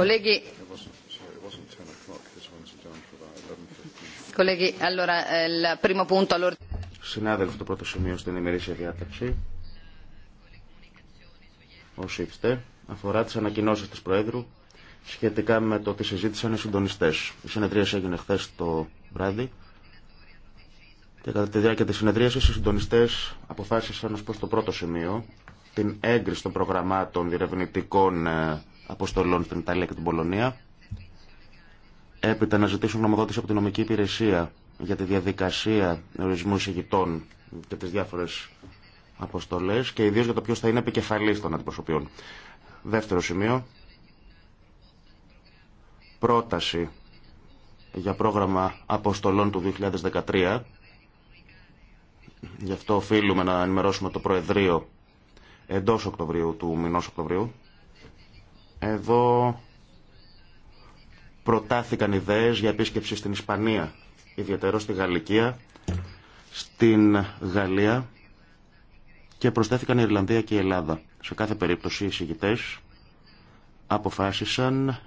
Eh, Συνάδελφοι, το πρώτο σημείο στην ημερήσια διάταξη, όσοι είστε, αφορά τι ανακοινώσει τη Προέδρου σχετικά με το ότι συζήτησαν οι συντονιστέ. Η συνεδρία έγινε χθε το βράδυ και κατά τη διάρκεια τη συνεδρία, οι συντονιστέ αποφάσισαν ω προ το πρώτο σημείο την έγκριση των προγραμμάτων διερευνητικών ε, αποστολών στην Ιταλία και την Πολωνία. Έπειτα να ζητήσουν νομοδότηση από την νομική υπηρεσία για τη διαδικασία ορισμού εισηγητών και τι διάφορες αποστολέ και ιδίως για το ποιο θα είναι επικεφαλής των αντιπροσωπιών. Δεύτερο σημείο, πρόταση για πρόγραμμα αποστολών του 2013. Γι' αυτό οφείλουμε να ενημερώσουμε το Προεδρείο εντός Οκτωβρίου, του μηνός Οκτωβρίου. Εδώ προτάθηκαν ιδέες για επίσκεψη στην Ισπανία, ιδιαίτερα στη Γαλλικία, στην Γαλλία και προσθέθηκαν η Ιρλανδία και η Ελλάδα. Σε κάθε περίπτωση οι εισηγητές αποφάσισαν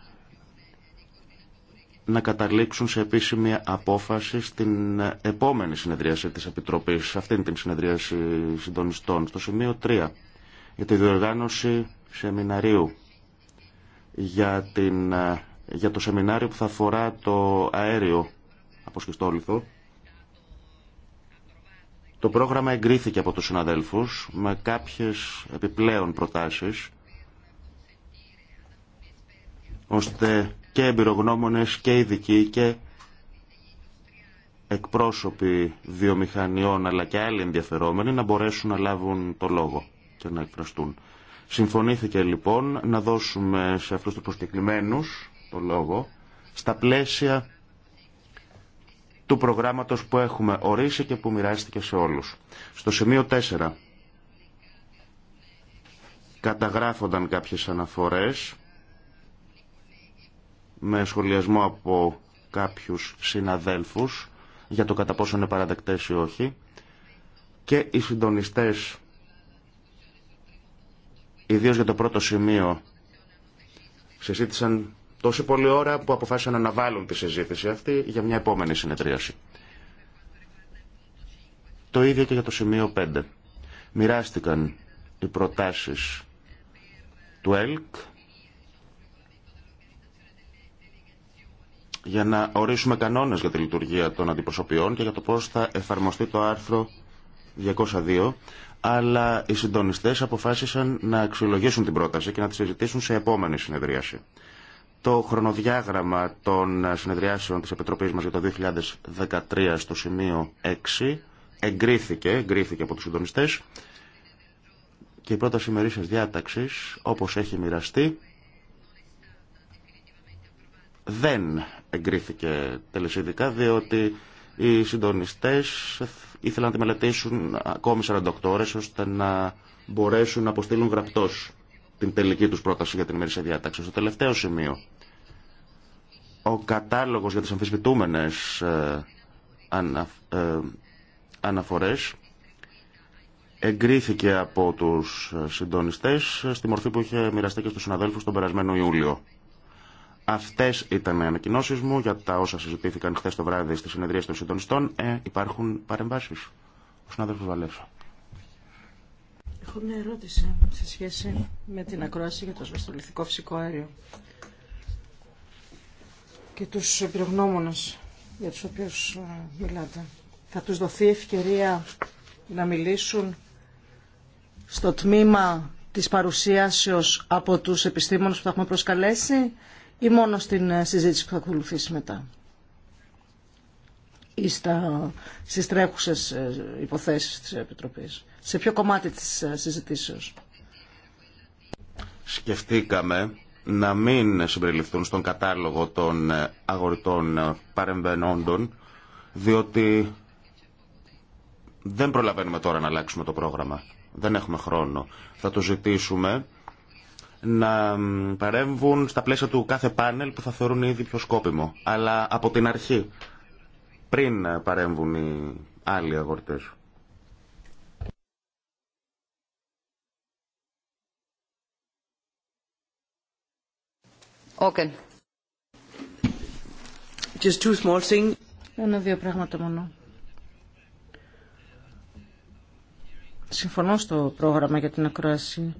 να καταλήξουν σε επίσημη απόφαση στην επόμενη συνεδρίαση της Επιτροπής, αυτήν την συνεδρίαση συντονιστών, στο σημείο 3, για τη διοργάνωση σεμιναρίου για, την, ε, για το σεμινάριο που θα αφορά το αέριο από Το πρόγραμμα εγκρίθηκε από τους συναδέλφους με κάποιες επιπλέον προτάσεις ώστε και εμπειρογνώμονες και ειδικοί και εκπρόσωποι βιομηχανιών αλλά και άλλοι ενδιαφερόμενοι να μπορέσουν να λάβουν το λόγο και να εκφραστούν. Συμφωνήθηκε λοιπόν να δώσουμε σε αυτούς τους προσκεκλημένους το λόγο στα πλαίσια του προγράμματος που έχουμε ορίσει και που μοιράστηκε σε όλους. Στο σημείο 4 καταγράφονταν κάποιες αναφορές με σχολιασμό από κάποιους συναδέλφους για το κατά πόσο είναι παραδεκτές ή όχι και οι συντονιστές ιδίως για το πρώτο σημείο, συζήτησαν τόση πολλή ώρα που αποφάσισαν να αναβάλουν τη συζήτηση αυτή για μια επόμενη συνεδρίαση. Το ίδιο και για το σημείο 5. Μοιράστηκαν οι προτάσεις του ΕΛΚ για να ορίσουμε κανόνες για τη λειτουργία των αντιπροσωπιών και για το πώς θα εφαρμοστεί το άρθρο 202 αλλά οι συντονιστές αποφάσισαν να αξιολογήσουν την πρόταση και να τη συζητήσουν σε επόμενη συνεδρίαση. Το χρονοδιάγραμμα των συνεδριάσεων της Επιτροπής μας για το 2013 στο σημείο 6 εγκρίθηκε, εγκρίθηκε από τους συντονιστές και η πρόταση μερίσιας διάταξης, όπως έχει μοιραστεί, δεν εγκρίθηκε τελεσίδικά, διότι οι συντονιστές ήθελαν να τη μελετήσουν ακόμη 48 ώρες ώστε να μπορέσουν να αποστείλουν γραπτός την τελική τους πρόταση για την ημερήσια διάταξη. Στο τελευταίο σημείο, ο κατάλογος για τις αμφισβητούμενες ε, ε, αναφορές εγκρίθηκε από τους ε, συντονιστές στη μορφή που είχε μοιραστεί και στους συναδέλφους τον περασμένο Ιούλιο. Αυτέ ήταν οι ανακοινώσει μου για τα όσα συζητήθηκαν χθε το βράδυ στη συνεδρία των συντονιστών. Ε, υπάρχουν παρεμβάσει. Ο συνάδελφο Βαλέσσα. Έχω μια ερώτηση σε σχέση με την ακρόαση για το σβεστολιθικό φυσικό αέριο και του εμπειρογνώμονε για του οποίου ε, μιλάτε. Θα του δοθεί ευκαιρία να μιλήσουν στο τμήμα της παρουσίασεως από τους επιστήμονες που θα έχουμε προσκαλέσει ή μόνο στην ε, συζήτηση που θα ακολουθήσει μετά ή στα, στις τρέχουσες ε, υποθέσεις της Επιτροπής. Σε ποιο κομμάτι της ε, συζητήσεως. Σκεφτήκαμε να μην συμπεριληφθούν στον κατάλογο των αγορητών παρεμβαινόντων, διότι δεν προλαβαίνουμε τώρα να αλλάξουμε το πρόγραμμα. Δεν έχουμε χρόνο. Θα το ζητήσουμε να παρέμβουν στα πλαίσια του κάθε πάνελ που θα θεωρούν ήδη πιο σκόπιμο. Αλλά από την αρχή, πριν παρέμβουν οι άλλοι αγορτές. Okay. Just small Ένα δύο πράγματα μόνο. Συμφωνώ στο πρόγραμμα για την ακρόαση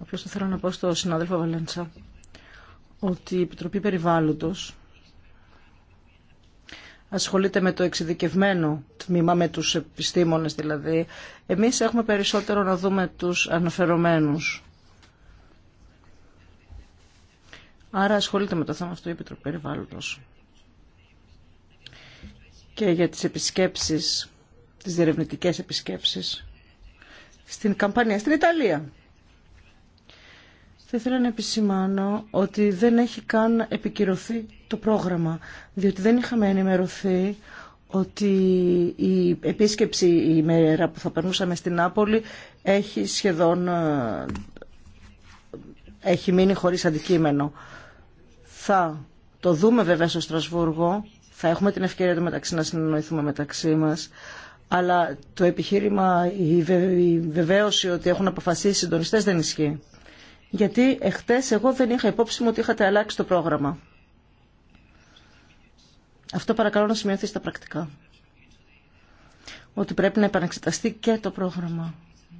Απλώς θα θέλω να πω στον συνάδελφο Βαλέντσα ότι η Επιτροπή περιβάλλοντο. ασχολείται με το εξειδικευμένο τμήμα, με τους επιστήμονες δηλαδή. Εμείς έχουμε περισσότερο να δούμε τους αναφερομένους. Άρα ασχολείται με το θέμα αυτό η Επιτροπή Περιβάλλοντος. Και για τις επισκέψεις, τις διερευνητικές επισκέψεις στην καμπανία, στην Ιταλία. Θα ήθελα να επισημάνω ότι δεν έχει καν επικυρωθεί το πρόγραμμα, διότι δεν είχαμε ενημερωθεί ότι η επίσκεψη η μέρα που θα περνούσαμε στην Νάπολη έχει σχεδόν ε, έχει μείνει χωρίς αντικείμενο. Θα το δούμε βέβαια στο Στρασβούργο, θα έχουμε την ευκαιρία του μεταξύ να συνεννοηθούμε μεταξύ μας, αλλά το επιχείρημα, η βεβαίωση ότι έχουν αποφασίσει οι συντονιστές δεν ισχύει γιατί εχθές εγώ δεν είχα υπόψη μου ότι είχατε αλλάξει το πρόγραμμα. Αυτό παρακαλώ να σημειωθεί στα πρακτικά. Ότι πρέπει να επαναξεταστεί και το πρόγραμμα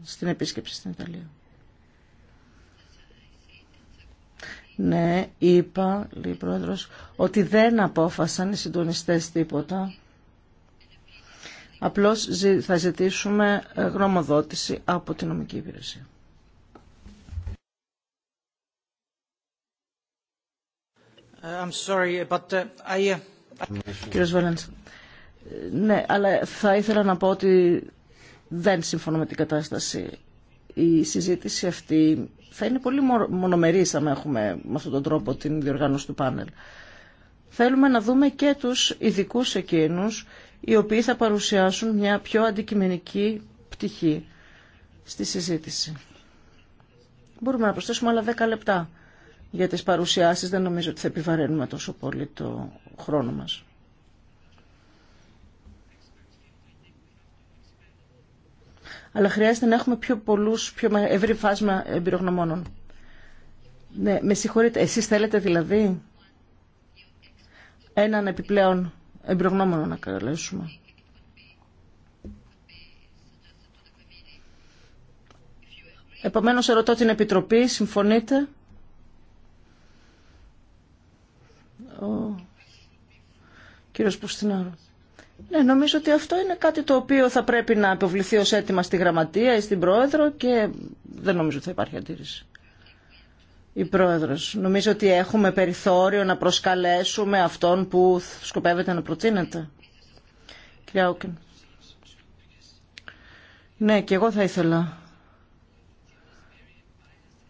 στην επίσκεψη στην Ιταλία. Ναι, είπα, λέει Πρόεδρος, ότι δεν απόφασαν οι συντονιστές τίποτα. Απλώς θα ζητήσουμε γνωμοδότηση από την νομική υπηρεσία. Uh, I'm sorry, uh, uh, ναι, αλλά θα ήθελα να πω ότι δεν συμφωνώ με την κατάσταση. Η συζήτηση αυτή θα είναι πολύ μονομερής αν έχουμε με αυτόν τον τρόπο την διοργάνωση του πάνελ. Θέλουμε να δούμε και τους ειδικού εκείνους οι οποίοι θα παρουσιάσουν μια πιο αντικειμενική πτυχή στη συζήτηση. Μπορούμε να προσθέσουμε άλλα 10 λεπτά για τις παρουσιάσεις. Δεν νομίζω ότι θα επιβαραίνουμε τόσο πολύ το χρόνο μας. Αλλά χρειάζεται να έχουμε πιο πολλούς, πιο ευρύ φάσμα εμπειρογνωμόνων. Ναι, με συγχωρείτε, εσείς θέλετε δηλαδή έναν επιπλέον εμπειρογνώμονο να καλέσουμε. Επομένως, ερωτώ την Επιτροπή, συμφωνείτε. ο κύριος Πουστινάρο. Ναι, νομίζω ότι αυτό είναι κάτι το οποίο θα πρέπει να υποβληθεί ως έτοιμα στη Γραμματεία ή στην Πρόεδρο και δεν νομίζω ότι θα υπάρχει αντίρρηση. Η Πρόεδρος, νομίζω ότι έχουμε περιθώριο να προσκαλέσουμε αυτόν που σκοπεύεται να προτείνεται. Κυρία Όκεν. Ναι, και εγώ θα ήθελα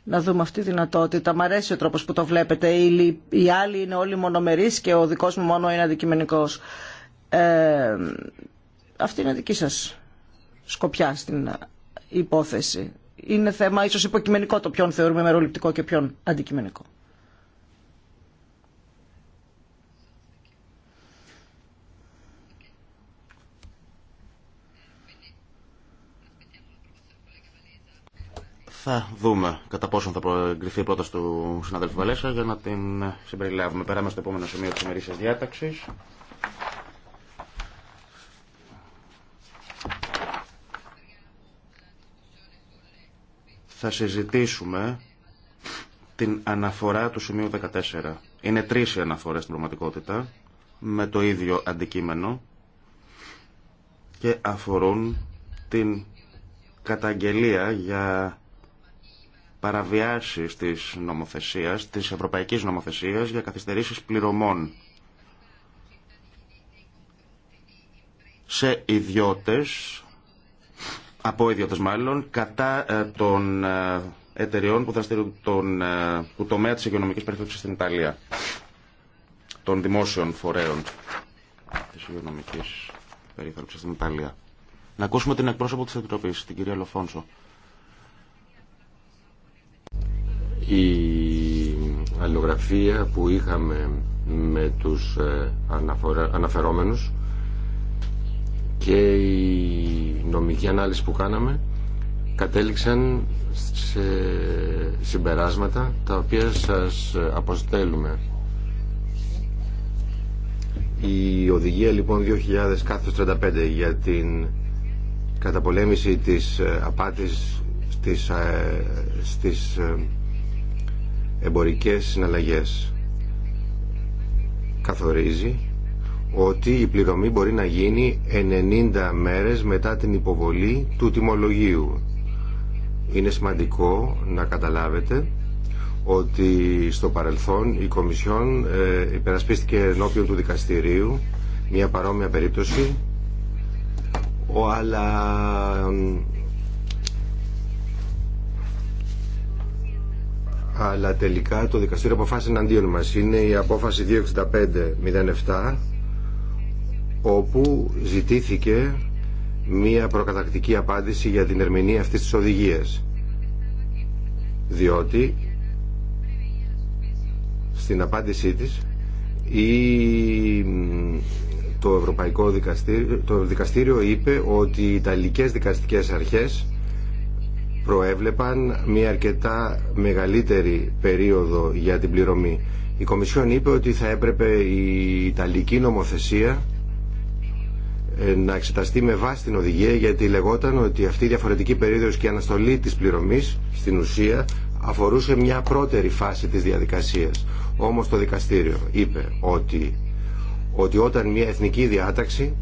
να δούμε αυτή τη δυνατότητα. Μ' αρέσει ο τρόπο που το βλέπετε. Οι, οι άλλοι είναι όλοι μονομερεί και ο δικός μου μόνο είναι αντικειμενικός. Ε, αυτή είναι δική σας σκοπιά στην υπόθεση. Είναι θέμα ίσως υποκειμενικό το ποιον θεωρούμε μεροληπτικό και ποιον αντικειμενικό. Θα δούμε κατά πόσο θα προεγκριθεί η πρόταση του συναδέλφου Βαλέσσα για να την συμπεριλάβουμε. Περάμε στο επόμενο σημείο της ημερήσιας διάταξης. Θα συζητήσουμε την αναφορά του σημείου 14. Είναι τρεις οι αναφορές στην πραγματικότητα με το ίδιο αντικείμενο και αφορούν την καταγγελία για παραβιάσει τη νομοθεσία, τη Ευρωπαϊκή Νομοθεσία, για καθυστερήσει πληρωμών σε ιδιώτε, από ιδιώτες μάλλον, κατά ε, των ε, εταιριών που δραστηριοποιούν τον που ε, τομέα τη οικονομική περιθέψης στην Ιταλία, των δημόσιων φορέων τη υγειονομική περιθέψης στην Ιταλία. Να ακούσουμε την εκπρόσωπο τη Επιτροπή, την κυρία Λοφόνσο. Η αλληλογραφία που είχαμε με τους ε, αναφερόμενους και η νομική ανάλυση που κάναμε κατέληξαν σε συμπεράσματα τα οποία σας αποστέλουμε. Η οδηγία λοιπόν 2035 για την καταπολέμηση της ε, απάτης στις, ε, εμπορικές συναλλαγές καθορίζει ότι η πληρωμή μπορεί να γίνει 90 μέρες μετά την υποβολή του τιμολογίου. Είναι σημαντικό να καταλάβετε ότι στο παρελθόν η Κομισιόν ε, υπερασπίστηκε ενώπιον του δικαστηρίου μια παρόμοια περίπτωση αλλά αλλά τελικά το δικαστήριο αποφάσισε εναντίον μας. Είναι η απόφαση 265-07 όπου ζητήθηκε μία προκατακτική απάντηση για την ερμηνεία αυτής της οδηγίας. Διότι στην απάντησή της η, το Ευρωπαϊκό δικαστήριο, το δικαστήριο είπε ότι οι Ιταλικές δικαστικές αρχές προέβλεπαν μια αρκετά μεγαλύτερη περίοδο για την πληρωμή. Η Κομισιόν είπε ότι θα έπρεπε η Ιταλική νομοθεσία ε, να εξεταστεί με βάση την οδηγία γιατί λεγόταν ότι αυτή η διαφορετική περίοδος και η αναστολή της πληρωμής στην ουσία αφορούσε μια πρώτερη φάση της διαδικασίας. Όμως το δικαστήριο είπε ότι, ότι όταν μια εθνική διάταξη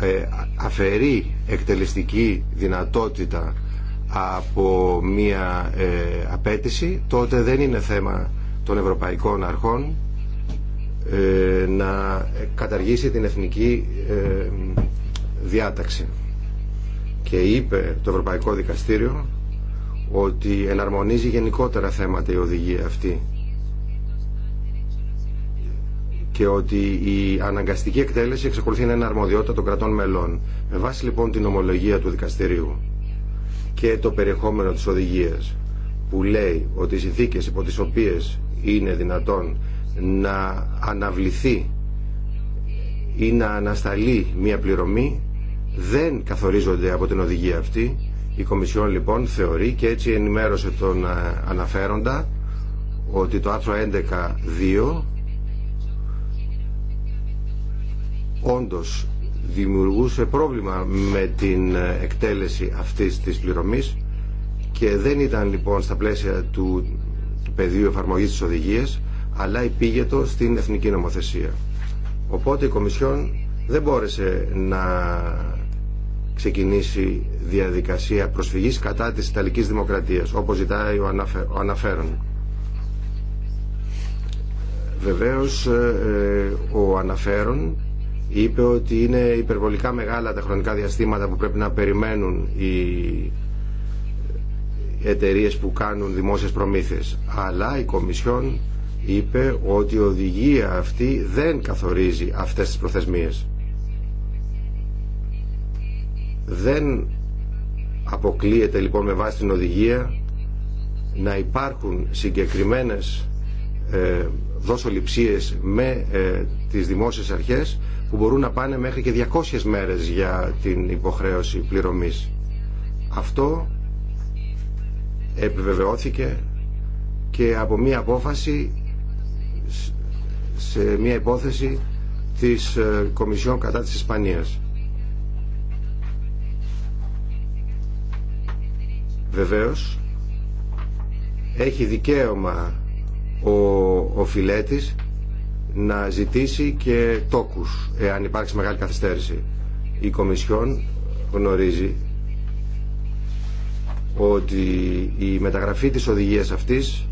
ε, αφαιρεί εκτελεστική δυνατότητα από μία ε, απέτηση, τότε δεν είναι θέμα των ευρωπαϊκών αρχών ε, να καταργήσει την εθνική ε, διάταξη. Και είπε το Ευρωπαϊκό Δικαστήριο ότι εναρμονίζει γενικότερα θέματα η οδηγία αυτή και ότι η αναγκαστική εκτέλεση εξακολουθεί να είναι αρμοδιότητα των κρατών μελών. Με βάση λοιπόν την ομολογία του δικαστηρίου και το περιεχόμενο της οδηγίας που λέει ότι οι συνθήκες υπό τις οποίες είναι δυνατόν να αναβληθεί ή να ανασταλεί μία πληρωμή δεν καθορίζονται από την οδηγία αυτή. Η Κομισιόν λοιπόν θεωρεί και έτσι ενημέρωσε τον ε, αναφέροντα ότι το άρθρο 11.2 όντως δημιουργούσε πρόβλημα με την εκτέλεση αυτής της πληρωμής και δεν ήταν λοιπόν στα πλαίσια του πεδίου εφαρμογής της οδηγίας αλλά υπήγετο στην εθνική νομοθεσία. Οπότε η Κομισιόν δεν μπόρεσε να ξεκινήσει διαδικασία προσφυγής κατά της Ιταλικής Δημοκρατίας όπως ζητάει ο, ο αναφέρον. Βεβαίως ε, ε, ο αναφέρον είπε ότι είναι υπερβολικά μεγάλα τα χρονικά διαστήματα που πρέπει να περιμένουν οι εταιρείε που κάνουν δημόσιες προμήθειες. Αλλά η Κομισιόν είπε ότι η οδηγία αυτή δεν καθορίζει αυτές τις προθεσμίες. Δεν αποκλείεται λοιπόν με βάση την οδηγία να υπάρχουν συγκεκριμένες ε, δώσω λειψίες με ε, τις δημόσιες αρχές που μπορούν να πάνε μέχρι και 200 μέρες για την υποχρέωση πληρωμής. Αυτό επιβεβαιώθηκε και από μία απόφαση σε μία υπόθεση της ε, Κομισιόν κατά της Ισπανίας. Βεβαίως, έχει δικαίωμα ο, ο φιλέτης να ζητήσει και τόκους εάν υπάρξει μεγάλη καθυστέρηση. Η Κομισιόν γνωρίζει ότι η μεταγραφή της οδηγίας αυτής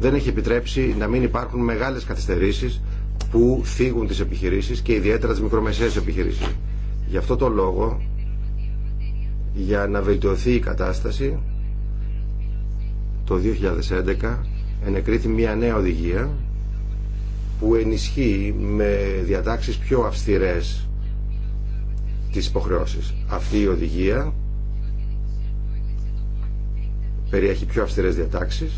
δεν έχει επιτρέψει να μην υπάρχουν μεγάλες καθυστερήσεις που φύγουν τις επιχειρήσεις και ιδιαίτερα τις μικρομεσαίες επιχειρήσεις. Γι' αυτό το λόγο, για να βελτιωθεί η κατάσταση, το 2011 ενεκρίθη μια νέα οδηγία που ενισχύει με διατάξεις πιο αυστηρές τις υποχρεώσεις. Αυτή η οδηγία περιέχει πιο αυστηρές διατάξεις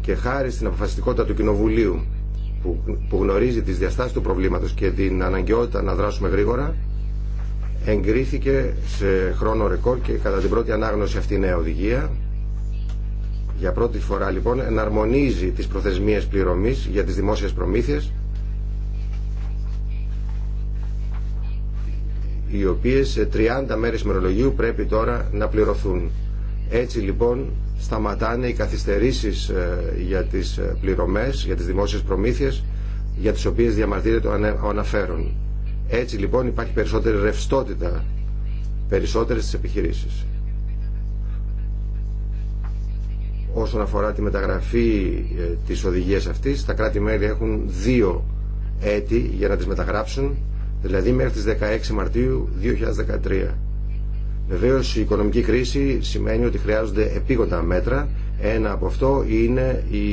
και χάρη στην αποφασιστικότητα του Κοινοβουλίου που, γνωρίζει τις διαστάσεις του προβλήματος και την αναγκαιότητα να δράσουμε γρήγορα εγκρίθηκε σε χρόνο ρεκόρ και κατά την πρώτη ανάγνωση αυτή η νέα οδηγία για πρώτη φορά λοιπόν εναρμονίζει τις προθεσμίες πληρωμής για τις δημόσιες προμήθειες οι οποίες σε 30 μέρες ημερολογίου πρέπει τώρα να πληρωθούν. Έτσι λοιπόν σταματάνε οι καθυστερήσεις ε, για τις ε, πληρωμές, για τις δημόσιες προμήθειες για τις οποίες διαμαρτύρεται ο αναφέρον. Έτσι λοιπόν υπάρχει περισσότερη ρευστότητα, περισσότερες στις επιχειρήσεις. Όσον αφορά τη μεταγραφή ε, της οδηγίας αυτής, τα κράτη-μέλη έχουν δύο έτη για να τις μεταγράψουν, δηλαδή μέχρι τις 16 Μαρτίου 2013. Βεβαίω η οικονομική κρίση σημαίνει ότι χρειάζονται επίγοντα μέτρα. Ένα από αυτό είναι η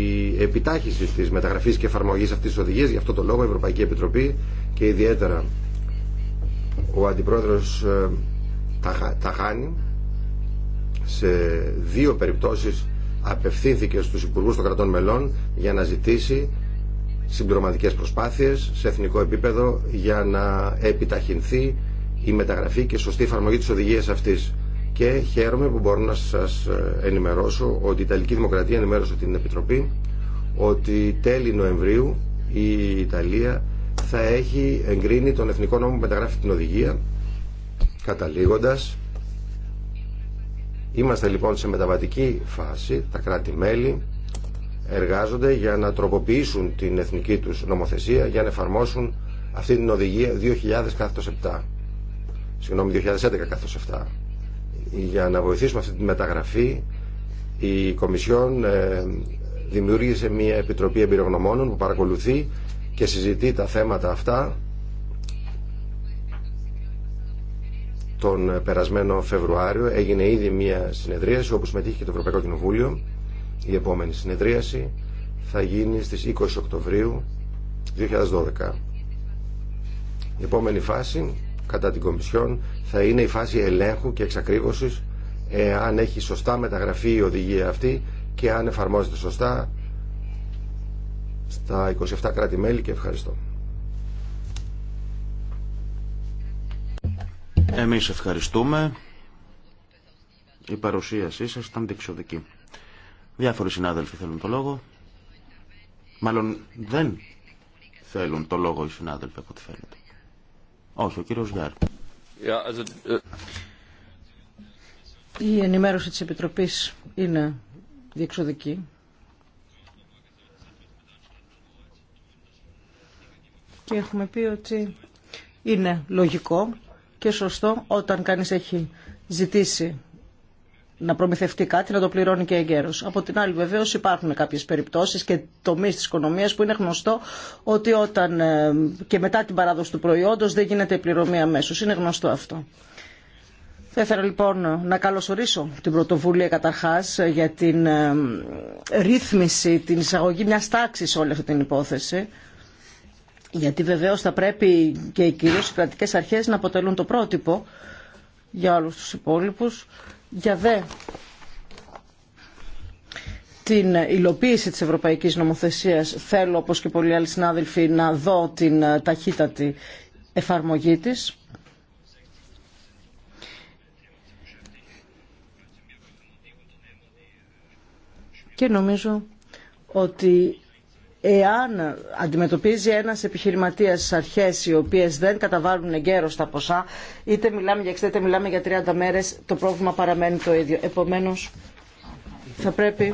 επιτάχυση της μεταγραφής και εφαρμογής αυτής της οδηγίας. Γι' αυτό το λόγο η Ευρωπαϊκή Επιτροπή και ιδιαίτερα ο Αντιπρόεδρος ε, Ταχάνη σε δύο περιπτώσεις απευθύνθηκε στους υπουργούς των κρατών μελών για να ζητήσει συμπληρωματικές προσπάθειες σε εθνικό επίπεδο για να επιταχυνθεί η μεταγραφή και σωστή εφαρμογή της οδηγίας αυτής. Και χαίρομαι που μπορώ να σας ενημερώσω ότι η Ιταλική Δημοκρατία ενημέρωσε την Επιτροπή ότι τέλη Νοεμβρίου η Ιταλία θα έχει εγκρίνει τον Εθνικό Νόμο που μεταγράφει την οδηγία καταλήγοντας Είμαστε λοιπόν σε μεταβατική φάση. Τα κράτη-μέλη εργάζονται για να τροποποιήσουν την εθνική τους νομοθεσία για να εφαρμόσουν αυτή την οδηγία 2000-7. Συγγνώμη, 2011-7. Για να βοηθήσουμε αυτή τη μεταγραφή η Κομισιόν ε, δημιούργησε μια επιτροπή εμπειρογνωμόνων που παρακολουθεί και συζητεί τα θέματα αυτά τον ε, περασμένο Φεβρουάριο έγινε ήδη μια συνεδρίαση όπου συμμετείχε και το Ευρωπαϊκό Κοινοβούλιο. Η επόμενη συνεδρίαση θα γίνει στις 20 Οκτωβρίου 2012. Η επόμενη φάση κατά την Κομισιόν θα είναι η φάση ελέγχου και εξακρίβωσης ε, αν έχει σωστά μεταγραφεί η οδηγία αυτή και αν εφαρμόζεται σωστά στα 27 κράτη-μέλη και ευχαριστώ. Εμείς ευχαριστούμε. Η παρουσίασή σας ήταν διεξοδική. Διάφοροι συνάδελφοι θέλουν το λόγο. Μάλλον δεν θέλουν το λόγο οι συνάδελφοι από ό,τι φαίνεται. Όχι, ο κύριος Γιάρ. Uh, Η ενημέρωση της Επιτροπής είναι διεξοδική. Και έχουμε πει ότι είναι λογικό και σωστό όταν κανείς έχει ζητήσει να προμηθευτεί κάτι, να το πληρώνει και εγκαίρω. Από την άλλη, βεβαίω, υπάρχουν κάποιε περιπτώσει και τομεί τη οικονομία που είναι γνωστό ότι όταν ε, και μετά την παράδοση του προϊόντο δεν γίνεται η πληρωμή αμέσω. Είναι γνωστό αυτό. Θα ήθελα λοιπόν να καλωσορίσω την πρωτοβουλία καταρχά για την ε, ρύθμιση, την εισαγωγή μια τάξη σε όλη αυτή την υπόθεση γιατί βεβαίως θα πρέπει και οι κυρίως οι κρατικές αρχές να αποτελούν το πρότυπο για όλους τους υπόλοιπους. Για δε την υλοποίηση της ευρωπαϊκής νομοθεσίας θέλω όπως και πολλοί άλλοι συνάδελφοι να δω την ταχύτατη εφαρμογή της. Και νομίζω ότι εάν αντιμετωπίζει ένας επιχειρηματίας αρχές οι οποίες δεν καταβάλουν εγκαίρως τα ποσά, είτε μιλάμε για 60 είτε μιλάμε για 30 μέρες, το πρόβλημα παραμένει το ίδιο. Επομένως, θα πρέπει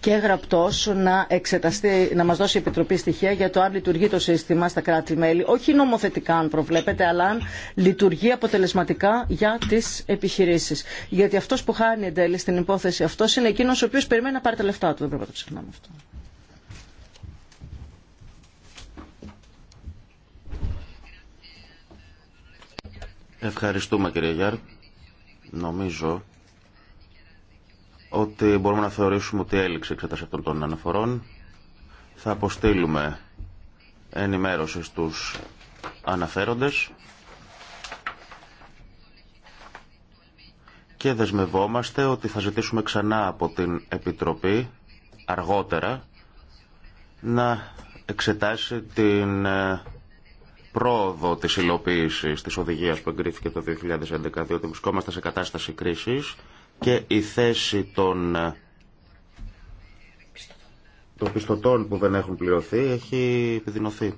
και γραπτός να, εξεταστεί, να μας δώσει η Επιτροπή στοιχεία για το αν λειτουργεί το σύστημα στα κράτη-μέλη, όχι νομοθετικά αν προβλέπετε, αλλά αν λειτουργεί αποτελεσματικά για τις επιχειρήσεις. Γιατί αυτός που χάνει εν τέλει στην υπόθεση αυτός είναι εκείνος ο οποίο περιμένει να πάρει τα λεφτά του. Δεν πρέπει να το ξεχνάμε αυτό. Ευχαριστούμε κύριε Γιάρ. Νομίζω ότι μπορούμε να θεωρήσουμε ότι έληξε εξέταση αυτών των αναφορών. Θα αποστείλουμε ενημέρωση στους αναφέροντες και δεσμευόμαστε ότι θα ζητήσουμε ξανά από την Επιτροπή αργότερα να εξετάσει την ε, πρόοδο της υλοποίησης της οδηγίας που εγκρίθηκε το 2011, διότι βρισκόμαστε σε κατάσταση κρίσης και η θέση των, των πιστωτών που δεν έχουν πληρωθεί έχει επιδεινωθεί.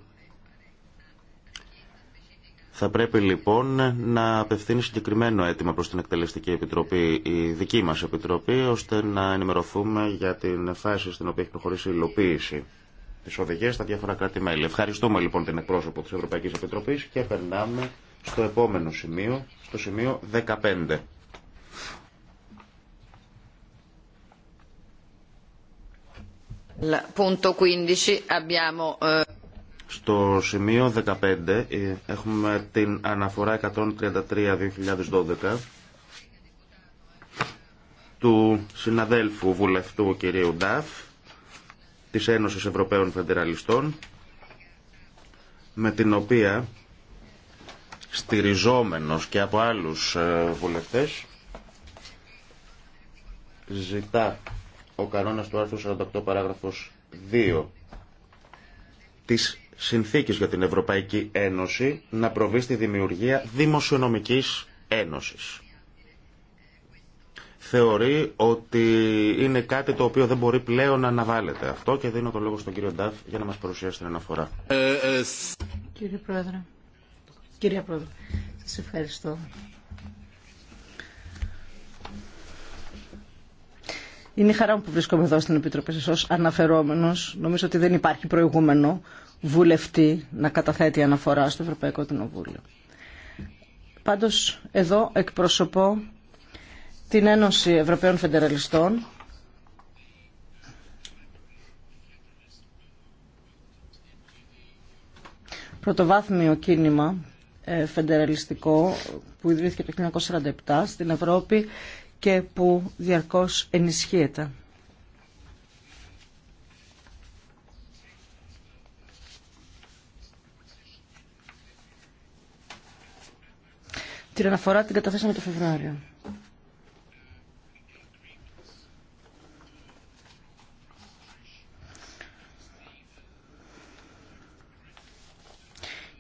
Θα πρέπει λοιπόν να απευθύνει συγκεκριμένο αίτημα προς την Εκτελεστική Επιτροπή, η δική μας Επιτροπή, ώστε να ενημερωθούμε για την φάση στην οποία έχει προχωρήσει η υλοποίηση τι οδηγίε, στα διάφορα κράτη-μέλη. Ευχαριστούμε λοιπόν την εκπρόσωπο της Ευρωπαϊκής Επιτροπή και περνάμε στο επόμενο σημείο, στο σημείο 15. Eh, στο σημείο 15 ε, έχουμε την αναφορά 133-2012 του συναδέλφου βουλευτού κυρίου Νταφ της Ένωσης Ευρωπαίων Φεντεραλιστών με την οποία στηριζόμενος και από άλλους ε, βουλευτές ζητά ο κανόνας του άρθρου 48 παράγραφος 2 της συνθήκης για την Ευρωπαϊκή Ένωση να προβεί στη δημιουργία δημοσιονομικής ένωσης θεωρεί ότι είναι κάτι το οποίο δεν μπορεί πλέον να αναβάλλεται. Αυτό και δίνω το λόγο στον κύριο Νταφ για να μας παρουσιάσει την αναφορά. Ε, ε, κύριε Πρόεδρε, κύριε Πρόεδρε, σας ευχαριστώ. Είναι χαρά μου που βρίσκομαι εδώ στην Επιτροπή σας ως αναφερόμενος. Νομίζω ότι δεν υπάρχει προηγούμενο βουλευτή να καταθέτει αναφορά στο Ευρωπαϊκό Κοινοβούλιο. Πάντως εδώ εκπροσωπώ την Ένωση Ευρωπαίων Φεντεραλιστών πρωτοβάθμιο κίνημα ε, φεντεραλιστικό που ιδρύθηκε το 1947 στην Ευρώπη και που διαρκώς ενισχύεται. Την αναφορά την καταθέσαμε το Φεβρουάριο.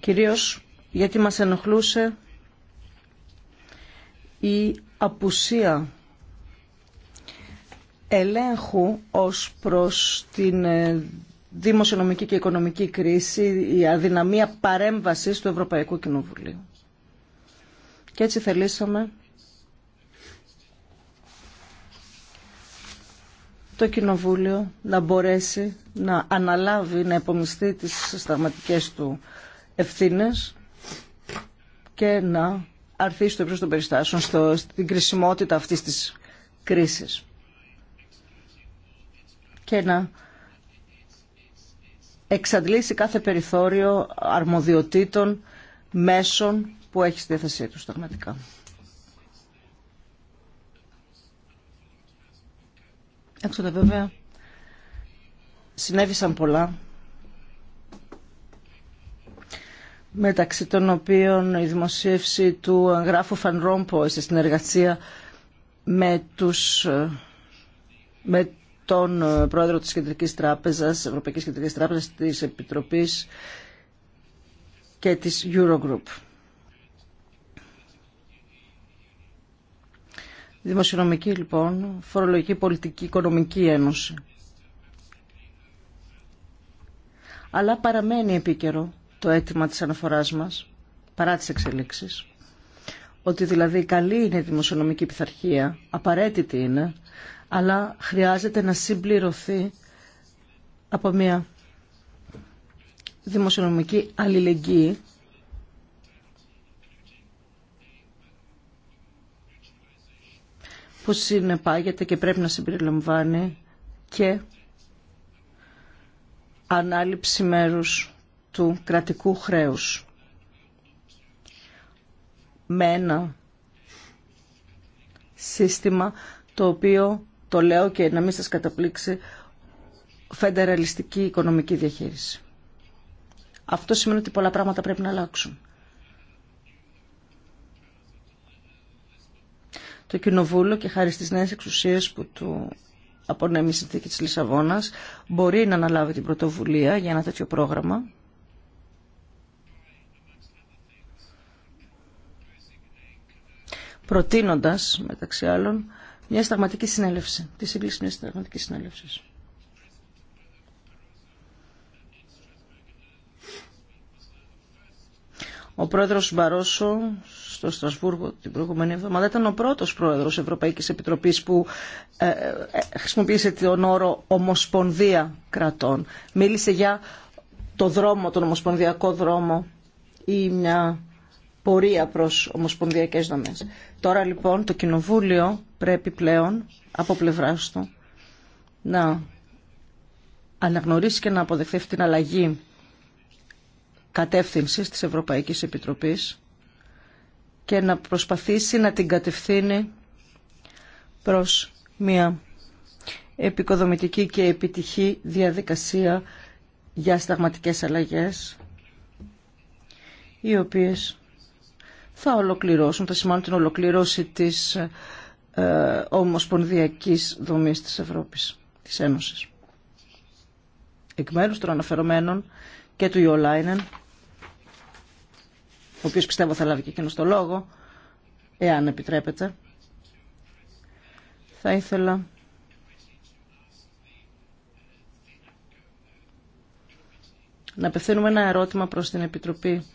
κυρίως γιατί μας ενοχλούσε η απουσία ελέγχου ως προς την ε, δημοσιονομική και οικονομική κρίση, η αδυναμία παρέμβασης του Ευρωπαϊκού Κοινοβουλίου. Και έτσι θελήσαμε το Κοινοβούλιο να μπορέσει να αναλάβει, να επομιστεί τις σταγματικές του Ευθύνε, και να αρθεί στο ύψος των περιστάσεων στο, στην κρισιμότητα αυτής της κρίσης και να εξαντλήσει κάθε περιθώριο αρμοδιοτήτων μέσων που έχει στη διάθεσή του σταγματικά. Έξω βέβαια συνέβησαν πολλά μεταξύ των οποίων η δημοσίευση του γράφου Φανρόμπο Ρόμπο σε συνεργασία με, τους, ε, με τον ε, πρόεδρο της Κεντρικής Τράπεζας, Ευρωπαϊκής Κεντρικής Τράπεζας της Επιτροπής και της Eurogroup. Δημοσιονομική λοιπόν, φορολογική, πολιτική, οικονομική ένωση. Αλλά παραμένει επίκαιρο το αίτημα της αναφοράς μας, παρά τις εξελίξεις, ότι δηλαδή καλή είναι η δημοσιονομική πειθαρχία, απαραίτητη είναι, αλλά χρειάζεται να συμπληρωθεί από μια δημοσιονομική αλληλεγγύη που συνεπάγεται και πρέπει να συμπεριλαμβάνει και ανάληψη μέρους του κρατικού χρέους. Με ένα σύστημα το οποίο το λέω και να μην σας καταπλήξει φεντεραλιστική οικονομική διαχείριση. Αυτό σημαίνει ότι πολλά πράγματα πρέπει να αλλάξουν. Το Κοινοβούλιο και χάρη στις νέες εξουσίες που του απονέμει η συνθήκη της Λισαβόνας μπορεί να αναλάβει την πρωτοβουλία για ένα τέτοιο πρόγραμμα προτείνοντας, μεταξύ άλλων, μια σταγματική συνέλευση, τη σύγκληση μια σταγματική συνέλευσης. Ο πρόεδρος Μπαρόσο στο Στρασβούργο την προηγούμενη εβδομάδα ήταν ο πρώτος πρόεδρος Ευρωπαϊκής Επιτροπής που ε, ε, χρησιμοποίησε τον όρο Ομοσπονδία κρατών. Μίλησε για το δρόμο, τον ομοσπονδιακό δρόμο ή μια πορεία προς ομοσπονδιακές δομές. Τώρα λοιπόν το Κοινοβούλιο πρέπει πλέον από πλευράς του να αναγνωρίσει και να αποδεχθεί την αλλαγή κατεύθυνσης της Ευρωπαϊκής Επιτροπής και να προσπαθήσει να την κατευθύνει προς μια επικοδομητική και επιτυχή διαδικασία για σταγματικές αλλαγές οι οποίες θα ολοκληρώσουν, θα σημάνουν την ολοκληρώση της ε, ομοσπονδιακής δομής της Ευρώπης, της Ένωσης. Εκ μέρους των αναφερομένων και του Ιωλάινεν, ο οποίος πιστεύω θα λάβει και εκείνο το λόγο, εάν επιτρέπετε, θα ήθελα να απευθύνουμε ένα ερώτημα προς την Επιτροπή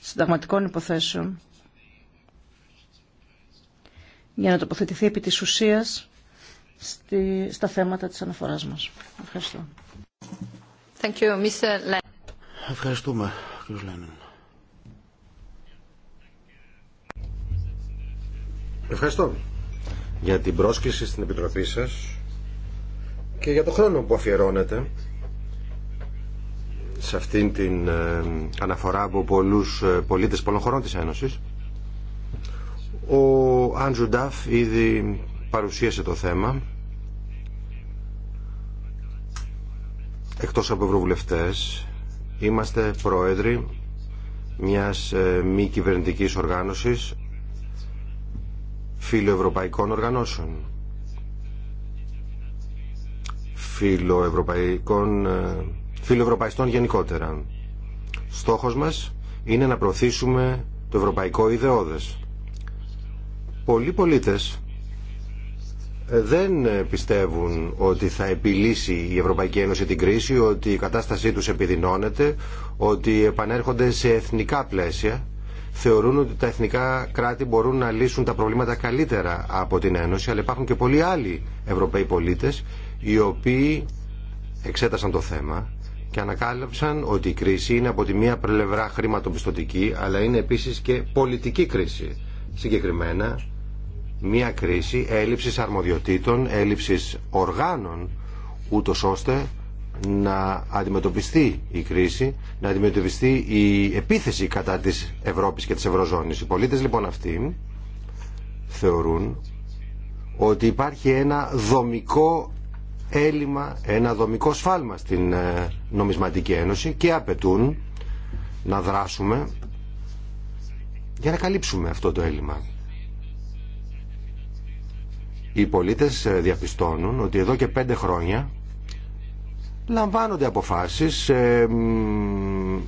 Συνταγματικών Υποθέσεων για να τοποθετηθεί επί της ουσίας στη, στα θέματα της αναφοράς μας. Ευχαριστώ. Thank you, Mr. Ευχαριστούμε, κ. Λένιν. Ευχαριστώ για την πρόσκληση στην Επιτροπή σας και για το χρόνο που αφιερώνετε σε αυτήν την ε, αναφορά από πολλούς ε, πολίτες πολλών χωρών της Ένωσης. Ο Άντζου Νταφ ήδη παρουσίασε το θέμα. Εκτός από ευρωβουλευτές, είμαστε πρόεδροι μιας ε, μη κυβερνητικής οργάνωσης φιλοευρωπαϊκών οργανώσεων φιλοευρωπαϊκών ε, φιλοευρωπαϊστών γενικότερα στόχος μας είναι να προωθήσουμε το ευρωπαϊκό ιδεώδες πολλοί πολίτες ε, δεν ε, πιστεύουν ότι θα επιλύσει η Ευρωπαϊκή Ένωση την κρίση, ότι η κατάστασή τους επιδεινώνεται, ότι επανέρχονται σε εθνικά πλαίσια. Θεωρούν ότι τα εθνικά κράτη μπορούν να λύσουν τα προβλήματα καλύτερα από την Ένωση, αλλά υπάρχουν και πολλοί άλλοι Ευρωπαίοι πολίτες οι οποίοι εξέτασαν το θέμα και ανακάλυψαν ότι η κρίση είναι από τη μία πλευρά χρηματοπιστωτική, αλλά είναι επίσης και πολιτική κρίση. Συγκεκριμένα, μια κρίση έλλειψης αρμοδιοτήτων, έλλειψης οργάνων, ούτως ώστε να αντιμετωπιστεί η κρίση, να αντιμετωπιστεί η επίθεση κατά της Ευρώπης και της Ευρωζώνης. Οι πολίτες λοιπόν αυτοί θεωρούν ότι υπάρχει ένα δομικό έλλειμμα, ένα δομικό σφάλμα στην ε, νομισματική ένωση και απαιτούν να δράσουμε για να καλύψουμε αυτό το έλλειμμα. Οι πολίτες ε, διαπιστώνουν ότι εδώ και πέντε χρόνια λαμβάνονται αποφάσεις ε,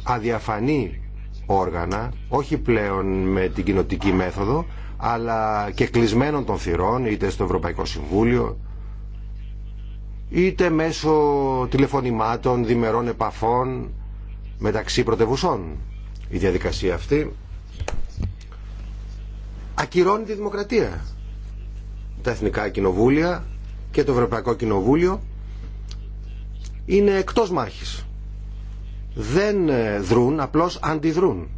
αδιαφανή όργανα, όχι πλέον με την κοινοτική μέθοδο, αλλά και κλεισμένων των θυρών, είτε στο Ευρωπαϊκό Συμβούλιο, είτε μέσω τηλεφωνημάτων, διμερών επαφών μεταξύ πρωτευουσών. Η διαδικασία αυτή ακυρώνει τη δημοκρατία τα εθνικά κοινοβούλια και το Ευρωπαϊκό Κοινοβούλιο είναι εκτός μάχης. Δεν ε, δρούν, απλώς αντιδρούν.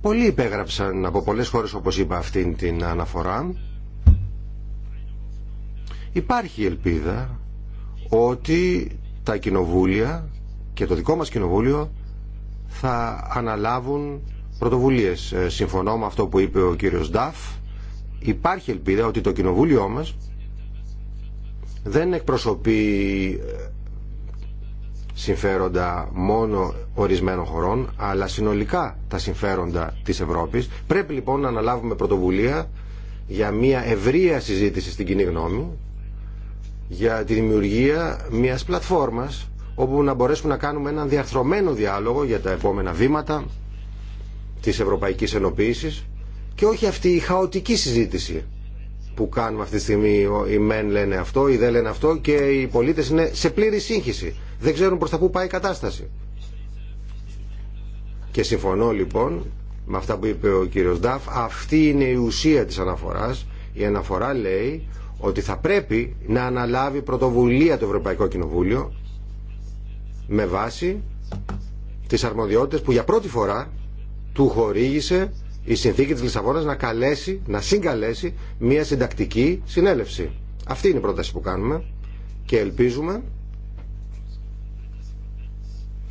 Πολλοί υπέγραψαν από πολλές χώρες, όπως είπα, αυτήν την αναφορά. Υπάρχει ελπίδα ότι τα κοινοβούλια και το δικό μας κοινοβούλιο θα αναλάβουν Πρωτοβουλίε. Ε, συμφωνώ με αυτό που είπε ο κύριος Νταφ. Υπάρχει ελπίδα ότι το κοινοβούλιο μας δεν εκπροσωπεί ε, συμφέροντα μόνο ορισμένων χωρών, αλλά συνολικά τα συμφέροντα της Ευρώπης. Πρέπει λοιπόν να αναλάβουμε πρωτοβουλία για μια ευρεία συζήτηση στην κοινή γνώμη, για τη δημιουργία μιας πλατφόρμας όπου να μπορέσουμε να κάνουμε έναν διαρθρωμένο διάλογο για τα επόμενα βήματα της Ευρωπαϊκής Ενοποίησης και όχι αυτή η χαοτική συζήτηση που κάνουμε αυτή τη στιγμή. Οι μεν λένε αυτό, οι δε λένε αυτό και οι πολίτες είναι σε πλήρη σύγχυση. Δεν ξέρουν προς τα που πάει η κατάσταση. Και συμφωνώ λοιπόν με αυτά που είπε ο κύριος Νταφ, αυτή είναι η ουσία της αναφοράς. Η αναφορά λέει ότι θα πρέπει να αναλάβει πρωτοβουλία το Ευρωπαϊκό Κοινοβούλιο με βάση τις αρμοδιότητες που για πρώτη φορά του χορήγησε η συνθήκη της Λισαβόνας να καλέσει, να συγκαλέσει μια συντακτική συνέλευση. Αυτή είναι η πρόταση που κάνουμε και ελπίζουμε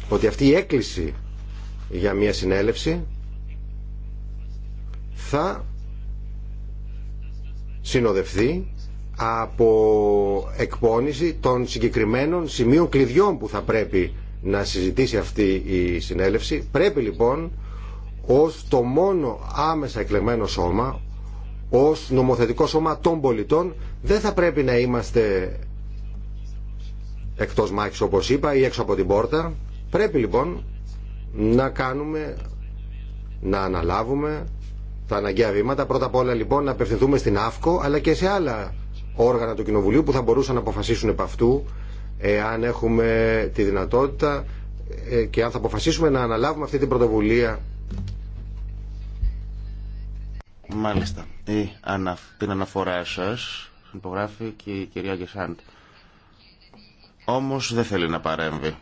ότι αυτή η έκκληση για μια συνέλευση θα συνοδευθεί από εκπόνηση των συγκεκριμένων σημείων κλειδιών που θα πρέπει να συζητήσει αυτή η συνέλευση. Πρέπει λοιπόν ως το μόνο άμεσα εκλεγμένο σώμα, ως νομοθετικό σώμα των πολιτών, δεν θα πρέπει να είμαστε εκτός μάχης όπως είπα ή έξω από την πόρτα. Πρέπει λοιπόν να κάνουμε, να αναλάβουμε τα αναγκαία βήματα. Πρώτα απ' όλα λοιπόν να απευθυνθούμε στην ΑΦΚΟ αλλά και σε άλλα όργανα του Κοινοβουλίου που θα μπορούσαν να αποφασίσουν επ' αυτού εάν έχουμε τη δυνατότητα ε, και αν θα αποφασίσουμε να αναλάβουμε αυτή την πρωτοβουλία Μάλιστα. Η, την αναφορά σας υπογράφει και η κυρία Γεσάντ. Όμως δεν θέλει να παρέμβει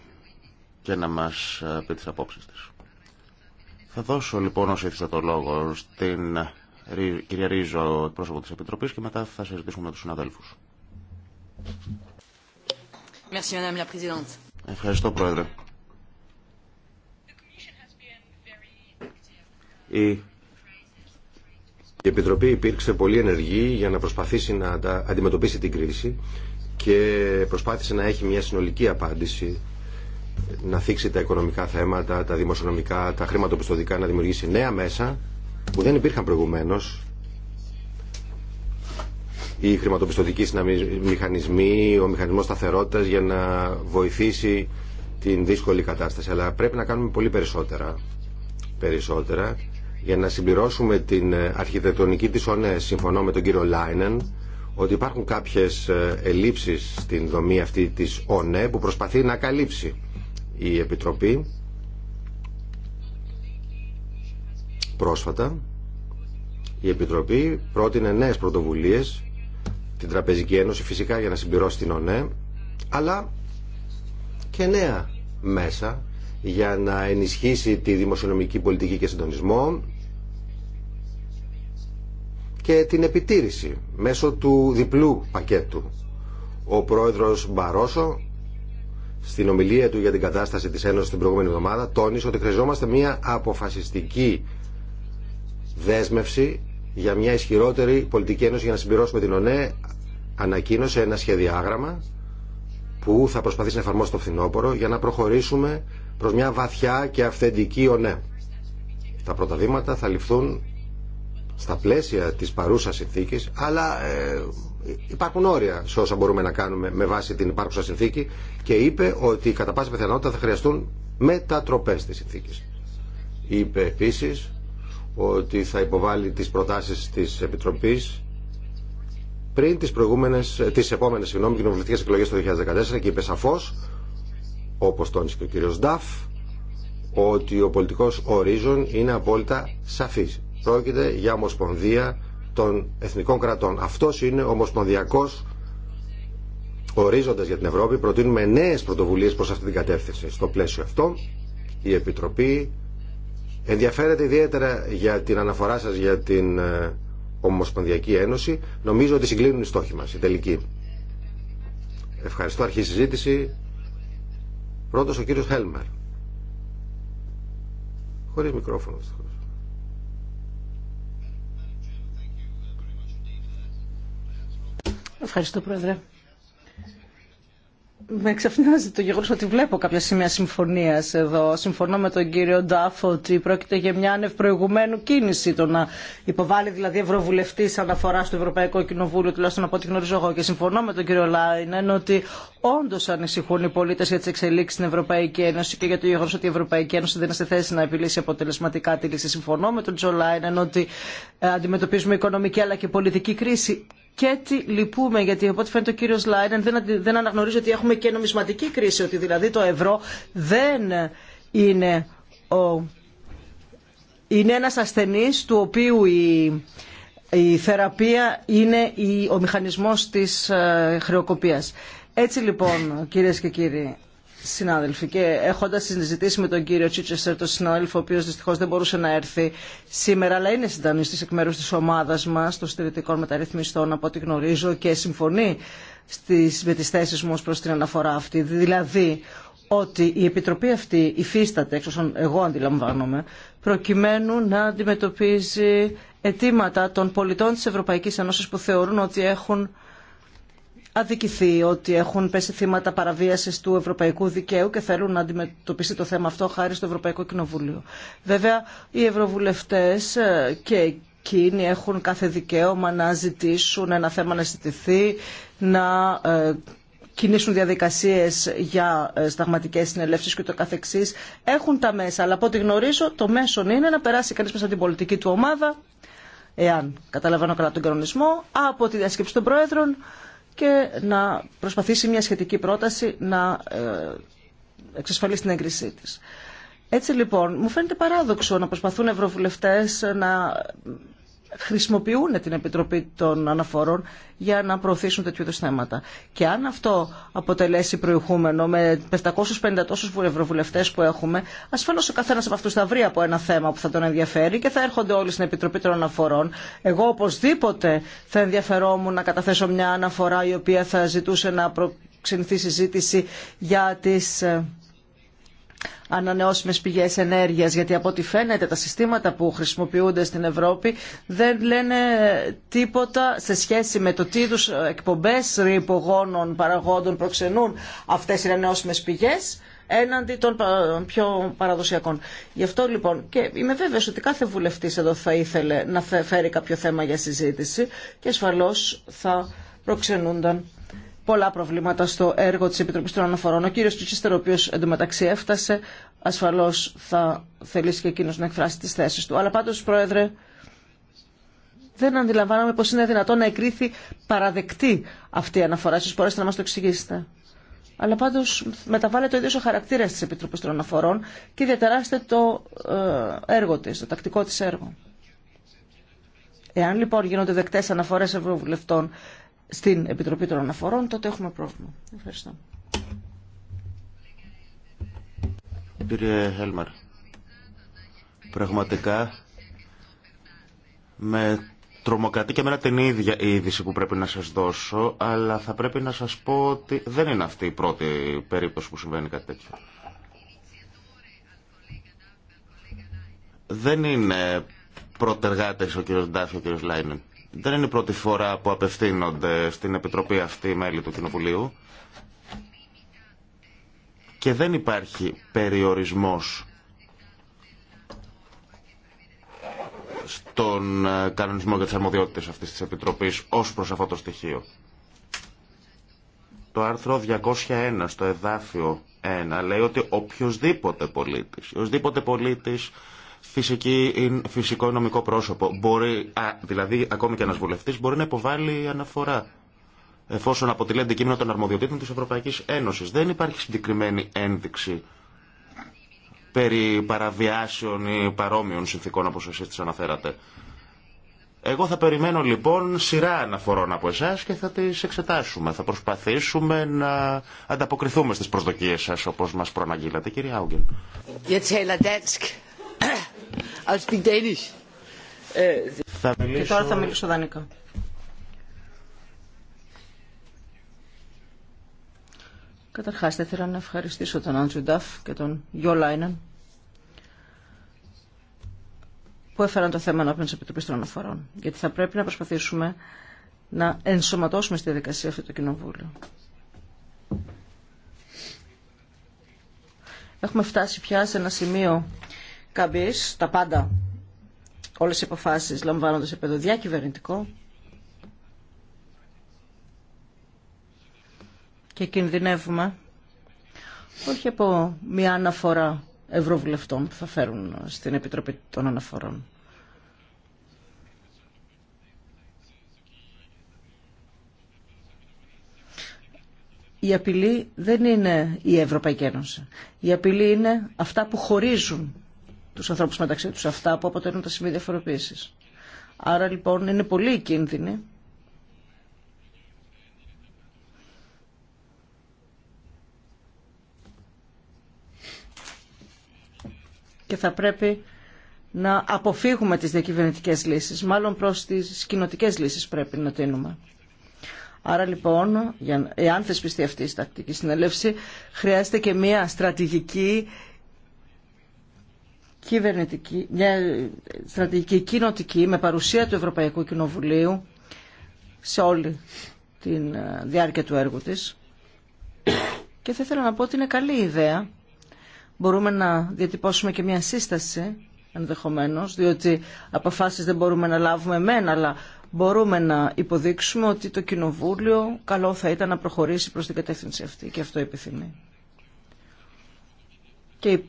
και να μας ε, πει τι απόψεις τη. Θα δώσω λοιπόν όσο ήθελα το λόγο στην ε, κυρία Ρίζο, πρόσωπο της Επιτροπής και μετά θα συζητήσουμε με τους συναδέλφους. Ευχαριστώ Πρόεδρε. Η η Επιτροπή υπήρξε πολύ ενεργή για να προσπαθήσει να αντιμετωπίσει την κρίση και προσπάθησε να έχει μια συνολική απάντηση να θίξει τα οικονομικά θέματα, τα δημοσιονομικά, τα χρηματοπιστωτικά, να δημιουργήσει νέα μέσα που δεν υπήρχαν προηγουμένως οι χρηματοπιστωτικοί μηχανισμοί, ο μηχανισμός σταθερότητας για να βοηθήσει την δύσκολη κατάσταση. Αλλά πρέπει να κάνουμε πολύ περισσότερα. Περισσότερα για να συμπληρώσουμε την ε, αρχιτεκτονική της ΩΝΕ, συμφωνώ με τον κύριο Λάινεν, ότι υπάρχουν κάποιες ε, ελλείψεις στην δομή αυτή της ΩΝΕ που προσπαθεί να καλύψει η Επιτροπή πρόσφατα. Η Επιτροπή πρότεινε νέες πρωτοβουλίες, την Τραπεζική Ένωση φυσικά για να συμπληρώσει την ΩΝΕ, αλλά και νέα μέσα για να ενισχύσει τη δημοσιονομική πολιτική και συντονισμό και την επιτήρηση μέσω του διπλού πακέτου. Ο πρόεδρος Μπαρόσο στην ομιλία του για την κατάσταση της Ένωσης την προηγούμενη εβδομάδα τόνισε ότι χρειαζόμαστε μια αποφασιστική δέσμευση για μια ισχυρότερη πολιτική ένωση για να συμπληρώσουμε την ΟΝΕ ανακοίνωσε ένα σχεδιάγραμμα που θα προσπαθήσει να εφαρμόσει το φθινόπωρο για να προχωρήσουμε προς μια βαθιά και αυθεντική ονέ. Τα πρώτα βήματα θα ληφθούν στα πλαίσια της παρούσας συνθήκης, αλλά ε, υπάρχουν όρια σε όσα μπορούμε να κάνουμε με βάση την υπάρχουσα συνθήκη και είπε ότι κατά πάσα πιθανότητα θα χρειαστούν μετατροπές της συνθήκης. Είπε επίσης ότι θα υποβάλει τις προτάσεις της Επιτροπής πριν τις, προηγούμενες, τις επόμενες συγγνώμη, κοινοβουλευτικές εκλογές το 2014 και είπε σαφώς όπως τόνισε και ο κύριος Νταφ ότι ο πολιτικός ορίζον είναι απόλυτα σαφής. Πρόκειται για ομοσπονδία των εθνικών κρατών. Αυτός είναι ομοσπονδιακός ορίζοντας για την Ευρώπη. Προτείνουμε νέες πρωτοβουλίες προς αυτή την κατεύθυνση. Στο πλαίσιο αυτό η Επιτροπή ενδιαφέρεται ιδιαίτερα για την αναφορά σας για την ε, Ομοσπονδιακή Ένωση. Νομίζω ότι συγκλίνουν οι στόχοι μας, οι τελικοί. Ευχαριστώ. Αρχή συζήτηση. Πρώτος ο κύριος Χέλμερ. Χωρίς μικρόφωνο δυστυχώς. Ευχαριστώ πρόεδρε με εξαφνιάζει το γεγονό ότι βλέπω κάποια σημεία συμφωνία εδώ. Συμφωνώ με τον κύριο Ντάφ ότι πρόκειται για μια ανευπροηγουμένου κίνηση το να υποβάλει δηλαδή ευρωβουλευτή αναφορά στο Ευρωπαϊκό Κοινοβούλιο, τουλάχιστον από ό,τι γνωρίζω εγώ. Και συμφωνώ με τον κύριο Λάινεν ότι όντω ανησυχούν οι πολίτε για τι εξελίξει στην Ευρωπαϊκή Ένωση και για το γεγονό ότι η Ευρωπαϊκή Ένωση δεν είναι σε θέση να επιλύσει αποτελεσματικά τη λύση. Συμφωνώ με τον Τζο Λάινεν ότι ε, αντιμετωπίζουμε οικονομική αλλά και πολιτική κρίση. Και τι λυπούμε, γιατί από ό,τι φαίνεται ο κύριο Λάινεν δεν, αναγνωρίζει ότι έχουμε και νομισματική κρίση, ότι δηλαδή το ευρώ δεν είναι, ο, είναι ένας ασθενής του οποίου η, η θεραπεία είναι ο μηχανισμός της χρεοκοπία. χρεοκοπίας. Έτσι λοιπόν, κυρίες και κύριοι, συνάδελφοι και έχοντας συζητήσει με τον κύριο Τσίτσερ τον συνάδελφο, ο οποίος δυστυχώς δεν μπορούσε να έρθει σήμερα, αλλά είναι συντανίστης εκ μέρους της ομάδας μας, των στηρητικών μεταρρυθμιστών, από ό,τι γνωρίζω και συμφωνεί στις, με τις θέσεις μου ως προς την αναφορά αυτή. Δηλαδή, ότι η Επιτροπή αυτή υφίσταται, εξ όσων εγώ αντιλαμβάνομαι, προκειμένου να αντιμετωπίζει αιτήματα των πολιτών της Ευρωπαϊκής Ένωσης που θεωρούν ότι έχουν αδικηθεί ότι έχουν πέσει θύματα παραβίαση του ευρωπαϊκού δικαίου και θέλουν να αντιμετωπίσει το θέμα αυτό χάρη στο Ευρωπαϊκό Κοινοβούλιο. Βέβαια, οι ευρωβουλευτέ ε, και εκείνοι έχουν κάθε δικαίωμα να ζητήσουν ένα θέμα να συζητηθεί, να ε, κινήσουν διαδικασίες για ε, σταγματικές συνελεύσεις και το καθεξής. Έχουν τα μέσα, αλλά από ό,τι γνωρίζω το μέσον είναι να περάσει κανείς μέσα από την πολιτική του ομάδα, εάν καταλαβαίνω καλά τον κανονισμό, από τη διασκέψη των Πρόεδρων, και να προσπαθήσει μια σχετική πρόταση να ε, εξασφαλίσει την έγκρισή της. Έτσι λοιπόν, μου φαίνεται παράδοξο να προσπαθούν ευρωβουλευτές να χρησιμοποιούν την Επιτροπή των Αναφορών για να προωθήσουν τέτοιου είδου θέματα. Και αν αυτό αποτελέσει προηγούμενο με 750 τόσου ευρωβουλευτέ που έχουμε, ασφαλώ ο καθένα από αυτού θα βρει από ένα θέμα που θα τον ενδιαφέρει και θα έρχονται όλοι στην Επιτροπή των Αναφορών. Εγώ οπωσδήποτε θα ενδιαφερόμουν να καταθέσω μια αναφορά η οποία θα ζητούσε να προξενηθεί συζήτηση για τις ε, ανανεώσιμες πηγές ενέργειας, γιατί από ό,τι φαίνεται τα συστήματα που χρησιμοποιούνται στην Ευρώπη δεν λένε τίποτα σε σχέση με το τι είδου εκπομπές ρηπογόνων παραγόντων προξενούν αυτές οι ανανεώσιμες πηγές έναντι των πιο παραδοσιακών. Γι' αυτό λοιπόν και είμαι βέβαιος ότι κάθε βουλευτής εδώ θα ήθελε να φέρει κάποιο θέμα για συζήτηση και ασφαλώς θα προξενούνταν πολλά προβλήματα στο έργο της Επιτροπής των Αναφορών. Ο κύριος Τσίστερ, ο οποίος εντωμεταξύ έφτασε, ασφαλώς θα θελήσει και εκείνος να εκφράσει τις θέσεις του. Αλλά πάντως, Πρόεδρε, δεν αντιλαμβάνομαι πως είναι δυνατό να εκρήθη παραδεκτή αυτή η αναφορά. Σας μπορέσετε να μας το εξηγήσετε. Αλλά πάντως μεταβάλλεται ο ίδιο ο χαρακτήρας της Επιτροπής των Αναφορών και διατεράστε το ε, έργο της, το τακτικό της έργο. Εάν λοιπόν γίνονται δεκτέ αναφορέ ευρωβουλευτών, στην Επιτροπή των Αναφορών, τότε έχουμε πρόβλημα. Ευχαριστώ. Κύριε Χέλμαρ, πραγματικά με τρομοκρατεί και εμένα την ίδια η είδηση που πρέπει να σας δώσω, αλλά θα πρέπει να σας πω ότι δεν είναι αυτή η πρώτη περίπτωση που συμβαίνει κάτι τέτοιο. Δεν είναι πρωτεργάτες ο κύριος Ντάφη, ο κύριος Λάινεν. Δεν είναι η πρώτη φορά που απευθύνονται στην Επιτροπή αυτή οι μέλη του Κοινοβουλίου και δεν υπάρχει περιορισμός στον ε, κανονισμό για τις αρμοδιότητες αυτής της Επιτροπής ως προς αυτό το στοιχείο. Το άρθρο 201 στο εδάφιο 1 λέει ότι οποιοδήποτε πολίτης, οποιοδήποτε πολίτης φυσική, φυσικό νομικό πρόσωπο. Μπορεί, α, δηλαδή, ακόμη και ένα βουλευτή μπορεί να υποβάλει αναφορά εφόσον αποτελεί αντικείμενο των αρμοδιοτήτων τη Ευρωπαϊκή Ένωση. Δεν υπάρχει συγκεκριμένη ένδειξη περί παραβιάσεων ή παρόμοιων συνθήκων όπω εσεί τι αναφέρατε. Εγώ θα περιμένω λοιπόν σειρά αναφορών από εσά και θα τις εξετάσουμε. Θα προσπαθήσουμε να ανταποκριθούμε στι προσδοκίε σα όπω μα προαναγγείλατε. Κύριε Άουγγεν. Και τώρα θα μιλήσω δανεικά. Καταρχάς, θα ήθελα να ευχαριστήσω τον Άντζου Νταφ και τον Γιώ Λάινεν που έφεραν το θέμα ενώπιον της Επιτροπή των Αναφορών. Γιατί θα πρέπει να προσπαθήσουμε να ενσωματώσουμε στη δικασία αυτό το κοινοβούλιο. Έχουμε φτάσει πια σε ένα σημείο τα πάντα, όλες οι αποφάσεις λαμβάνονται σε επίπεδο διακυβερνητικό και κινδυνεύουμε όχι από μια αναφορά ευρωβουλευτών που θα φέρουν στην Επιτροπή των Αναφορών. Η απειλή δεν είναι η Ευρωπαϊκή Ένωση. Η απειλή είναι αυτά που χωρίζουν τους ανθρώπους μεταξύ τους αυτά που αποτελούν τα σημεία διαφοροποίηση. Άρα λοιπόν είναι πολύ κίνδυνοι και θα πρέπει να αποφύγουμε τις διακυβερνητικές λύσεις. Μάλλον προς τις κοινοτικές λύσεις πρέπει να τίνουμε. Άρα λοιπόν, εάν θεσπιστεί αυτή η τακτική συνέλευση, χρειάζεται και μια στρατηγική κυβερνητική, μια στρατηγική κοινοτική με παρουσία του Ευρωπαϊκού Κοινοβουλίου σε όλη τη ε, διάρκεια του έργου της. Και θα ήθελα να πω ότι είναι καλή ιδέα. Μπορούμε να διατυπώσουμε και μια σύσταση ενδεχομένως, διότι αποφάσεις δεν μπορούμε να λάβουμε μένα αλλά μπορούμε να υποδείξουμε ότι το Κοινοβούλιο καλό θα ήταν να προχωρήσει προς την κατεύθυνση αυτή και αυτό επιθυμεί. Και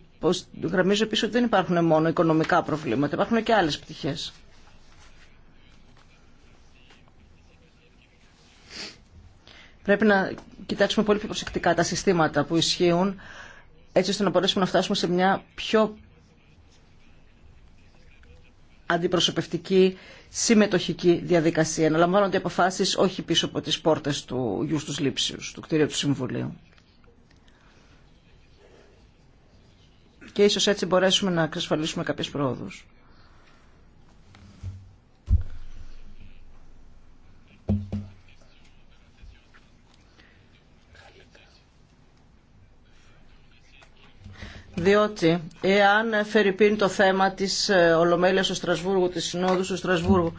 Γραμμίζω επίσης ότι δεν υπάρχουν μόνο οικονομικά προβλήματα, υπάρχουν και άλλες πτυχές. Πρέπει να κοιτάξουμε πολύ πιο προσεκτικά τα συστήματα που ισχύουν, έτσι ώστε να μπορέσουμε να φτάσουμε σε μια πιο αντιπροσωπευτική, συμμετοχική διαδικασία. Να λαμβάνονται αποφάσεις όχι πίσω από τις πόρτες του γιου του λήψιους, του κτίριου του Συμβουλίου. και ίσως έτσι μπορέσουμε να εξασφαλίσουμε κάποιες πρόοδους. Διότι εάν φερειπίνει το θέμα της ε, Ολομέλειας του Στρασβούργου, της Συνόδου του Στρασβούργου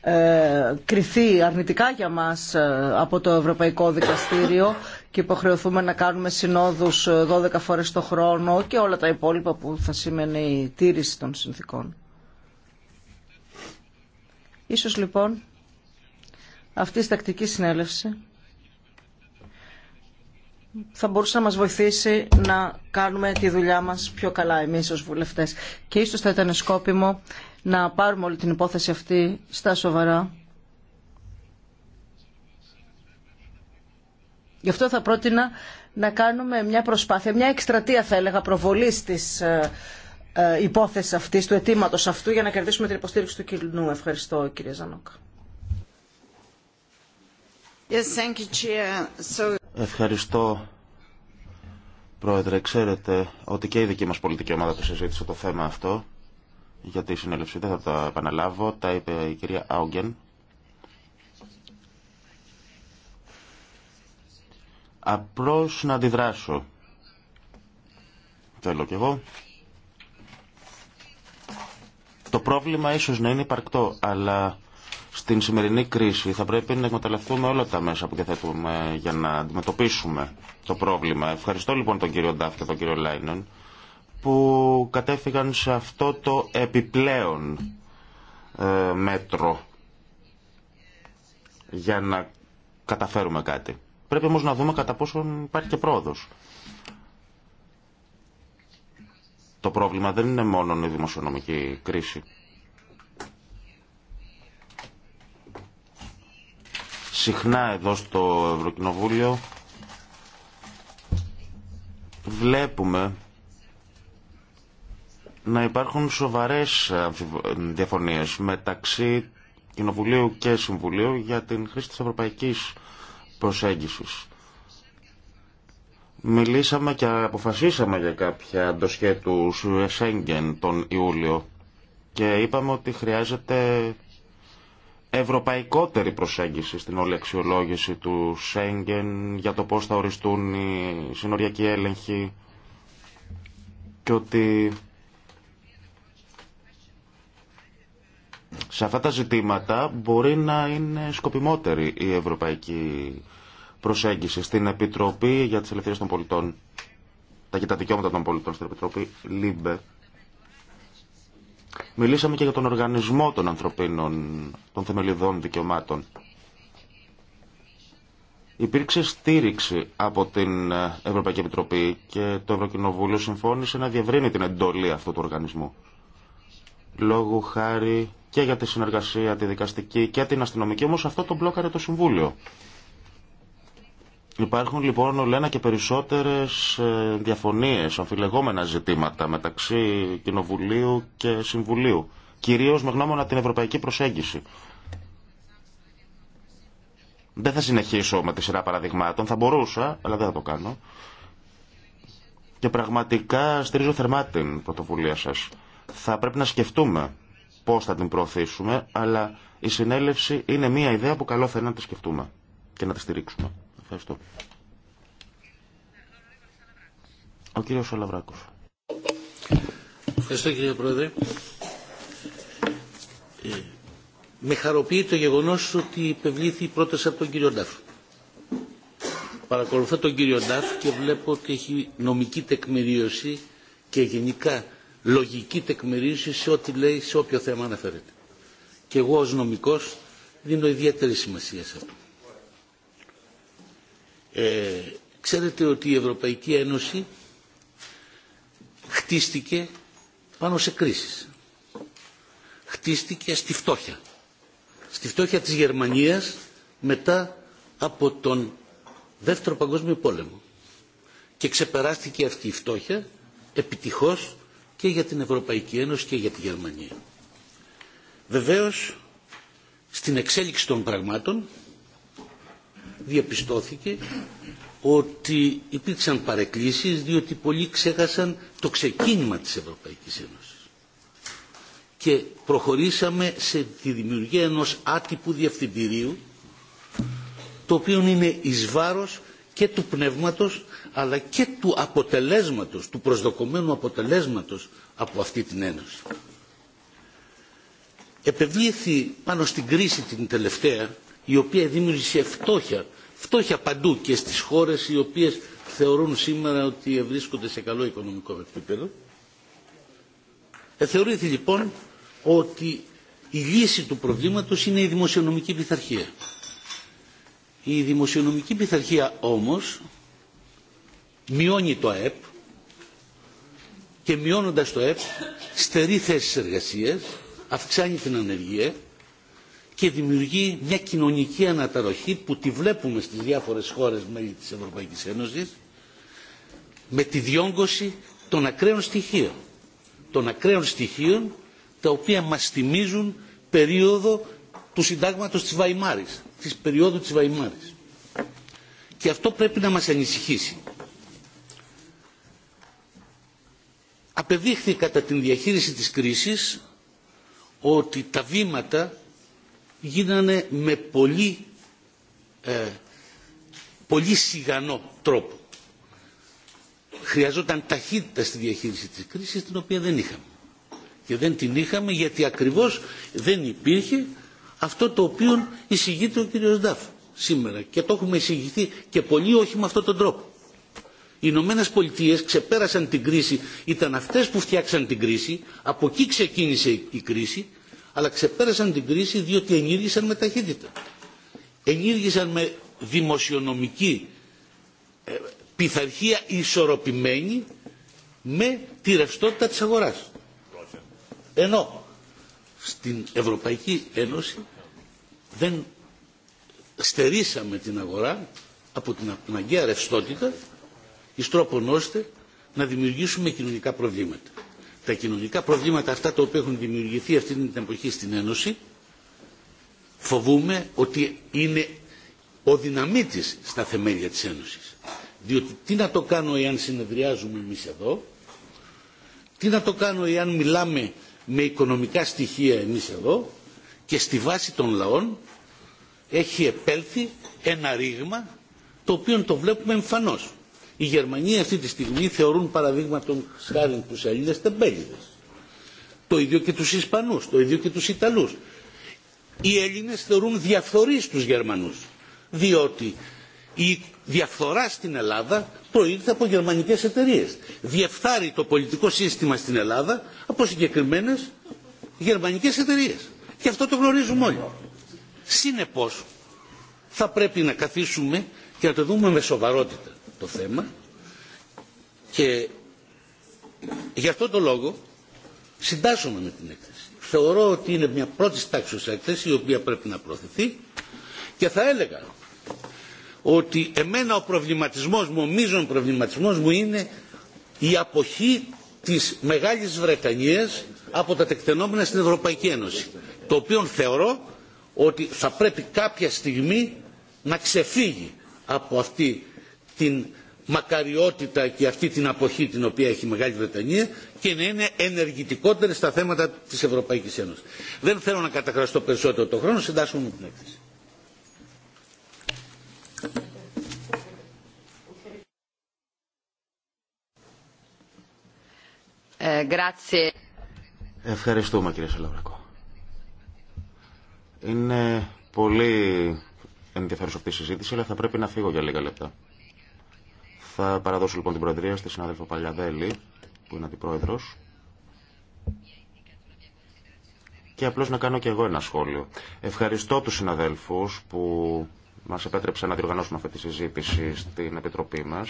ε, κριθεί αρνητικά για μας ε, από το Ευρωπαϊκό Δικαστήριο, και υποχρεωθούμε να κάνουμε συνόδους 12 ε, φορές το χρόνο και όλα τα υπόλοιπα που θα σημαίνει η τήρηση των συνθήκων. Ίσως λοιπόν αυτή η τακτική συνέλευση θα μπορούσε να μας βοηθήσει να κάνουμε τη δουλειά μας πιο καλά εμείς ως βουλευτές. Και ίσως θα ήταν σκόπιμο να πάρουμε όλη την υπόθεση αυτή στα σοβαρά Γι' αυτό θα πρότεινα να κάνουμε μια προσπάθεια, μια εκστρατεία θα έλεγα προβολής της ε, ε, υπόθεσης αυτής, του αιτήματο αυτού για να κερδίσουμε την υποστήριξη του κοινού. Ευχαριστώ κύριε Ζανόκα. Ευχαριστώ Πρόεδρε, ξέρετε ότι και η δική μας πολιτική ομάδα το συζήτησε το θέμα αυτό για τη συνέλευση. Δεν θα το επαναλάβω, τα είπε η κυρία Άουγκεν. Απλώς να αντιδράσω. Θέλω κι εγώ. Το πρόβλημα ίσως να είναι υπαρκτό, αλλά στην σημερινή κρίση θα πρέπει να εκμεταλλευτούμε όλα τα μέσα που διαθέτουμε για να αντιμετωπίσουμε το πρόβλημα. Ευχαριστώ λοιπόν τον κύριο Ντάφ και τον κύριο Λάινον που κατέφυγαν σε αυτό το επιπλέον ε, μέτρο για να καταφέρουμε κάτι. Πρέπει όμως να δούμε κατά πόσο υπάρχει και πρόοδος. Το πρόβλημα δεν είναι μόνο η δημοσιονομική κρίση. Συχνά εδώ στο Ευρωκοινοβούλιο βλέπουμε να υπάρχουν σοβαρές διαφωνίες μεταξύ Κοινοβουλίου και Συμβουλίου για την χρήση της Ευρωπαϊκής προσέγγισης. Μιλήσαμε και αποφασίσαμε για κάποια του Σέγγεν τον Ιούλιο και είπαμε ότι χρειάζεται ευρωπαϊκότερη προσέγγιση στην όλη αξιολόγηση του Σέγγεν για το πώς θα οριστούν οι συνοριακοί έλεγχοι και ότι σε αυτά τα ζητήματα μπορεί να είναι σκοπιμότερη η ευρωπαϊκή προσέγγιση. Στην Επιτροπή για τις Ελευθερίες των Πολιτών, τα και τα δικαιώματα των πολιτών στην Επιτροπή, ΛΥΜΠΕ, μιλήσαμε και για τον οργανισμό των ανθρωπίνων, των θεμελιδών δικαιωμάτων. Υπήρξε στήριξη από την Ευρωπαϊκή Επιτροπή και το Ευρωκοινοβούλιο συμφώνησε να διευρύνει την εντολή αυτού του οργανισμού. Λόγω χάρη και για τη συνεργασία, τη δικαστική και την αστυνομική, όμως αυτό το μπλόκαρε το Συμβούλιο. Υπάρχουν λοιπόν ολένα και περισσότερες ε, διαφωνίες, αμφιλεγόμενα ζητήματα μεταξύ Κοινοβουλίου και Συμβουλίου, κυρίως με γνώμονα την ευρωπαϊκή προσέγγιση. Δεν θα συνεχίσω με τη σειρά παραδειγμάτων, θα μπορούσα, αλλά δεν θα το κάνω. Και πραγματικά στηρίζω θερμά την πρωτοβουλία σας. Θα πρέπει να σκεφτούμε πώς θα την προωθήσουμε, αλλά η συνέλευση είναι μια ιδέα που καλό θα είναι να τη σκεφτούμε και να τη στηρίξουμε. Ευχαριστώ. Ο κύριος Σολαβράκος. Ευχαριστώ κύριε Πρόεδρε. Ε, με χαροποιεί το γεγονό ότι υπευλήθη η πρόταση από τον κύριο Ντάφ. Παρακολουθώ τον κύριο Ντάφ και βλέπω ότι έχει νομική τεκμηρίωση και γενικά λογική τεκμηρίωση σε ό,τι λέει, σε όποιο θέμα αναφέρεται. Και εγώ ως νομικός δίνω ιδιαίτερη σημασία σε αυτό. Ε, ξέρετε ότι η Ευρωπαϊκή Ένωση χτίστηκε πάνω σε κρίσεις. Χτίστηκε στη φτώχεια. Στη φτώχεια της Γερμανίας μετά από τον Δεύτερο Παγκόσμιο Πόλεμο. Και ξεπεράστηκε αυτή η φτώχεια επιτυχώς και για την Ευρωπαϊκή Ένωση και για τη Γερμανία. Βεβαίως, στην εξέλιξη των πραγμάτων διαπιστώθηκε ότι υπήρξαν παρεκκλήσεις διότι πολλοί ξέχασαν το ξεκίνημα της Ευρωπαϊκής Ένωσης και προχωρήσαμε σε τη δημιουργία ενός άτυπου διευθυντηρίου το οποίο είναι εις βάρος και του πνεύματος αλλά και του αποτελέσματος, του προσδοκομένου αποτελέσματος από αυτή την Ένωση. Επευλήθη πάνω στην κρίση την τελευταία η οποία δημιούργησε φτώχεια, φτώχεια παντού και στις χώρες οι οποίες θεωρούν σήμερα ότι βρίσκονται σε καλό οικονομικό επίπεδο. λοιπόν ότι η λύση του προβλήματος είναι η δημοσιονομική πειθαρχία. Η δημοσιονομική πειθαρχία όμως μειώνει το ΑΕΠ και μειώνοντας το ΑΕΠ στερεί θέσεις εργασίας, αυξάνει την ανεργία και δημιουργεί μια κοινωνική αναταροχή που τη βλέπουμε στις διάφορες χώρες μέλη της Ευρωπαϊκής Ένωσης με τη διόγκωση των ακραίων στοιχείων. Των ακραίων στοιχείων τα οποία μας θυμίζουν περίοδο του συντάγματος της Βαϊμάρης της περίοδου της Βαϊμάρης. Και αυτό πρέπει να μας ανησυχήσει. Απεδείχθη κατά την διαχείριση της κρίσης ότι τα βήματα γίνανε με πολύ, ε, πολύ σιγανό τρόπο. Χρειαζόταν ταχύτητα στη διαχείριση της κρίσης την οποία δεν είχαμε. Και δεν την είχαμε γιατί ακριβώς δεν υπήρχε αυτό το οποίο εισηγείται ο κύριος Νταφ σήμερα και το έχουμε εισηγηθεί και πολύ όχι με αυτόν τον τρόπο. Οι Ηνωμένε Πολιτείε ξεπέρασαν την κρίση, ήταν αυτές που φτιάξαν την κρίση, από εκεί ξεκίνησε η κρίση, αλλά ξεπέρασαν την κρίση διότι ενήργησαν με ταχύτητα. Ενήργησαν με δημοσιονομική ε, πειθαρχία ισορροπημένη με τη ρευστότητα της αγοράς. Ενώ στην Ευρωπαϊκή Ένωση δεν στερήσαμε την αγορά από την αναγκαία ρευστότητα εις τρόπον ώστε να δημιουργήσουμε κοινωνικά προβλήματα. Τα κοινωνικά προβλήματα αυτά τα οποία έχουν δημιουργηθεί αυτή την εποχή στην Ένωση φοβούμε ότι είναι ο δυναμίτης στα θεμέλια της Ένωσης. Διότι τι να το κάνω εάν συνεδριάζουμε εμείς εδώ, τι να το κάνω εάν μιλάμε με οικονομικά στοιχεία εμείς εδώ και στη βάση των λαών έχει επέλθει ένα ρήγμα το οποίο το βλέπουμε εμφανώς. Οι Γερμανοί αυτή τη στιγμή θεωρούν παραδείγμα των χάρη τους Ελλήνες τεμπέλιδες. Το ίδιο και τους Ισπανούς, το ίδιο και τους Ιταλούς. Οι Έλληνες θεωρούν διαφθορείς τους Γερμανούς, διότι διαφθορά στην Ελλάδα προήλθε από γερμανικές εταιρείες. Διεφθάρει το πολιτικό σύστημα στην Ελλάδα από συγκεκριμένες γερμανικές εταιρείες. Και αυτό το γνωρίζουμε όλοι. Συνεπώς θα πρέπει να καθίσουμε και να το δούμε με σοβαρότητα το θέμα και γι' αυτό το λόγο συντάσσομαι με την έκθεση. Θεωρώ ότι είναι μια πρώτη τάξη έκθεση η οποία πρέπει να προωθηθεί και θα έλεγα ότι εμένα ο προβληματισμός μου, ο μείζων προβληματισμός μου είναι η αποχή της Μεγάλης Βρετανίας από τα τεκτενόμενα στην Ευρωπαϊκή Ένωση. Το οποίο θεωρώ ότι θα πρέπει κάποια στιγμή να ξεφύγει από αυτή την μακαριότητα και αυτή την αποχή την οποία έχει η Μεγάλη Βρετανία και να είναι ενεργητικότερη στα θέματα της Ευρωπαϊκής Ένωσης. Δεν θέλω να καταχραστώ περισσότερο το χρόνο, συντάσσομαι την έκθεση. Ε, Ευχαριστούμε κύριε Σαλαβρακό. Είναι πολύ ενδιαφέρουσα αυτή η συζήτηση, αλλά θα πρέπει να φύγω για λίγα λεπτά. Θα παραδώσω λοιπόν την Προεδρία στη συνάδελφο Παλιαδέλη, που είναι αντιπρόεδρος, και απλώς να κάνω και εγώ ένα σχόλιο. Ευχαριστώ τους συναδέλφους που μας επέτρεψε να διοργανώσουμε αυτή τη συζήτηση στην Επιτροπή μας.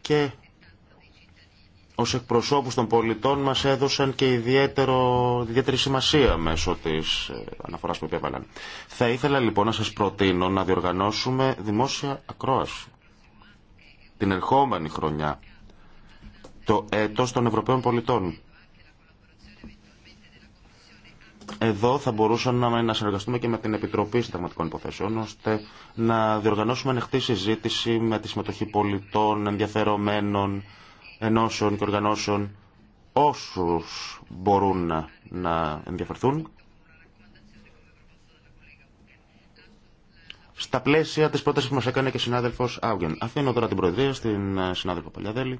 Και ως εκπροσώπους των πολιτών μας έδωσαν και ιδιαίτερο, ιδιαίτερη σημασία μέσω της ε, αναφοράς που επέβαλαν. Θα ήθελα λοιπόν να σας προτείνω να διοργανώσουμε δημόσια ακρόαση την ερχόμενη χρονιά, το έτος των Ευρωπαίων πολιτών. Εδώ θα μπορούσαμε να συνεργαστούμε και με την Επιτροπή Συνταγματικών Υποθέσεων, ώστε να διοργανώσουμε ανοιχτή συζήτηση με τη συμμετοχή πολιτών, ενδιαφερομένων, ενώσεων και οργανώσεων, όσους μπορούν να ενδιαφερθούν. Στα πλαίσια της πρότασης που μας έκανε και συνάδελφος Άουγεν. Αφήνω τώρα την Προεδρία στην ε, συνάδελφο Παλιαδέλη,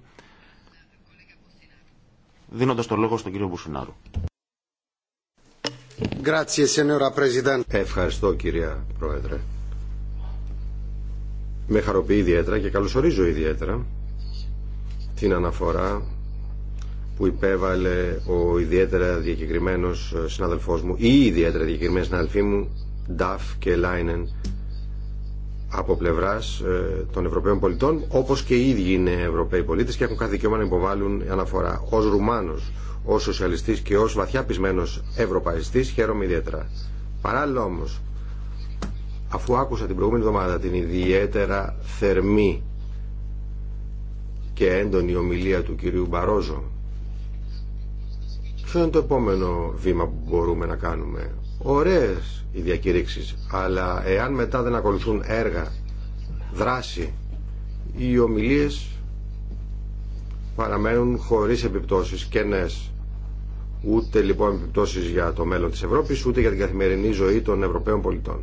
δίνοντας το λόγο στον κύριο Μπουσουνάρου. Ευχαριστώ κυρία Πρόεδρε. Με χαροποιεί ιδιαίτερα και καλωσορίζω ιδιαίτερα την αναφορά που υπέβαλε ο ιδιαίτερα διακεκριμένος συναδελφός μου ή ιδιαίτερα διακεκριμένοι συναδελφοί μου Νταφ και Λάινεν από πλευρά ε, των Ευρωπαίων πολιτών, όπω και οι ίδιοι είναι Ευρωπαίοι πολίτε και έχουν κάθε δικαίωμα να υποβάλουν αναφορά. Ω Ρουμάνο, ω σοσιαλιστή και ω βαθιά πεισμένο Ευρωπαϊστή, χαίρομαι ιδιαίτερα. Παράλληλα όμω, αφού άκουσα την προηγούμενη εβδομάδα την ιδιαίτερα θερμή και έντονη ομιλία του κυρίου Μπαρόζο, ποιο είναι το επόμενο βήμα που μπορούμε να κάνουμε ωραίες οι διακηρύξεις αλλά εάν μετά δεν ακολουθούν έργα δράση οι ομιλίες παραμένουν χωρίς επιπτώσεις κενές ούτε λοιπόν επιπτώσεις για το μέλλον της Ευρώπης ούτε για την καθημερινή ζωή των Ευρωπαίων πολιτών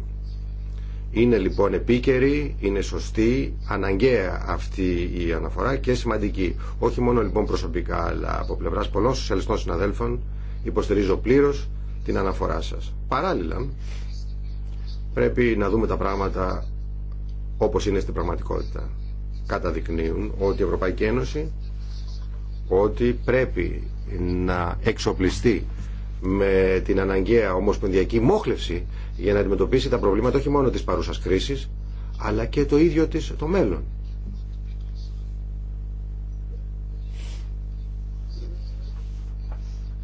είναι λοιπόν επίκαιρη, είναι σωστή, αναγκαία αυτή η αναφορά και σημαντική. Όχι μόνο λοιπόν προσωπικά, αλλά από πλευράς πολλών σοσιαλιστών συναδέλφων υποστηρίζω πλήρως την αναφορά σας. Παράλληλα, πρέπει να δούμε τα πράγματα όπως είναι στην πραγματικότητα. Καταδεικνύουν ότι η Ευρωπαϊκή Ένωση ότι πρέπει να εξοπλιστεί με την αναγκαία ομοσπονδιακή μόχλευση για να αντιμετωπίσει τα προβλήματα όχι μόνο της παρούσας κρίσης αλλά και το ίδιο της το μέλλον.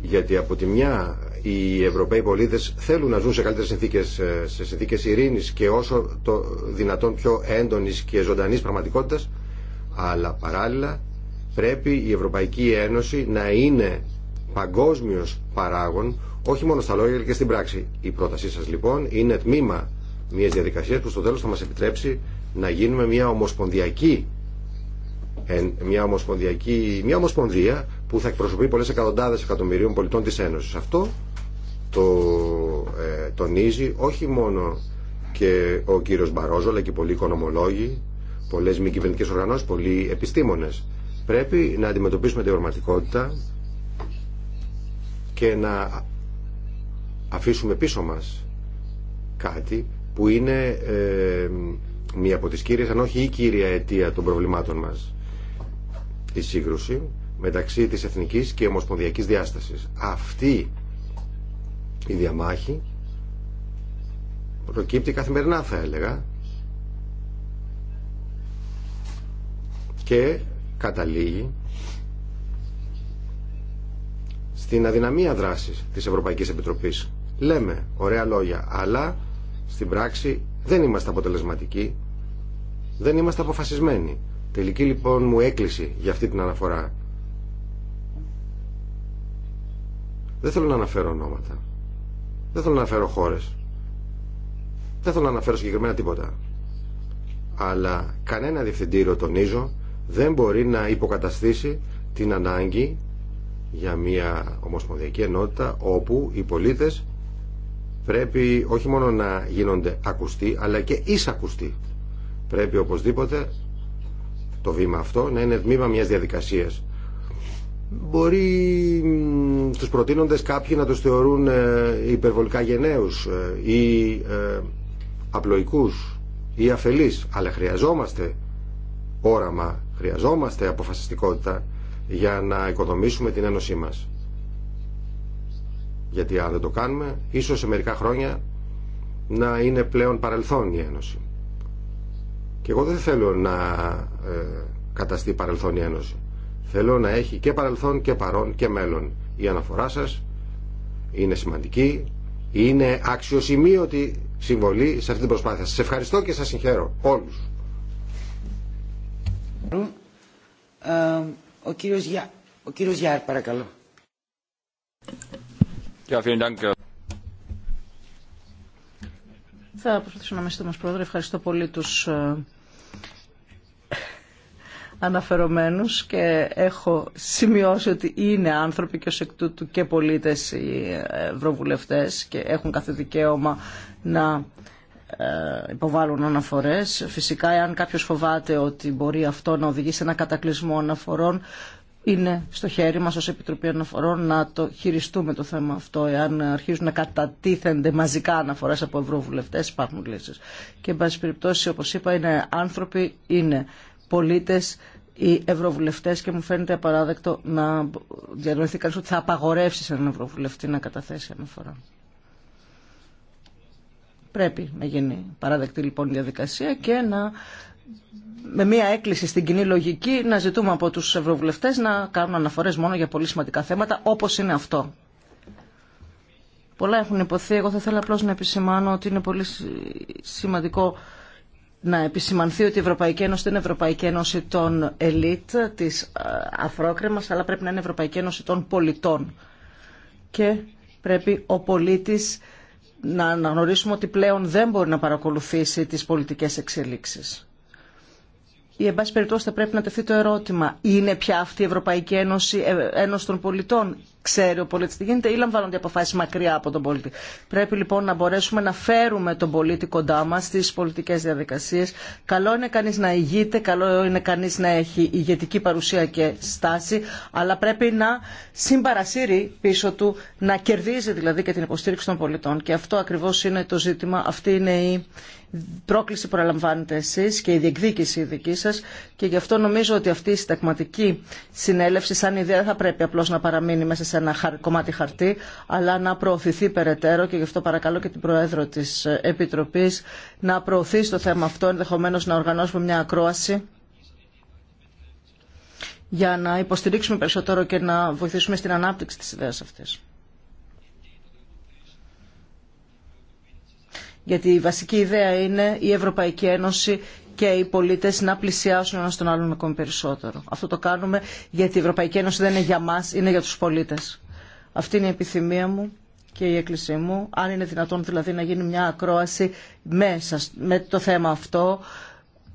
Γιατί από τη μια οι Ευρωπαίοι πολίτε θέλουν να ζουν σε καλύτερες συνθήκες, ε, σε συνθήκε ειρήνης και όσο το δυνατόν πιο έντονης και ζωντανή πραγματικότητας, αλλά παράλληλα πρέπει η Ευρωπαϊκή Ένωση να είναι παγκόσμιος παράγων, όχι μόνο στα λόγια αλλά και στην πράξη. Η πρότασή σας λοιπόν είναι τμήμα μιας διαδικασία που στο τέλο θα μα επιτρέψει να γίνουμε μια ομοσπονδιακή μια ομοσπονδιακή, μια ομοσπονδία που θα εκπροσωπεί πολλές εκατοντάδες εκατομμυρίων πολιτών της Ένωσης. Αυτό το ε, τονίζει όχι μόνο και ο κύριος Μπαρόζο, αλλά και πολλοί οικονομολόγοι, πολλές μη κυβερνητικές οργανώσεις, πολλοί επιστήμονες. Πρέπει να αντιμετωπίσουμε την πραγματικότητα και να αφήσουμε πίσω μας κάτι που είναι ε, μία από τις κύριες, αν όχι η κύρια αιτία των προβλημάτων μας. Η σύγκρουση μεταξύ της εθνικής και ομοσπονδιακής διάστασης. Αυτή η διαμάχη προκύπτει καθημερινά θα έλεγα και καταλήγει στην αδυναμία δράσης της Ευρωπαϊκής Επιτροπής. Λέμε ωραία λόγια, αλλά στην πράξη δεν είμαστε αποτελεσματικοί, δεν είμαστε αποφασισμένοι. Τελική λοιπόν μου έκκληση για αυτή την αναφορά Δεν θέλω να αναφέρω ονόματα. Δεν θέλω να αναφέρω χώρε. Δεν θέλω να αναφέρω συγκεκριμένα τίποτα. Αλλά κανένα διευθυντήριο, τονίζω, δεν μπορεί να υποκαταστήσει την ανάγκη για μια ομοσπονδιακή ενότητα όπου οι πολίτες πρέπει όχι μόνο να γίνονται ακουστοί αλλά και εισακουστοί. Πρέπει οπωσδήποτε το βήμα αυτό να είναι τμήμα μιας διαδικασίας Μπορεί τους προτείνοντες κάποιοι να τους θεωρούν ε, υπερβολικά γενναίους ε, ή ε, απλοϊκούς ή αφελείς, αλλά χρειαζόμαστε όραμα, χρειαζόμαστε αποφασιστικότητα για να οικοδομήσουμε την ένωσή μας. Γιατί αν δεν το κάνουμε, ίσως σε μερικά χρόνια να είναι πλέον παρελθόν η ένωση. Και εγώ δεν θέλω να καταστεί παρελθόν η ένωση. Θέλω να έχει και παρελθόν και παρόν και μέλλον. Η αναφορά σας είναι σημαντική, είναι αξιοσημείωτη συμβολή σε αυτή την προσπάθεια. Σας ευχαριστώ και σας συγχαίρω όλους. Ε, ο κύριος, Γιά, ο κύριος Γιάρ, παρακαλώ. Θα προσπαθήσω να είμαι σύντομος πρόεδρε. Ευχαριστώ πολύ τους ε, αναφερομένους και έχω σημειώσει ότι είναι άνθρωποι και ως εκ τούτου και πολίτες οι ευρωβουλευτές και έχουν κάθε δικαίωμα να ε, υποβάλλουν αναφορές. Φυσικά, εάν κάποιος φοβάται ότι μπορεί αυτό να οδηγήσει σε ένα κατακλυσμό αναφορών, είναι στο χέρι μας ως Επιτροπή Αναφορών να το χειριστούμε το θέμα αυτό. Εάν αρχίζουν να κατατίθενται μαζικά αναφορές από ευρωβουλευτές, υπάρχουν λύσεις. Και, εν πάση περιπτώσει, όπως είπα, είναι άνθρωποι, είναι πολίτες οι ευρωβουλευτές και μου φαίνεται απαράδεκτο να διανοηθεί κανείς ότι θα απαγορεύσει έναν ευρωβουλευτή να καταθέσει αναφορά. Πρέπει να γίνει παράδεκτη λοιπόν διαδικασία και να με μια έκκληση στην κοινή λογική να ζητούμε από τους ευρωβουλευτές να κάνουν αναφορές μόνο για πολύ σημαντικά θέματα όπως είναι αυτό. Πολλά έχουν υποθεί. Εγώ θα ήθελα απλώς να επισημάνω ότι είναι πολύ σημαντικό να επισημανθεί ότι η Ευρωπαϊκή Ένωση δεν είναι Ευρωπαϊκή Ένωση των ελίτ, της ε, αφρόκρεμας, αλλά πρέπει να είναι Ευρωπαϊκή Ένωση των πολιτών. Και πρέπει ο πολίτης να αναγνωρίσουμε ότι πλέον δεν μπορεί να παρακολουθήσει τις πολιτικές εξελίξεις. Ή, εν πάση περιπτώσει, θα πρέπει να τεθεί το ερώτημα, είναι πια αυτή η εν περιπτωσει θα πρεπει να Ένωση, ε, Ένωση των πολιτών ξέρει ο πολίτη τι γίνεται ή λαμβάνονται αποφάσει μακριά από τον πολίτη. Πρέπει λοιπόν να μπορέσουμε να φέρουμε τον πολίτη κοντά μα στι πολιτικέ διαδικασίε. Καλό είναι κανεί να ηγείται, καλό είναι κανεί να έχει ηγετική παρουσία και στάση, αλλά πρέπει να συμπαρασύρει πίσω του, να κερδίζει δηλαδή και την υποστήριξη των πολιτών. Και αυτό ακριβώ είναι το ζήτημα, αυτή είναι η πρόκληση που αναλαμβάνετε εσεί και η διεκδίκηση η δική σα και γι' αυτό νομίζω ότι αυτή η συνταγματική συνέλευση σαν ιδέα θα πρέπει απλώ να παραμείνει μέσα σε σε ένα κομμάτι χαρτί, αλλά να προωθηθεί περαιτέρω και γι' αυτό παρακαλώ και την Προέδρο τη Επιτροπή, να προωθεί το θέμα αυτό, ενδεχομένω να οργανώσουμε μια ακρόαση για να υποστηρίξουμε περισσότερο και να βοηθήσουμε στην ανάπτυξη της ιδέας αυτής. Γιατί η βασική ιδέα είναι η Ευρωπαϊκή Ένωση και οι πολίτε να πλησιάσουν ένα τον άλλον ακόμη περισσότερο. Αυτό το κάνουμε γιατί η Ευρωπαϊκή Ένωση δεν είναι για μα, είναι για του πολίτε. Αυτή είναι η επιθυμία μου και η έκκλησή μου, αν είναι δυνατόν δηλαδή να γίνει μια ακρόαση μέσα με το θέμα αυτό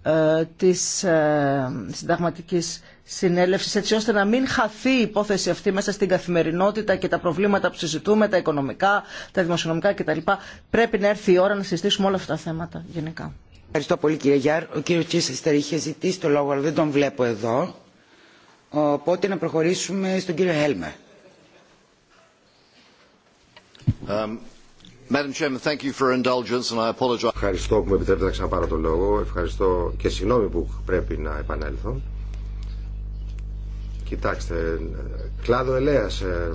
ε, της ε, συνταγματικής συνέλευσης, έτσι ώστε να μην χαθεί η υπόθεση αυτή μέσα στην καθημερινότητα και τα προβλήματα που συζητούμε, τα οικονομικά, τα δημοσιονομικά κτλ. Πρέπει να έρθει η ώρα να συζητήσουμε όλα αυτά τα θέματα γενικά. Ευχαριστώ πολύ κύριε Γιάρ. Ο κύριος Τσίσεστερ είχε ζητήσει το λόγο αλλά δεν τον βλέπω εδώ. Οπότε να προχωρήσουμε στον κύριο apologize. Ευχαριστώ που με επιτρέπετε να ξαναπάρω το λόγο. Ευχαριστώ και συγγνώμη που πρέπει να επανέλθω. Κοιτάξτε, κλάδο ελέας ε,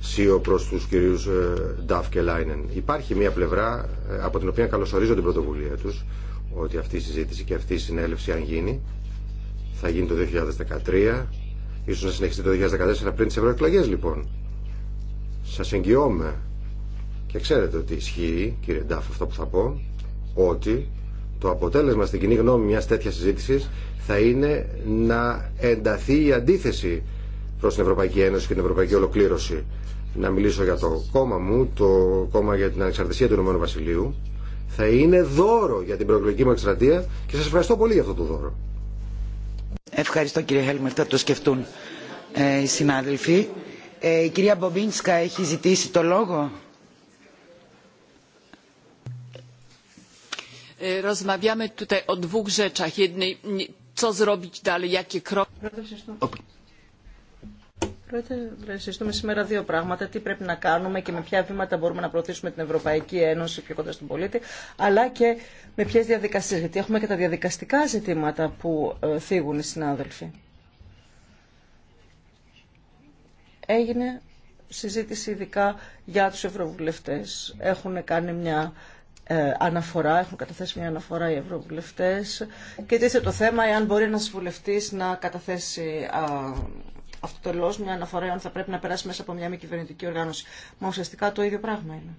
σίω προς τους κυρίους ε, Νταφ και Λάινεν. Υπάρχει μια πλευρά ε, από την οποία καλωσορίζω την πρωτοβουλία τους ότι αυτή η συζήτηση και αυτή η συνέλευση αν γίνει θα γίνει το 2013 ίσως να συνεχιστεί το 2014 πριν τις ευρωεκλογές λοιπόν σας εγγυώμαι και ξέρετε ότι ισχύει κύριε Ντάφ αυτό που θα πω ότι το αποτέλεσμα στην κοινή γνώμη μιας τέτοιας συζήτησης θα είναι να ενταθεί η αντίθεση προς την Ευρωπαϊκή Ένωση και την Ευρωπαϊκή Ολοκλήρωση. Να μιλήσω για το κόμμα μου, το κόμμα για την ανεξαρτησία του Ηνωμένου Βασιλείου, θα είναι δώρο για την προεκλογική μου εκστρατεία και σας ευχαριστώ πολύ για αυτό το δώρο. Ευχαριστώ κύριε Χέλμερ, θα το σκεφτούν ε, οι συνάδελφοι. Ε, η κυρία Μπομπίνσκα έχει ζητήσει το λόγο. Ε, rozmawiamy co zrobić dalej, jakie kroki. Πρόεδρε, συζητούμε σήμερα δύο πράγματα. Τι πρέπει να κάνουμε και με ποια βήματα μπορούμε να προωθήσουμε την Ευρωπαϊκή Ένωση πιο κοντά στον πολίτη, αλλά και με ποιε διαδικασίε. Γιατί έχουμε και τα διαδικαστικά ζητήματα που ε, θίγουν οι συνάδελφοι. Έγινε συζήτηση ειδικά για τους ευρωβουλευτές. Έχουν κάνει μια ε, αναφορά, έχουν καταθέσει μια αναφορά οι ευρωβουλευτές και τίθεται το θέμα εάν μπορεί ένας βουλευτής να καταθέσει αυτό το λόγο μια αναφορά αν θα πρέπει να περάσει μέσα από μια μη κυβερνητική οργάνωση. Μα ουσιαστικά το ίδιο πράγμα είναι.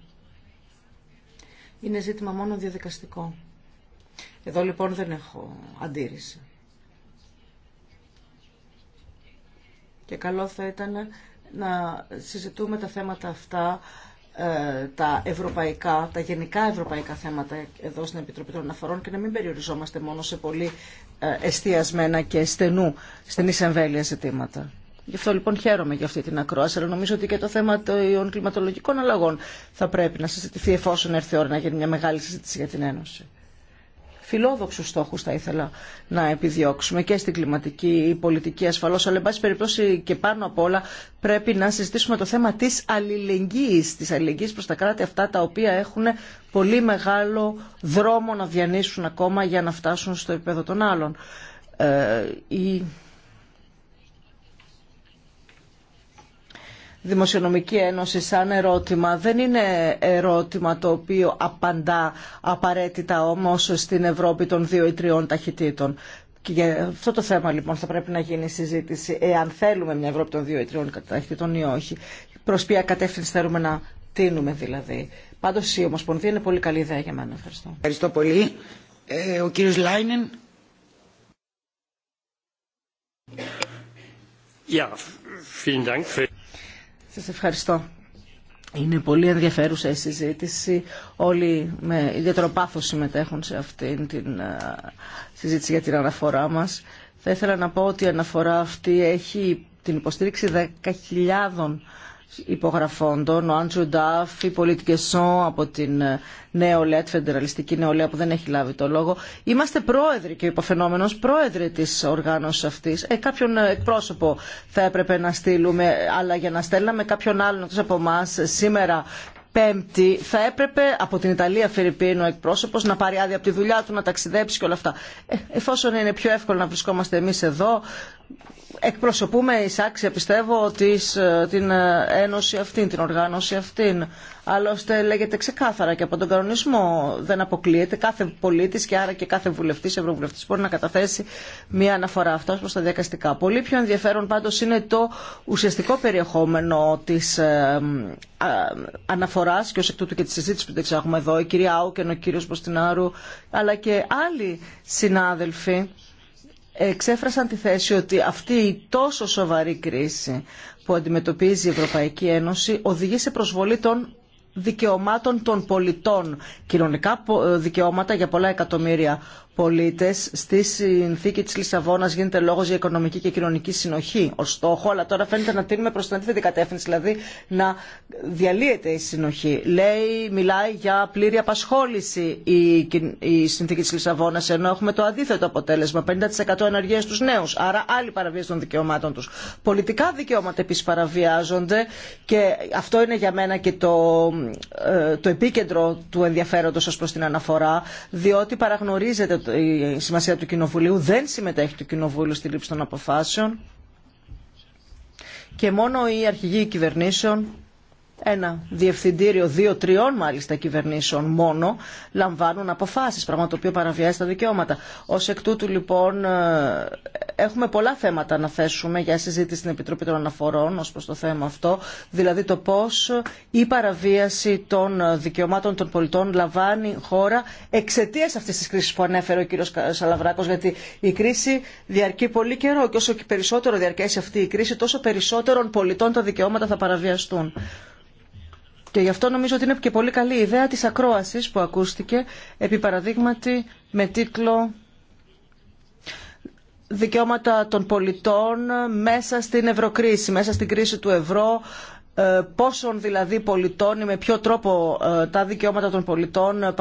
Είναι ζήτημα μόνο διαδικαστικό. Εδώ λοιπόν δεν έχω αντίρρηση. Και καλό θα ήταν να συζητούμε τα θέματα αυτά, ε, τα ευρωπαϊκά, τα γενικά ευρωπαϊκά θέματα εδώ στην Επιτροπή των Αναφορών και να μην περιοριζόμαστε μόνο σε πολύ ε, εστιασμένα και στενού, στενής εμβέλεια ζητήματα. Γι' αυτό λοιπόν χαίρομαι για αυτή την ακρόαση, αλλά νομίζω ότι και το θέμα των κλιματολογικών αλλαγών θα πρέπει να συζητηθεί εφόσον έρθει η ώρα να γίνει μια μεγάλη συζήτηση για την Ένωση. Φιλόδοξου στόχου θα ήθελα να επιδιώξουμε και στην κλιματική πολιτική ασφαλώ, αλλά εν πάση περιπτώσει και πάνω απ' όλα πρέπει να συζητήσουμε το θέμα τη αλληλεγγύη, τη αλληλεγγύη προ τα κράτη αυτά τα οποία έχουν πολύ μεγάλο δρόμο να διανύσουν ακόμα για να φτάσουν στο επίπεδο των άλλων. Ε, Δημοσιονομική Ένωση σαν ερώτημα δεν είναι ερώτημα το οποίο απαντά απαραίτητα όμως στην Ευρώπη των δύο ή τριών ταχυτήτων. Και για αυτό το θέμα λοιπόν θα πρέπει να γίνει συζήτηση εάν θέλουμε μια Ευρώπη των δύο ή τριών ταχυτήτων ή όχι. Προς ποια κατεύθυνση θέλουμε να τίνουμε δηλαδή. Πάντως η Ομοσπονδία είναι πολύ καλή ιδέα για μένα. Ευχαριστώ. Ευχαριστώ πολύ. Ε, ο κύριος Λάινεν. Yeah, vielen Dank. Σας ευχαριστώ. Είναι πολύ ενδιαφέρουσα η συζήτηση. Όλοι με ιδιαίτερο πάθος συμμετέχουν σε αυτήν την ε, συζήτηση για την αναφορά μας. Θα ήθελα να πω ότι η αναφορά αυτή έχει την υποστήριξη 10.000 υπογραφόντων, ο Άντζου Ντάφ, η πολιτική Σον από την ε, νεολαία, τη φεντεραλιστική νεολαία που δεν έχει λάβει το λόγο. Είμαστε πρόεδροι και ο υποφαινόμενο πρόεδροι τη οργάνωση αυτή. Ε, κάποιον ε, εκπρόσωπο θα έπρεπε να στείλουμε, αλλά για να στέλναμε κάποιον άλλον από εμά ε, σήμερα Πέμπτη θα έπρεπε από την Ιταλία Φερρυπίνο εκπρόσωπο να πάρει άδεια από τη δουλειά του, να ταξιδέψει και όλα αυτά. Ε, εφόσον είναι πιο εύκολο να βρισκόμαστε εμεί εδώ, εκπροσωπούμε εις άξια πιστεύω ε, την ε, ένωση αυτή, την οργάνωση αυτήν. Άλλωστε λέγεται ξεκάθαρα και από τον κανονισμό δεν αποκλείεται. Κάθε πολίτης και άρα και κάθε βουλευτής, ευρωβουλευτής μπορεί να καταθέσει μία αναφορά αυτά προς τα διακαστικά. Πολύ πιο ενδιαφέρον πάντως είναι το ουσιαστικό περιεχόμενο της ε, ε αναφοράς και ως εκ τούτου και τη συζήτηση που δεν εδώ, η κυρία Άουκεν, ο κύριος Μποστινάρου, αλλά και άλλοι συνάδελφοι εξέφρασαν τη θέση ότι αυτή η τόσο σοβαρή κρίση που αντιμετωπίζει η Ευρωπαϊκή Ένωση οδηγεί σε προσβολή των δικαιωμάτων των πολιτών, κοινωνικά δικαιώματα για πολλά εκατομμύρια πολίτες. Στη συνθήκη της Λισαβόνας γίνεται λόγος για οικονομική και κοινωνική συνοχή ως στόχο, αλλά τώρα φαίνεται να τίνουμε προς την αντίθετη κατεύθυνση, δηλαδή να διαλύεται η συνοχή. Λέει, μιλάει για πλήρη απασχόληση η, η συνθήκη της Λισαβόνας, ενώ έχουμε το αντίθετο αποτέλεσμα, 50% ενεργεία στους νέους, άρα άλλη παραβίαση των δικαιωμάτων τους. Πολιτικά δικαιώματα επίσης παραβιάζονται και αυτό είναι για μένα και το, ε, το επίκεντρο του ενδιαφέροντος ω προς την αναφορά, διότι παραγνωρίζεται η σημασία του Κοινοβουλίου, δεν συμμετέχει το Κοινοβούλιο στη λήψη των αποφάσεων και μόνο οι αρχηγοί κυβερνήσεων ένα διευθυντήριο δύο-τριών μάλιστα κυβερνήσεων μόνο λαμβάνουν αποφάσεις, πράγμα το οποίο παραβιάζει τα δικαιώματα. Ως εκ τούτου λοιπόν ε, έχουμε πολλά θέματα να θέσουμε για συζήτηση στην Επιτροπή των Αναφορών ως προς το θέμα αυτό, δηλαδή το πώς η παραβίαση των δικαιωμάτων των πολιτών λαμβάνει χώρα εξαιτία αυτής της κρίσης που ανέφερε ο κ. Σαλαβράκος, γιατί η κρίση διαρκεί πολύ καιρό και όσο περισσότερο διαρκέσει αυτή η κρίση, τόσο περισσότερων πολιτών τα δικαιώματα θα παραβιαστούν. Και γι' αυτό νομίζω ότι είναι και πολύ καλή η ιδέα της ακρόασης που ακούστηκε, επί παραδείγματι με τίτλο «Δικαιώματα των πολιτών μέσα στην ευρωκρίση, μέσα στην κρίση του ευρώ, ε, πόσων δηλαδή πολιτών ή με ποιο τρόπο ε, τα δικαιώματα των πολιτών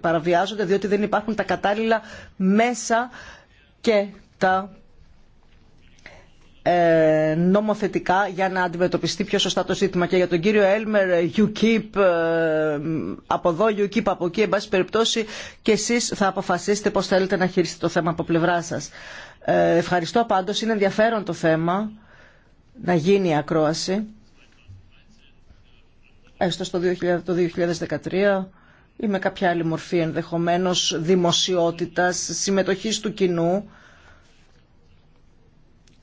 παραβιάζονται διότι δεν υπάρχουν τα κατάλληλα μέσα και τα ε, νομοθετικά για να αντιμετωπιστεί πιο σωστά το ζήτημα. Και για τον κύριο Έλμερ, UKIP, ε, από εδώ, UKIP, από εκεί, εν πάση περιπτώσει, και εσείς θα αποφασίσετε πώς θέλετε να χειριστείτε το θέμα από πλευρά σας. Ε, ευχαριστώ πάντως, είναι ενδιαφέρον το θέμα να γίνει η ακρόαση, έστω στο 2013 ή με κάποια άλλη μορφή ενδεχομένως δημοσιότητας, συμμετοχής του κοινού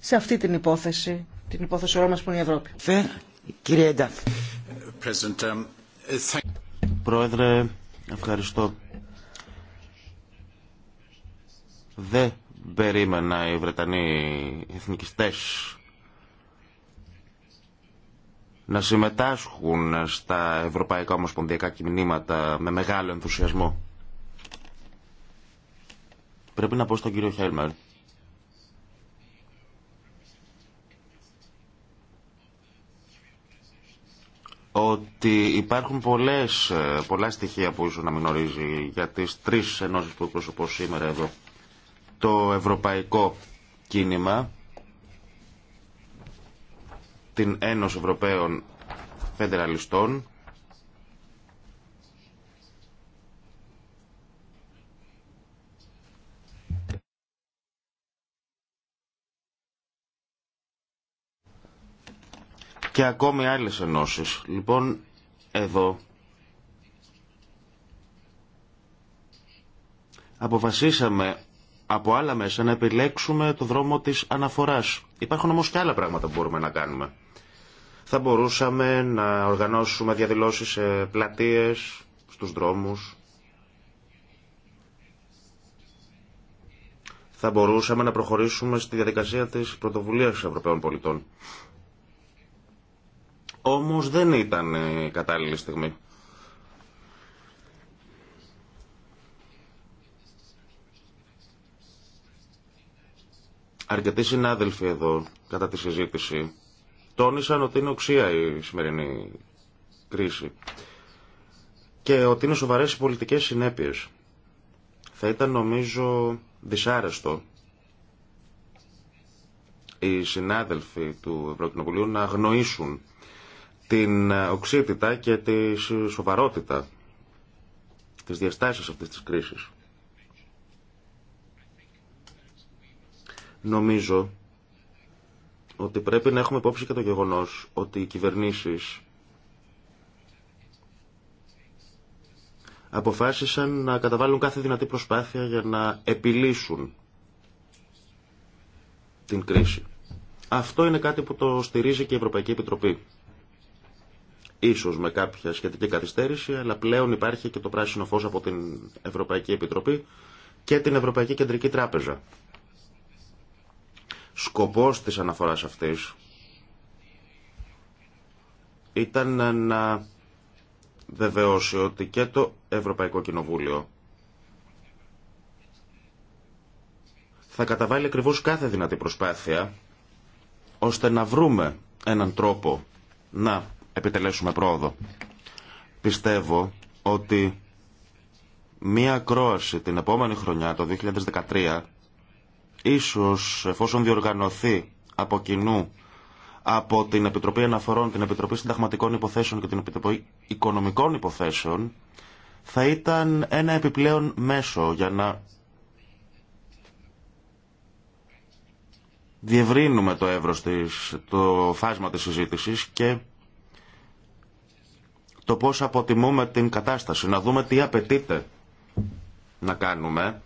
σε αυτή την υπόθεση, την υπόθεση όλων μας που είναι η Ευρώπη. Κύριε um, Πρόεδρε, ευχαριστώ. Δεν περίμενα οι Βρετανοί εθνικιστές να συμμετάσχουν στα ευρωπαϊκά ομοσπονδιακά κινήματα με μεγάλο ενθουσιασμό. Πρέπει να πω στον κύριο Χέλμερ ότι υπάρχουν πολλές, ε, πολλά στοιχεία που ίσως να μην γνωρίζει για τις τρεις ενώσεις που εκπροσωπώ σήμερα εδώ. Το Ευρωπαϊκό Κίνημα, την Ένωση Ευρωπαίων Φεντεραλιστών, και ακόμη άλλες ενώσεις. Λοιπόν, εδώ αποφασίσαμε από άλλα μέσα να επιλέξουμε το δρόμο της αναφοράς. Υπάρχουν όμως και άλλα πράγματα που μπορούμε να κάνουμε. Θα μπορούσαμε να οργανώσουμε διαδηλώσεις σε πλατείες, στους δρόμους. Θα μπορούσαμε να προχωρήσουμε στη διαδικασία της πρωτοβουλίας των Ευρωπαίων πολιτών όμως δεν ήταν η κατάλληλη στιγμή. Αρκετοί συνάδελφοι εδώ, κατά τη συζήτηση, τόνισαν ότι είναι οξία η σημερινή κρίση και ότι είναι σοβαρές οι πολιτικές συνέπειες. Θα ήταν νομίζω δυσάρεστο οι συνάδελφοι του Ευρωκοινοβουλίου να αγνοήσουν την οξύτητα και τη σοβαρότητα της διαστάσεις αυτής της κρίσης. Νομίζω ότι πρέπει να έχουμε υπόψη και το γεγονός ότι οι κυβερνήσεις αποφάσισαν να καταβάλουν κάθε δυνατή προσπάθεια για να επιλύσουν την κρίση. Αυτό είναι κάτι που το στηρίζει και η Ευρωπαϊκή Επιτροπή ίσως με κάποια σχετική καθυστέρηση, αλλά πλέον υπάρχει και το πράσινο φως από την Ευρωπαϊκή Επιτροπή και την Ευρωπαϊκή Κεντρική Τράπεζα. Σκοπός της αναφοράς αυτής ήταν να βεβαιώσει ότι και το Ευρωπαϊκό Κοινοβούλιο θα καταβάλει ακριβώ κάθε δυνατή προσπάθεια ώστε να βρούμε έναν τρόπο να επιτελέσουμε πρόοδο. Πιστεύω ότι μία κρόαση την επόμενη χρονιά, το 2013, ίσως εφόσον διοργανωθεί από κοινού από την Επιτροπή Αναφορών, την Επιτροπή Συνταγματικών Υποθέσεων και την Επιτροπή Οικονομικών Υποθέσεων, θα ήταν ένα επιπλέον μέσο για να διευρύνουμε το ευρώ της, το φάσμα της συζήτησης και το πώς αποτιμούμε την κατάσταση, να δούμε τι απαιτείται να κάνουμε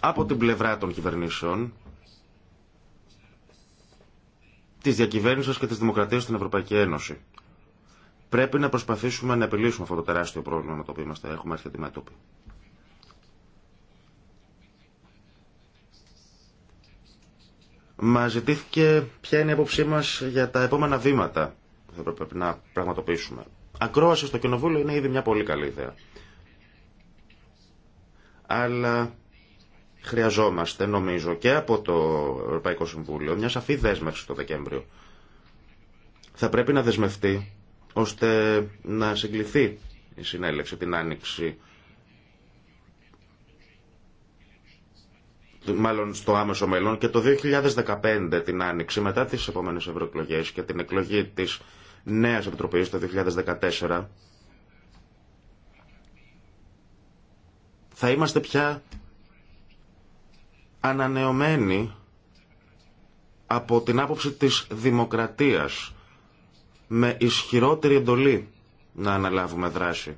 από την πλευρά των κυβερνήσεων, της διακυβέρνησης και της δημοκρατίας στην Ευρωπαϊκή Ένωση. Πρέπει να προσπαθήσουμε να επιλύσουμε αυτό το τεράστιο πρόβλημα με το οποίο είμαστε, έχουμε έρθει αντιμέτωποι. Μα ζητήθηκε ποια είναι η άποψή μας για τα επόμενα βήματα που θα πρέπει να πραγματοποιήσουμε ακρόαση στο κοινοβούλιο είναι ήδη μια πολύ καλή ιδέα. Αλλά χρειαζόμαστε, νομίζω, και από το Ευρωπαϊκό Συμβούλιο μια σαφή δέσμευση το Δεκέμβριο. Θα πρέπει να δεσμευτεί ώστε να συγκληθεί η συνέλευση την άνοιξη μάλλον στο άμεσο μέλλον και το 2015 την άνοιξη μετά τις επόμενες ευρωεκλογές και την εκλογή της νέας Επιτροπής το 2014 θα είμαστε πια ανανεωμένοι από την άποψη της δημοκρατίας με ισχυρότερη εντολή να αναλάβουμε δράση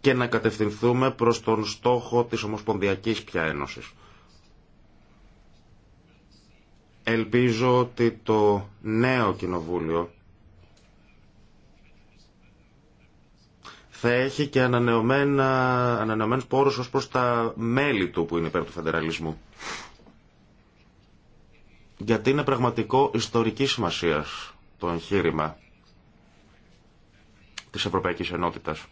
και να κατευθυνθούμε προς τον στόχο της Ομοσπονδιακής πια Ένωσης. Ελπίζω ότι το νέο κοινοβούλιο θα έχει και ανανεωμένους πόρους ως προς τα μέλη του που είναι υπέρ του φεντεραλισμού. Γιατί είναι πραγματικό ιστορική σημασίας το εγχείρημα της Ευρωπαϊκής Ενότητας.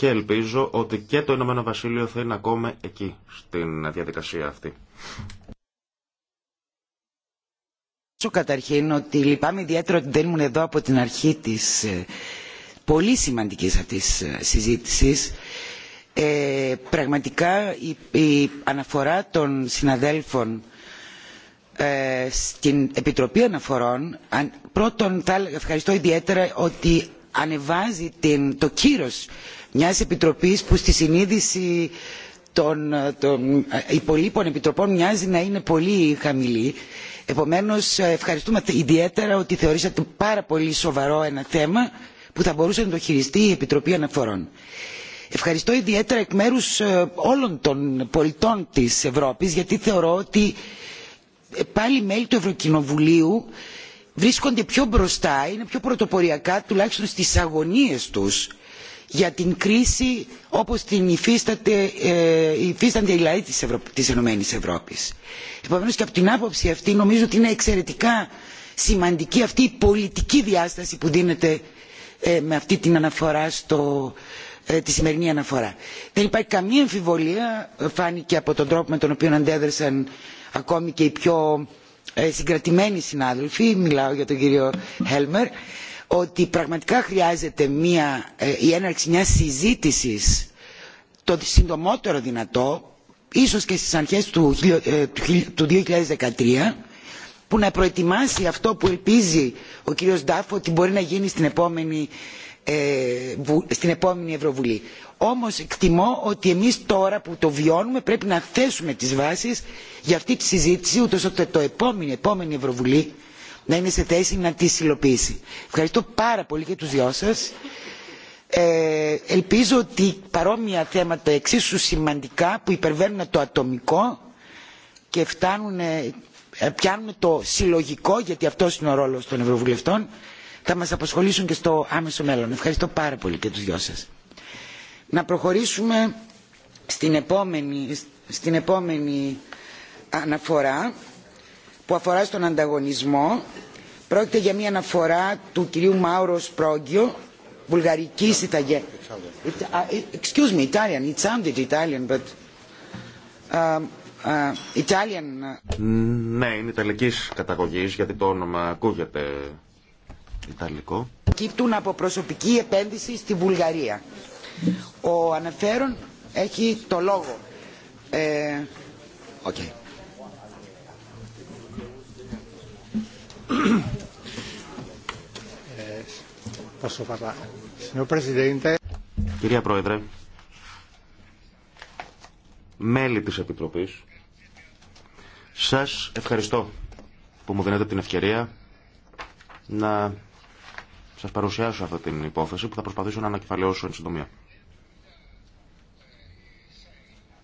και ελπίζω ότι και το Ηνωμένο Βασίλειο θα είναι ακόμα εκεί στην διαδικασία αυτή. Σου καταρχήν ότι λυπάμαι ιδιαίτερα ότι δεν ήμουν εδώ από την αρχή της ε, πολύ σημαντικής αυτής ε, συζήτησης. Ε, πραγματικά η, η αναφορά των συναδέλφων ε, στην επιτροπή αναφορών πρώτον θα ευχαριστώ ιδιαίτερα ότι ανεβάζει το κύρος μιας επιτροπής που στη συνείδηση των, των υπολείπων επιτροπών μοιάζει να είναι πολύ χαμηλή. Επομένως ευχαριστούμε ιδιαίτερα ότι θεωρήσατε πάρα πολύ σοβαρό ένα θέμα που θα μπορούσε να το χειριστεί η Επιτροπή Αναφορών. Ευχαριστώ ιδιαίτερα εκ μέρους ε, όλων των πολιτών της Ευρώπης γιατί θεωρώ ότι πάλι μέλη του Ευρωκοινοβουλίου βρίσκονται πιο μπροστά είναι πιο πρωτοποριακά τουλάχιστον στις αγωνίες τους για την κρίση όπως την υφίσταται, ε, υφίστανται οι λαοί της, Ευρώπης. Επομένως και από την άποψη αυτή νομίζω ότι είναι εξαιρετικά σημαντική αυτή η πολιτική διάσταση που δίνεται ε, με αυτή την αναφορά ε, τη σημερινή αναφορά. Δεν υπάρχει καμία εμφιβολία, ε, φάνηκε από τον τρόπο με τον οποίο αντέδρασαν ακόμη και οι πιο ε, συγκρατημένοι συνάδελφοι μιλάω για τον κύριο Χέλμερ ότι πραγματικά χρειάζεται μια, ε, η έναρξη μιας συζήτησης το συντομότερο δυνατό ίσως και στις αρχές του, 2013 ε, που να προετοιμάσει αυτό που ελπίζει ο κύριος Ντάφο ότι μπορεί να γίνει στην επόμενη Ευρωβουλή όμως εκτιμώ ότι εμείς τώρα που το βιώνουμε πρέπει να θέσουμε τις βάσεις για αυτή τη συζήτηση ούτως ώστε το επόμενο, επόμενη Ευρωβουλή να είναι σε θέση να τη υλοποιήσει. Ευχαριστώ πάρα πολύ και τους δυο σας. Ε, ελπίζω ότι παρόμοια θέματα εξίσου σημαντικά που υπερβαίνουν το ατομικό και ε, ε, πιάνουν το συλλογικό γιατί αυτός είναι ο ρόλος των Ευρωβουλευτών θα μας απασχολήσουν και στο άμεσο μέλλον. Ευχαριστώ πάρα πολύ και τους δυο σας να προχωρήσουμε στην επόμενη, στην επόμενη αναφορά που αφορά στον ανταγωνισμό. Πρόκειται για μια αναφορά του κυρίου Μάουρο Πρόγκιο βουλγαρικής Ιταγέ... Ε, excuse me, Italian. It sounded Italian, but... Italian... Ναι, είναι Ιταλικής καταγωγής, γιατί το όνομα ακούγεται Ιταλικό. Κύπτουν από προσωπική επένδυση στη Βουλγαρία. Ο Ανεφέρον έχει το λόγο. Ε, okay. Κυρία Πρόεδρε, μέλη της Επιτροπής, σας ευχαριστώ που μου δίνετε την ευκαιρία να σας παρουσιάσω αυτή την υπόθεση που θα προσπαθήσω να ανακεφαλαιώσω εν συντομία.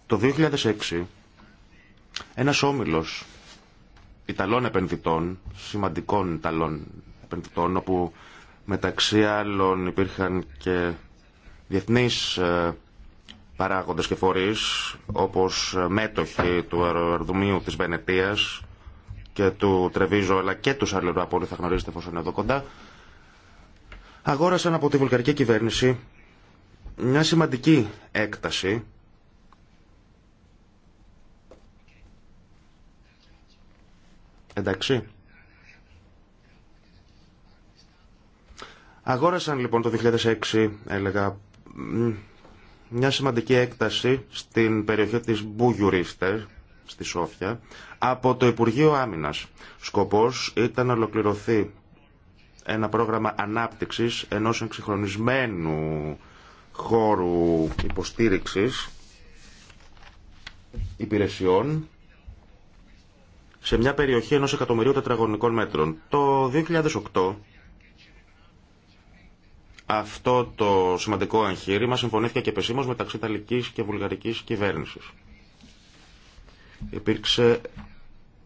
Το 2006 ένας όμιλος Ιταλών επενδυτών, σημαντικών Ιταλών επενδυτών, όπου μεταξύ άλλων υπήρχαν και διεθνείς ε, παράγοντες και φορείς, όπως ε, μέτοχοι του αεροδομίου της Βενετίας και του Τρεβίζο, αλλά και του Σαρλεροαπόλου, θα γνωρίζετε εφόσον είναι εδώ κοντά, αγόρασαν από τη βουλγαρική κυβέρνηση μια σημαντική έκταση Εντάξει. Αγόρασαν λοιπόν το 2006, έλεγα, μια σημαντική έκταση στην περιοχή της Μπουγιουρίστερ, στη Σόφια, από το Υπουργείο Άμυνας. Σκοπός ήταν να ολοκληρωθεί ένα πρόγραμμα ανάπτυξης ενός εξυγχρονισμένου χώρου υποστήριξης υπηρεσιών σε μια περιοχή ενός εκατομμυρίου τετραγωνικών μέτρων. Το 2008 αυτό το σημαντικό εγχείρημα συμφωνήθηκε και επισήμως μεταξύ Ιταλικής και Βουλγαρικής κυβέρνησης. Υπήρξε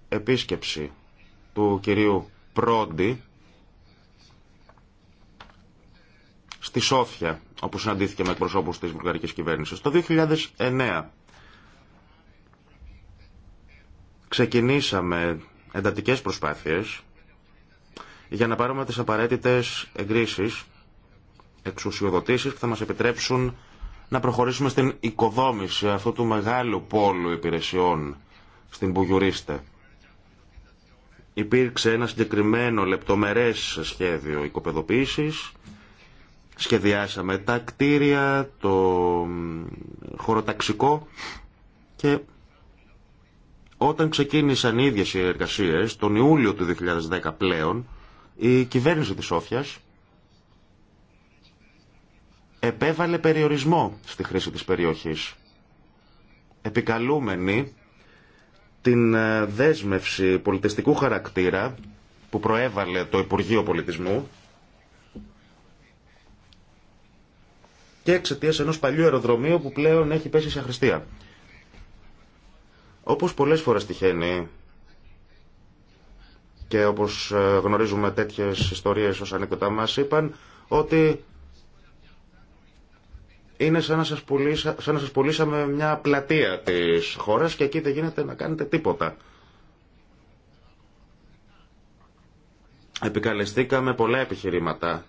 επίσκεψη του κυρίου Πρόντι στη Σόφια, όπου συναντήθηκε με εκπροσώπους της βουλγαρικής κυβέρνησης. Το 2009 Ξεκινήσαμε εντατικές προσπάθειες για να πάρουμε τις απαραίτητες εγκρίσεις, εξουσιοδοτήσεις που θα μας επιτρέψουν να προχωρήσουμε στην οικοδόμηση αυτού του μεγάλου πόλου υπηρεσιών στην Μπουγιουρίστε. Υπήρξε ένα συγκεκριμένο λεπτομερές σχέδιο οικοπεδοποίησης. Σχεδιάσαμε τα κτίρια, το χωροταξικό και όταν ξεκίνησαν οι ίδιες οι εργασίες, τον Ιούλιο του 2010 πλέον, η κυβέρνηση της Σόφιας επέβαλε περιορισμό στη χρήση της περιοχής. Επικαλούμενη την ε, δέσμευση πολιτιστικού χαρακτήρα που προέβαλε το Υπουργείο Πολιτισμού και εξαιτία ενός παλιού αεροδρομίου που πλέον έχει πέσει σε αχρηστία. Όπως πολλές φορές τυχαίνει και όπως ε, γνωρίζουμε τέτοιες ιστορίες ως ανήκοντα μας είπαν ότι είναι σαν να, σας πουλήσα, σαν να σας πουλήσαμε μια πλατεία της χώρας και εκεί δεν γίνεται να κάνετε τίποτα. Επικαλεστήκαμε πολλά επιχειρήματα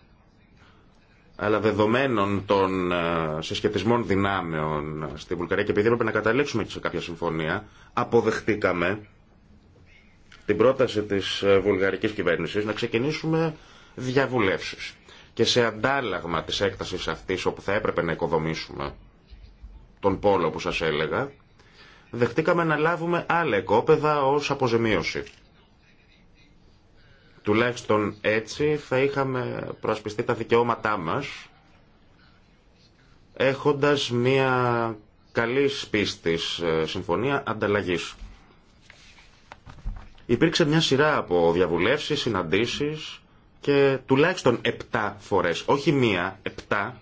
αλλά δεδομένων των ε, συσχετισμών δυνάμεων στη Βουλγαρία και επειδή έπρεπε να καταλήξουμε και σε κάποια συμφωνία, αποδεχτήκαμε την πρόταση της ε, βουλγαρικής κυβέρνησης να ξεκινήσουμε διαβουλεύσεις. Και σε αντάλλαγμα της έκτασης αυτής όπου θα έπρεπε να οικοδομήσουμε τον πόλο που σας έλεγα, δεχτήκαμε να λάβουμε άλλα εκόπεδα ως αποζημίωση. Τουλάχιστον έτσι θα είχαμε προασπιστεί τα δικαιώματά μας έχοντας μια καλή πίστης συμφωνία ανταλλαγής. Υπήρξε μια σειρά από διαβουλεύσεις, συναντήσεις και τουλάχιστον επτά φορές, όχι μία, επτά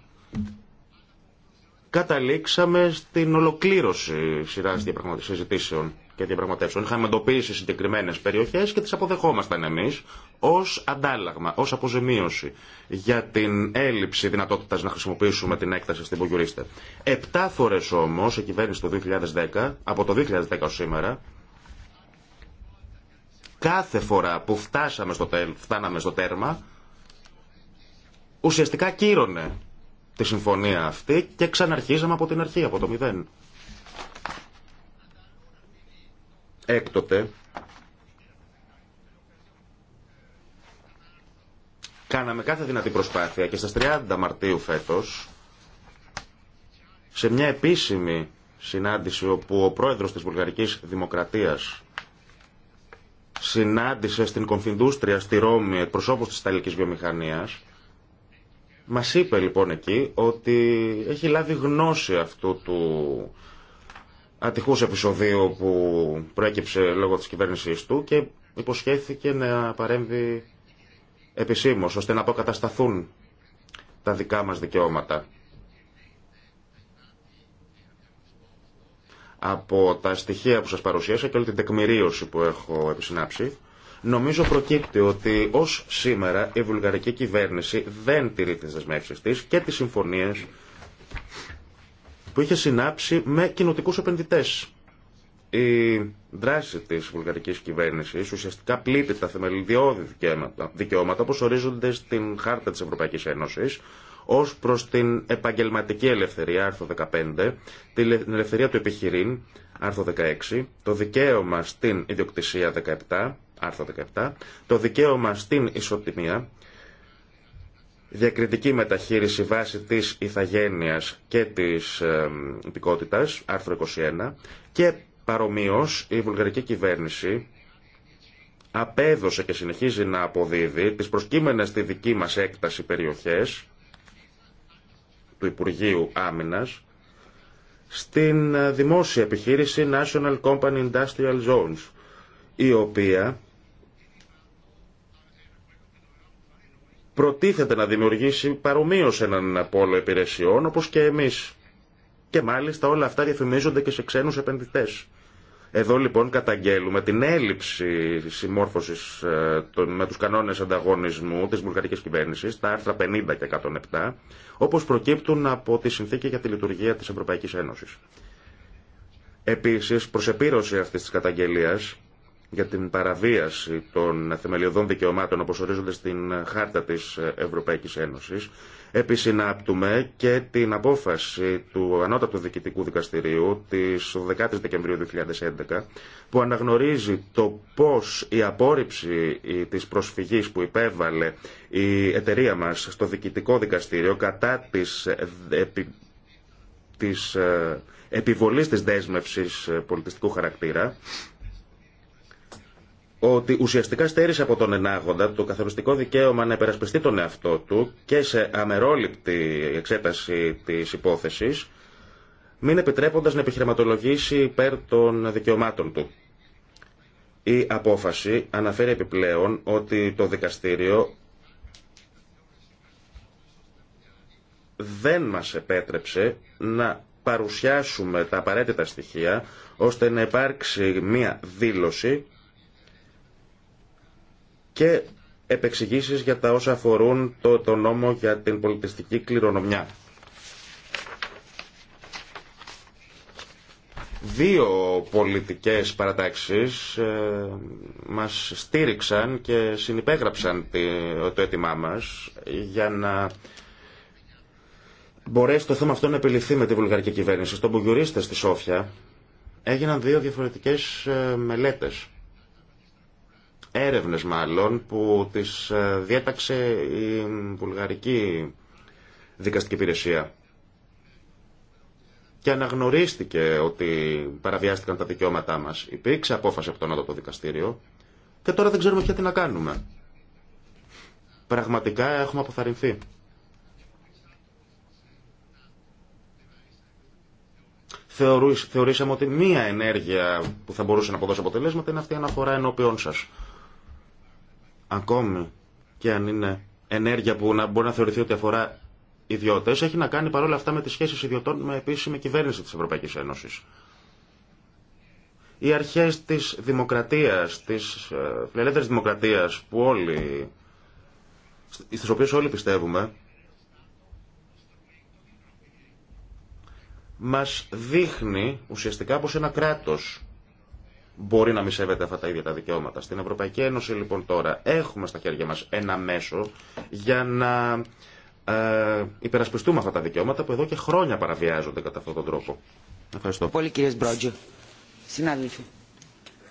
καταλήξαμε στην ολοκλήρωση σειράς διαπραγματικών συζητήσεων και διαπραγματεύσεων. Είχαμε εντοπίσει συγκεκριμένε περιοχέ και τι αποδεχόμασταν εμεί ω αντάλλαγμα, ω αποζημίωση για την έλλειψη δυνατότητα να χρησιμοποιήσουμε την έκταση στην Πογιουρίστε. Επτά φορέ όμω η κυβέρνηση το 2010, από το 2010 σήμερα, κάθε φορά που φτάσαμε στο φτάναμε στο τέρμα, ουσιαστικά κύρωνε τη συμφωνία αυτή και ξαναρχίζαμε από την αρχή, από το μηδέν. Έκτοτε κάναμε κάθε δυνατή προσπάθεια και στις 30 Μαρτίου φέτος σε μια επίσημη συνάντηση όπου ο πρόεδρος της Βουλγαρικής Δημοκρατίας συνάντησε στην Κομφιντούστρια στη Ρώμη εκπροσώπους της Ιταλικής Βιομηχανίας μας είπε λοιπόν εκεί ότι έχει λάβει γνώση αυτού του Ατυχού επεισοδίου που προέκυψε λόγω της κυβέρνησής του και υποσχέθηκε να παρέμβει επισήμω ώστε να αποκατασταθούν τα δικά μας δικαιώματα. Από τα στοιχεία που σας παρουσίασα και όλη την τεκμηρίωση που έχω επισυνάψει, νομίζω προκύπτει ότι ως σήμερα η βουλγαρική κυβέρνηση δεν τηρεί τις δεσμεύσεις της και τις συμφωνίες που είχε συνάψει με κοινοτικού επενδυτέ. Η δράση τη βουλγαρική κυβέρνηση ουσιαστικά πλήττει τα θεμελιώδη δικαιώματα, δικαιώματα όπω ορίζονται στην Χάρτα τη Ευρωπαϊκή Ένωση ω προ την επαγγελματική ελευθερία, άρθρο 15, την ελευθερία του επιχειρήν, άρθρο 16, το δικαίωμα στην ιδιοκτησία, 17, άρθρο 17, το δικαίωμα στην ισοτιμία, διακριτική μεταχείριση βάσει της ηθαγένειας και της ε, άρθρο 21, και παρομοίως η βουλγαρική κυβέρνηση απέδωσε και συνεχίζει να αποδίδει τις προσκύμενες στη δική μας έκταση περιοχές του Υπουργείου Άμυνας στην ε, δημόσια επιχείρηση National Company Industrial Zones, η οποία προτίθεται να δημιουργήσει παρομοίως έναν πόλο υπηρεσιών όπως και εμείς. Και μάλιστα όλα αυτά διαφημίζονται και σε ξένους επενδυτές. Εδώ λοιπόν καταγγέλουμε την έλλειψη συμμόρφωσης ε, με τους κανόνες ανταγωνισμού της βουλγαρικής κυβέρνησης, τα άρθρα 50 και 107, όπως προκύπτουν από τη Συνθήκη για τη Λειτουργία της Ευρωπαϊκής Ένωσης. Επίσης, προς επίρρωση αυτής της καταγγελίας, για την παραβίαση των θεμελιωδών δικαιωμάτων όπως ορίζονται στην χάρτα της Ευρωπαϊκής Ένωσης επισυνάπτουμε και την απόφαση του Ανώτατου Διοικητικού Δικαστηρίου της 10 Δεκεμβρίου 2011 που αναγνωρίζει το πώς η απόρριψη της προσφυγής που υπέβαλε η εταιρεία μας στο Διοικητικό Δικαστήριο κατά της, της ε, επιβολής της δέσμευσης πολιτιστικού χαρακτήρα ότι ουσιαστικά στέρισε από τον ενάγοντα το καθοριστικό δικαίωμα να υπερασπιστεί τον εαυτό του και σε αμερόληπτη εξέταση της υπόθεσης, μην επιτρέποντας να επιχειρηματολογήσει υπέρ των δικαιωμάτων του. Η απόφαση αναφέρει επιπλέον ότι το δικαστήριο δεν μας επέτρεψε να παρουσιάσουμε τα απαραίτητα στοιχεία ώστε να υπάρξει μία δήλωση και επεξηγήσεις για τα όσα αφορούν το, το νόμο για την πολιτιστική κληρονομιά. Δύο πολιτικές παρατάξεις ε, μας στήριξαν και συνυπέγραψαν το έτοιμά μας για να μπορέσει το θέμα αυτό να επιληθεί με τη βουλγαρική κυβέρνηση. Στον Μπουγιουρίστε στη Σόφια έγιναν δύο διαφορετικές ε, μελέτες έρευνες μάλλον που τις ε, διέταξε η βουλγαρική δικαστική υπηρεσία και αναγνωρίστηκε ότι παραβιάστηκαν τα δικαιώματά μας. Υπήρξε απόφαση από τον το Δικαστήριο και τώρα δεν ξέρουμε πια τι να κάνουμε. Πραγματικά έχουμε αποθαρρυνθεί. θεωρήσαμε ότι μία ενέργεια που θα μπορούσε να αποδώσει αποτελέσματα είναι αυτή η αναφορά ενώπιόν σας ακόμη και αν είναι ενέργεια που να μπορεί να θεωρηθεί ότι αφορά ιδιώτε, έχει να κάνει παρόλα αυτά με τι σχέσει ιδιωτών με επίσημη κυβέρνηση τη Ευρωπαϊκή Ένωση. Οι αρχέ τη δημοκρατία, τη ε, ελεύθερη δημοκρατία που όλοι στις οποίες όλοι πιστεύουμε, μας δείχνει ουσιαστικά πως ένα κράτος μπορεί να μη σέβεται αυτά τα ίδια τα δικαιώματα. Στην Ευρωπαϊκή Ένωση λοιπόν τώρα έχουμε στα χέρια μας ένα μέσο για να ε, υπερασπιστούμε αυτά τα δικαιώματα που εδώ και χρόνια παραβιάζονται κατά αυτόν τον τρόπο. Ευχαριστώ. Πολύ κύριε Σμπρότζο. Συνάδελφοι,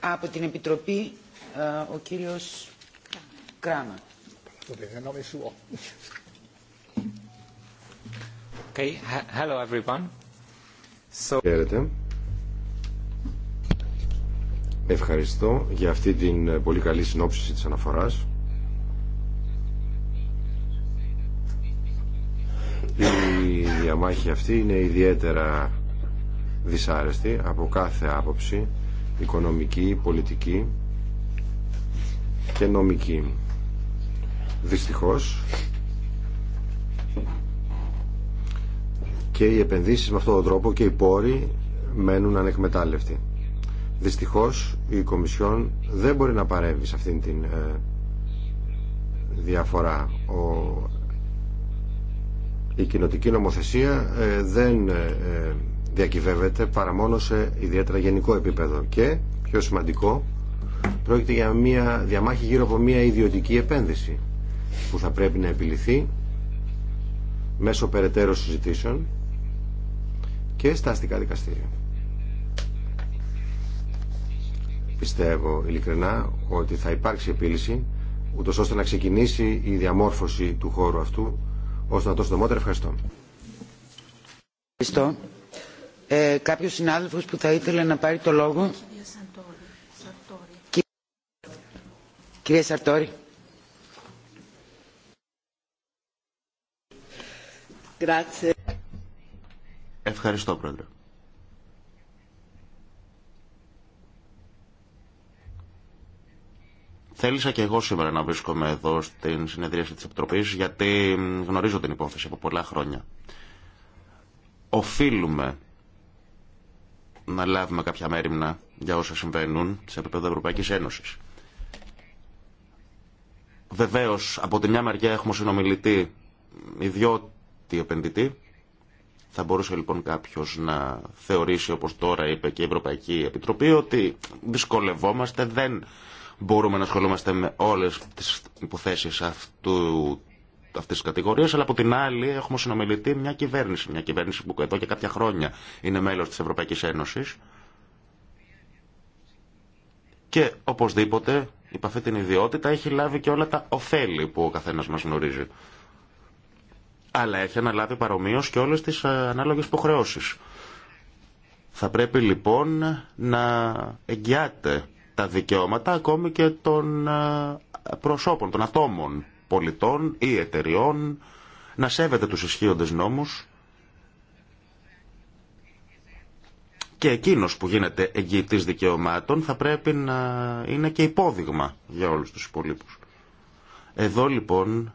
από την Επιτροπή ε, ο κύριος Κράμα. Okay. Hello everyone. So... Ευχαριστώ για αυτή την ε, πολύ καλή συνόψιση της αναφοράς. Η διαμάχη αυτή είναι ιδιαίτερα δυσάρεστη από κάθε άποψη, οικονομική, πολιτική και νομική. Δυστυχώς και οι επενδύσεις με αυτόν τον τρόπο και οι πόροι μένουν ανεκμετάλλευτοι. Δυστυχώς η Κομισιόν δεν μπορεί να παρέμβει σε αυτήν την ε, διαφορά. Ο, η κοινοτική νομοθεσία ε, δεν ε, διακυβεύεται παρά μόνο σε ιδιαίτερα γενικό επίπεδο και πιο σημαντικό πρόκειται για μια διαμάχη γύρω από μια ιδιωτική επένδυση που θα πρέπει να επιληθεί μέσω περαιτέρω συζητήσεων και στα αστικά δικαστήρια. Πιστεύω ειλικρινά ότι θα υπάρξει επίλυση, ούτω ώστε να ξεκινήσει η διαμόρφωση του χώρου αυτού, ώστε να το συντομότερο ευχαριστώ. Ευχαριστώ. Ε, κάποιος συνάδελφος που θα ήθελε να πάρει το λόγο. Κυρία Σαρτόρη. Ευχαριστώ, Πρόεδρε. Θέλησα και εγώ σήμερα να βρίσκομαι εδώ στην συνεδρίαση της Επιτροπής γιατί γνωρίζω την υπόθεση από πολλά χρόνια. Οφείλουμε να λάβουμε κάποια μέρημνα για όσα συμβαίνουν σε επίπεδο Ευρωπαϊκής Ένωσης. Βεβαίως, από τη μια μεριά έχουμε συνομιλητή ιδιώτη επενδυτή. Θα μπορούσε λοιπόν κάποιος να θεωρήσει, όπως τώρα είπε και η Ευρωπαϊκή Επιτροπή, ότι δυσκολευόμαστε, δεν μπορούμε να ασχολούμαστε με όλες τις υποθέσεις αυτού αυτή τη κατηγορία, αλλά από την άλλη έχουμε συνομιλητή μια κυβέρνηση. Μια κυβέρνηση που εδώ και κάποια χρόνια είναι μέλο τη Ευρωπαϊκή Ένωση. Και οπωσδήποτε, υπ' αυτή την ιδιότητα, έχει λάβει και όλα τα ωφέλη που ο καθένα μα γνωρίζει. Αλλά έχει αναλάβει παρομοίω και όλε τι ε, ανάλογε υποχρεώσει. Θα πρέπει λοιπόν να εγγυάται τα δικαιώματα ακόμη και των ε, προσώπων, των ατόμων, πολιτών ή εταιριών, να σέβεται τους ισχύοντες νόμους και εκείνος που γίνεται εγγυητής δικαιωμάτων θα πρέπει να είναι και υπόδειγμα για όλους τους υπολείπους. Εδώ λοιπόν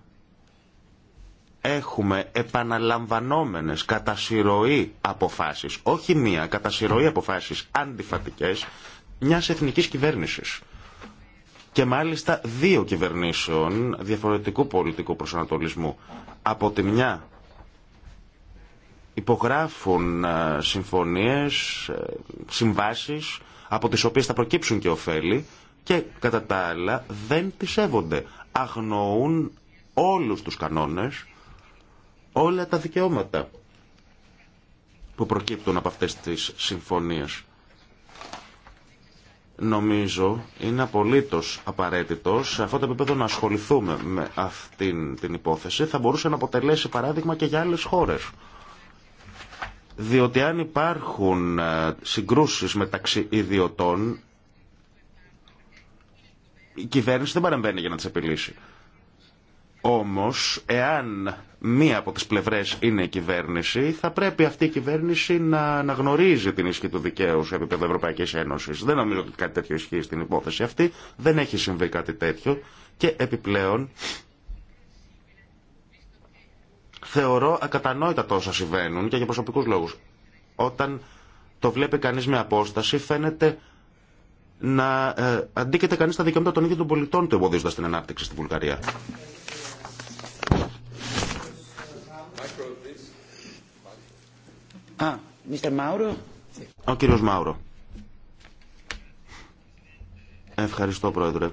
έχουμε επαναλαμβανόμενες κατασυρωή αποφάσεις, όχι μία, κατασυρωή αποφάσεις αντιφατικές, μια εθνικής κυβέρνησης και μάλιστα δύο κυβερνήσεων διαφορετικού πολιτικού προσανατολισμού. Από τη μια υπογράφουν ε, συμφωνίες, ε, συμβάσεις, από τις οποίες θα προκύψουν και ωφέλη και κατά τα άλλα δεν τις σέβονται. Αγνοούν όλους τους κανόνες, όλα τα δικαιώματα που προκύπτουν από αυτές τις συμφωνίες νομίζω είναι απολύτως απαραίτητο σε αυτό το επίπεδο να ασχοληθούμε με αυτή την υπόθεση. Θα μπορούσε να αποτελέσει παράδειγμα και για άλλες χώρες. Διότι αν υπάρχουν ε, συγκρούσεις μεταξύ ιδιωτών, η κυβέρνηση δεν παρεμβαίνει για να τις επιλύσει. Όμως, εάν μία από τις πλευρές είναι η κυβέρνηση, θα πρέπει αυτή η κυβέρνηση να γνωρίζει την ισχύ του δικαίου σε επίπεδο Ευρωπαϊκής Ένωσης. Δεν νομίζω ότι κάτι τέτοιο ισχύει στην υπόθεση αυτή. Δεν έχει συμβεί κάτι τέτοιο. Και επιπλέον, θεωρώ ακατανόητα τόσα συμβαίνουν και για προσωπικούς λόγους. Όταν το βλέπει κανείς με απόσταση, φαίνεται να ε, αντίκειται κανείς τα δικαιώματα των ίδιων των πολιτών του εμποδίζοντας την ανάπτυξη στη Βουλγαρία. Ο κύριος Μάουρο. Ευχαριστώ, Πρόεδρε.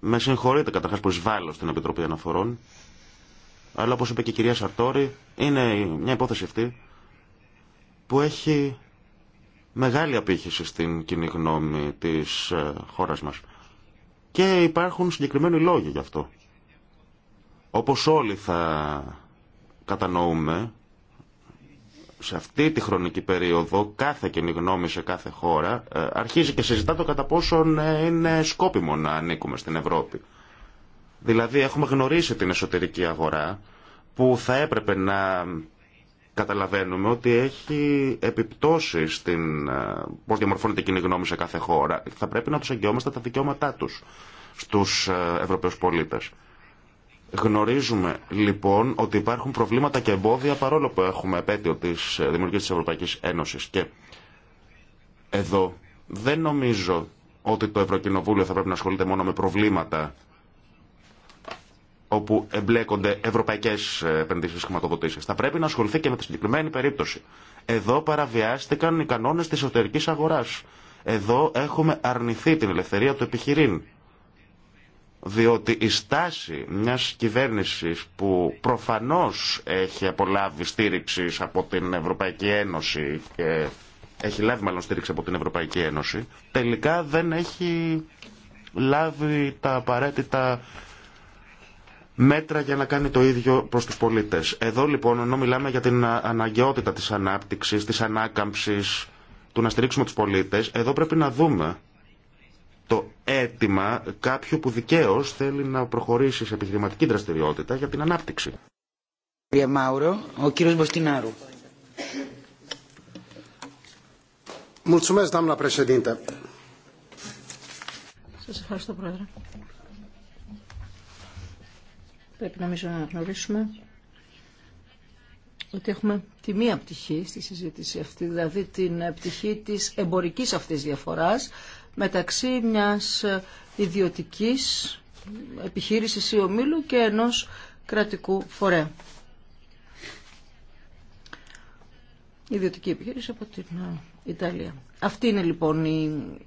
Με συγχωρείτε καταρχάς που εισβάλλω στην Επιτροπή Αναφορών, αλλά όπως είπε και η κυρία Σαρτόρη, είναι μια υπόθεση αυτή που έχει μεγάλη απήχηση στην κοινή γνώμη της ε, χώρας μας. Και υπάρχουν συγκεκριμένοι λόγοι γι' αυτό. Όπως όλοι θα κατανοούμε σε αυτή τη χρονική περίοδο κάθε κοινή γνώμη σε κάθε χώρα ε, αρχίζει και συζητά το κατά πόσον ε, είναι σκόπιμο να ανήκουμε στην Ευρώπη. Δηλαδή έχουμε γνωρίσει την εσωτερική αγορά που θα έπρεπε να καταλαβαίνουμε ότι έχει επιπτώσεις στην ε, πώς διαμορφώνεται η κοινή γνώμη σε κάθε χώρα. Θα πρέπει να τους αγγιόμαστε τα δικαιώματά τους στους Ευρωπαίους πολίτες. Γνωρίζουμε λοιπόν ότι υπάρχουν προβλήματα και εμπόδια παρόλο που έχουμε επέτειο τη ε, δημιουργία τη Ευρωπαϊκή Ένωση. και εδώ δεν νομίζω ότι το Ευρωκοινοβούλιο θα πρέπει να ασχολείται μόνο με προβλήματα όπου εμπλέκονται ευρωπαϊκέ ε, επενδύσει χρηματοδοτήσει. Θα πρέπει να ασχοληθεί και με τη συγκεκριμένη περίπτωση. Εδώ παραβιάστηκαν οι κανόνε τη εσωτερική αγορά. Εδώ έχουμε αρνηθεί την ελευθερία του επιχειρήν διότι η στάση μιας κυβέρνησης που προφανώς έχει απολάβει στήριξη από την Ευρωπαϊκή Ένωση και έχει λάβει μάλλον στήριξη από την Ευρωπαϊκή Ένωση, τελικά δεν έχει λάβει τα απαραίτητα μέτρα για να κάνει το ίδιο προς τους πολίτες. Εδώ λοιπόν, ενώ μιλάμε για την αναγκαιότητα της ανάπτυξης, της ανάκαμψης, του να στηρίξουμε τους πολίτες, εδώ πρέπει να δούμε το αίτημα κάποιου που δικαίω θέλει να προχωρήσει σε επιχειρηματική δραστηριότητα για την ανάπτυξη. Κύριε Μάουρο, ο κύριος Μποστινάρου. Σας ευχαριστώ, Πρόεδρε. Πρέπει νομίζω να γνωρίσουμε ότι έχουμε τη μία πτυχή στη συζήτηση αυτή, δηλαδή την πτυχή της εμπορικής αυτής διαφοράς, μεταξύ μιας ε, ιδιωτικής επιχείρησης ή ομίλου και ενός κρατικού φορέα. Ιδιωτική επιχείρηση από την ε, Ιταλία. Αυτή είναι λοιπόν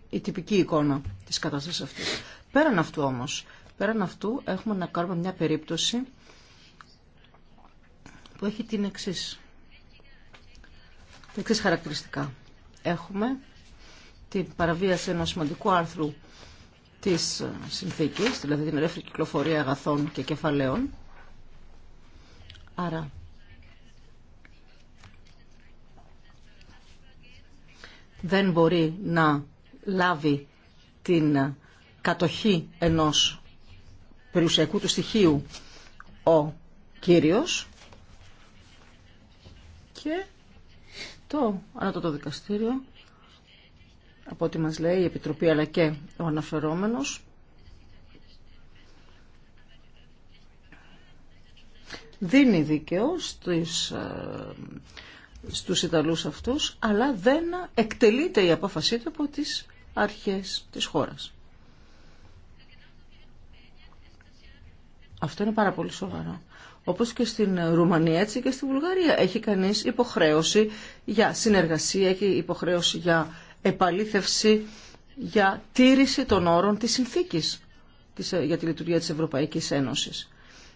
η, τυπική εικόνα της κατάστασης αυτής. Πέραν αυτού όμως, πέραν αυτού έχουμε να κάνουμε μια περίπτωση που έχει την εξής, την εξής χαρακτηριστικά. Έχουμε την παραβίαση ενός σημαντικού άρθρου της ε, συνθήκης, δηλαδή την ελεύθερη κυκλοφορία αγαθών και κεφαλαίων. Άρα, δεν μπορεί να λάβει την ε, κατοχή ενός περιουσιακού του στοιχείου ο κύριος και το ανάτοτο δικαστήριο από ό,τι μας λέει η Επιτροπή αλλά και ο αναφερόμενος. Δίνει δίκαιο στις, ε, στους Ιταλούς αυτούς, αλλά δεν εκτελείται η απόφασή του από τις αρχές της χώρας. Αυτό είναι πάρα πολύ σοβαρό. Όπως και στην Ρουμανία, έτσι και στην Βουλγαρία. Έχει κανείς υποχρέωση για συνεργασία, έχει υποχρέωση για επαλήθευση για τήρηση των όρων της συνθήκης ε, για τη λειτουργία της Ευρωπαϊκής Ένωσης.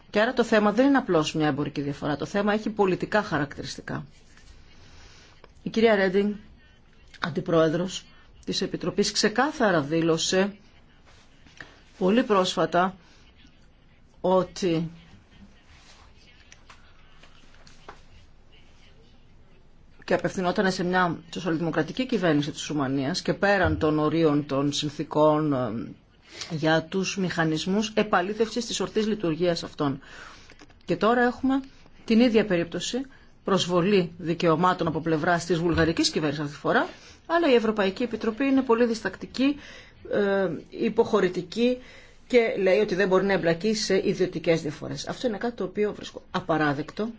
Και άρα το θέμα δεν είναι απλώς μια εμπορική διαφορά. Το θέμα έχει πολιτικά χαρακτηριστικά. Η κυρία Ρέντινγκ, αντιπρόεδρος της Επιτροπής, ξεκάθαρα δήλωσε πολύ πρόσφατα ότι και απευθυνόταν σε μια σοσιαλδημοκρατική κυβέρνηση της Ρουμανίας και πέραν των ορίων των συνθήκων ε, για τους μηχανισμούς επαλήθευσης της ορθής λειτουργίας αυτών. Και τώρα έχουμε την ίδια περίπτωση προσβολή δικαιωμάτων από πλευρά τη βουλγαρική κυβέρνηση αυτή τη φορά, αλλά η Ευρωπαϊκή Επιτροπή είναι πολύ διστακτική, ε, υποχωρητική και λέει ότι δεν μπορεί να εμπλακεί σε ιδιωτικέ διαφορέ. Αυτό είναι κάτι το οποίο βρίσκω απαράδεκτο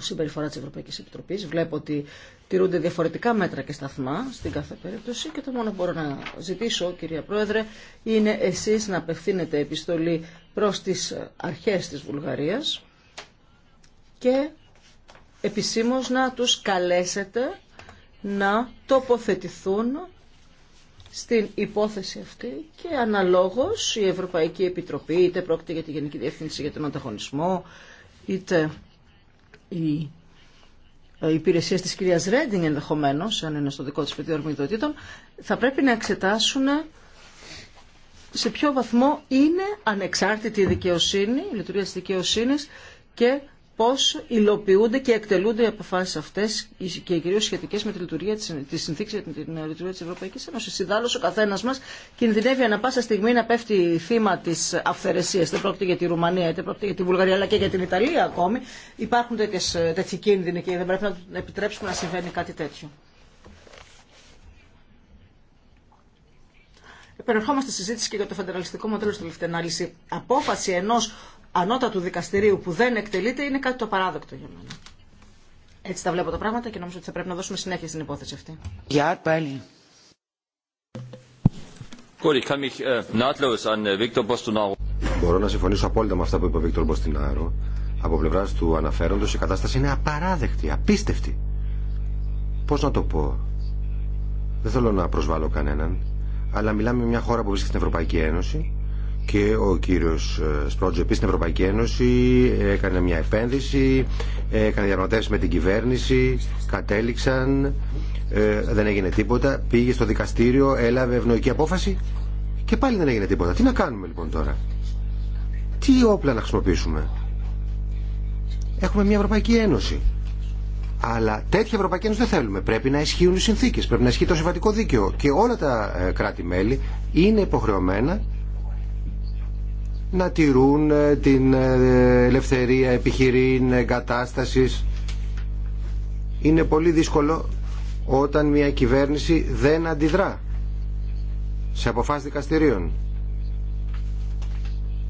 συμπεριφορά της Ευρωπαϊκής Επιτροπής. Βλέπω ότι τηρούνται διαφορετικά μέτρα και σταθμά στην κάθε περίπτωση και το μόνο που μπορώ να ζητήσω, κυρία Πρόεδρε, είναι εσείς να απευθύνετε επιστολή προς τις αρχές της Βουλγαρίας και επισήμως να τους καλέσετε να τοποθετηθούν στην υπόθεση αυτή και αναλόγως η Ευρωπαϊκή Επιτροπή, είτε πρόκειται για τη Γενική Διεύθυνση για τον Ανταγωνισμό, είτε οι ε, υπηρεσίε της κυρίας Ρέντινγκ ενδεχομένως, αν είναι στο δικό της πεδίο αρμοδιοτήτων, θα πρέπει να εξετάσουν σε ποιο βαθμό είναι ανεξάρτητη η δικαιοσύνη, η λειτουργία της δικαιοσύνης και πώς υλοποιούνται και εκτελούνται οι αποφάσεις αυτές και κυρίως σχετικές με τη λειτουργία της, τη συνθήκη για την, την λειτουργία της Ευρωπαϊκής Ένωσης. Συνδάλλως ο καθένας μας κινδυνεύει ανα πάσα στιγμή να πέφτει θύμα της αυθαιρεσίας. Δεν πρόκειται για τη Ρουμανία, δεν πρόκειται για τη Βουλγαρία αλλά και για την Ιταλία ακόμη. Υπάρχουν τέτοιες, τέτοιοι κίνδυνοι και δεν πρέπει να επιτρέψουμε να συμβαίνει κάτι τέτοιο. Επερχόμαστε στη συζήτηση και για το φεντεραλιστικό μοντέλο στη τελευταία Απόφαση ενός ανώτατου δικαστηρίου που δεν εκτελείται είναι κάτι το παράδοκτο για μένα. Έτσι τα βλέπω τα πράγματα και νομίζω ότι θα πρέπει να δώσουμε συνέχεια στην υπόθεση αυτή. πάλι. Äh, äh, Μπορώ να συμφωνήσω απόλυτα με αυτά που είπε ο Βίκτορ Μποστινάρο. Από πλευρά του αναφέροντο η κατάσταση είναι απαράδεκτη, απίστευτη. Πώ να το πω. Δεν θέλω να προσβάλλω κανέναν, αλλά μιλάμε μια χώρα που βρίσκεται στην Ευρωπαϊκή Ένωση και ο κύριος ε, επίσης στην Ευρωπαϊκή Ένωση έκανε μια επένδυση, έκανε διαπραγματεύσει με την κυβέρνηση, κατέληξαν, ε, δεν έγινε τίποτα, πήγε στο δικαστήριο, έλαβε ευνοϊκή απόφαση και πάλι δεν έγινε τίποτα. Τι να κάνουμε λοιπόν τώρα. Τι όπλα να χρησιμοποιήσουμε. Έχουμε μια Ευρωπαϊκή Ένωση. Αλλά τέτοια Ευρωπαϊκή Ένωση δεν θέλουμε. Πρέπει να ισχύουν οι συνθήκε. Πρέπει να ισχύει το συμβατικό δίκαιο. Και όλα τα ε, κράτη-μέλη είναι υποχρεωμένα να τηρούν ε, την ε, ελευθερία επιχειρήν εγκατάστασης. Είναι πολύ δύσκολο όταν μια κυβέρνηση δεν αντιδρά σε αποφάσεις δικαστηρίων.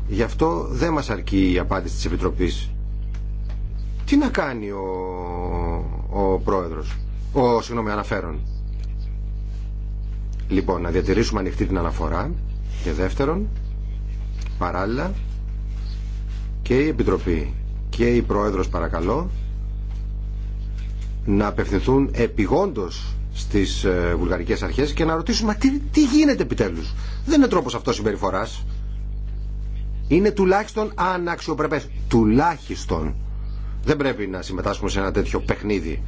Γι' αυτό δεν μας αρκεί η απάντηση της Επιτροπής. Τι να κάνει ο, ο πρόεδρος, ο συγγνώμη αναφέρον. Λοιπόν, να διατηρήσουμε ανοιχτή την αναφορά και δεύτερον, Παράλληλα και η Επιτροπή και η Πρόεδρος παρακαλώ να απευθυνθούν επιγόντως στις ε, βουλγαρικές αρχές και να ρωτήσουν μα τι, τι γίνεται επιτέλους. Δεν είναι τρόπος αυτό συμπεριφορά. Είναι τουλάχιστον αναξιοπρεπές. Τουλάχιστον. Δεν πρέπει να συμμετάσχουμε σε ένα τέτοιο παιχνίδι.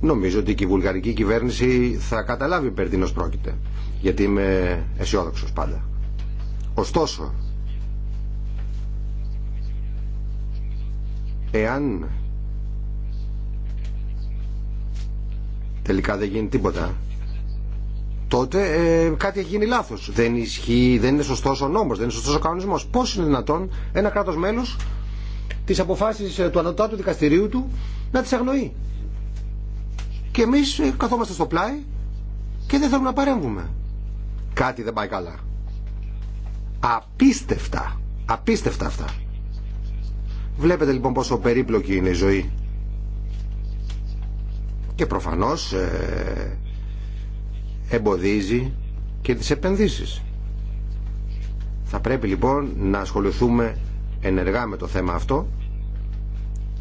Νομίζω ότι και η βουλγαρική κυβέρνηση θα καταλάβει περί τίνος πρόκειται, γιατί είμαι αισιόδοξο πάντα. Ωστόσο, εάν τελικά δεν γίνει τίποτα, τότε ε, κάτι έχει γίνει λάθος Δεν ισχύει, δεν είναι σωστό ο νόμος δεν είναι σωστό ο κανονισμός πως είναι δυνατόν ένα κράτος μέλος τις αποφάσει του ανωτάτου δικαστηρίου του να τις αγνοεί και εμεί ε, καθόμαστε στο πλάι και δεν θέλουμε να παρέμβουμε. Κάτι δεν πάει καλά. Απίστευτα. Απίστευτα αυτά. Βλέπετε λοιπόν πόσο περίπλοκη είναι η ζωή. Και προφανώς ε, εμποδίζει και τις επενδύσεις. Θα πρέπει λοιπόν να ασχοληθούμε ενεργά με το θέμα αυτό.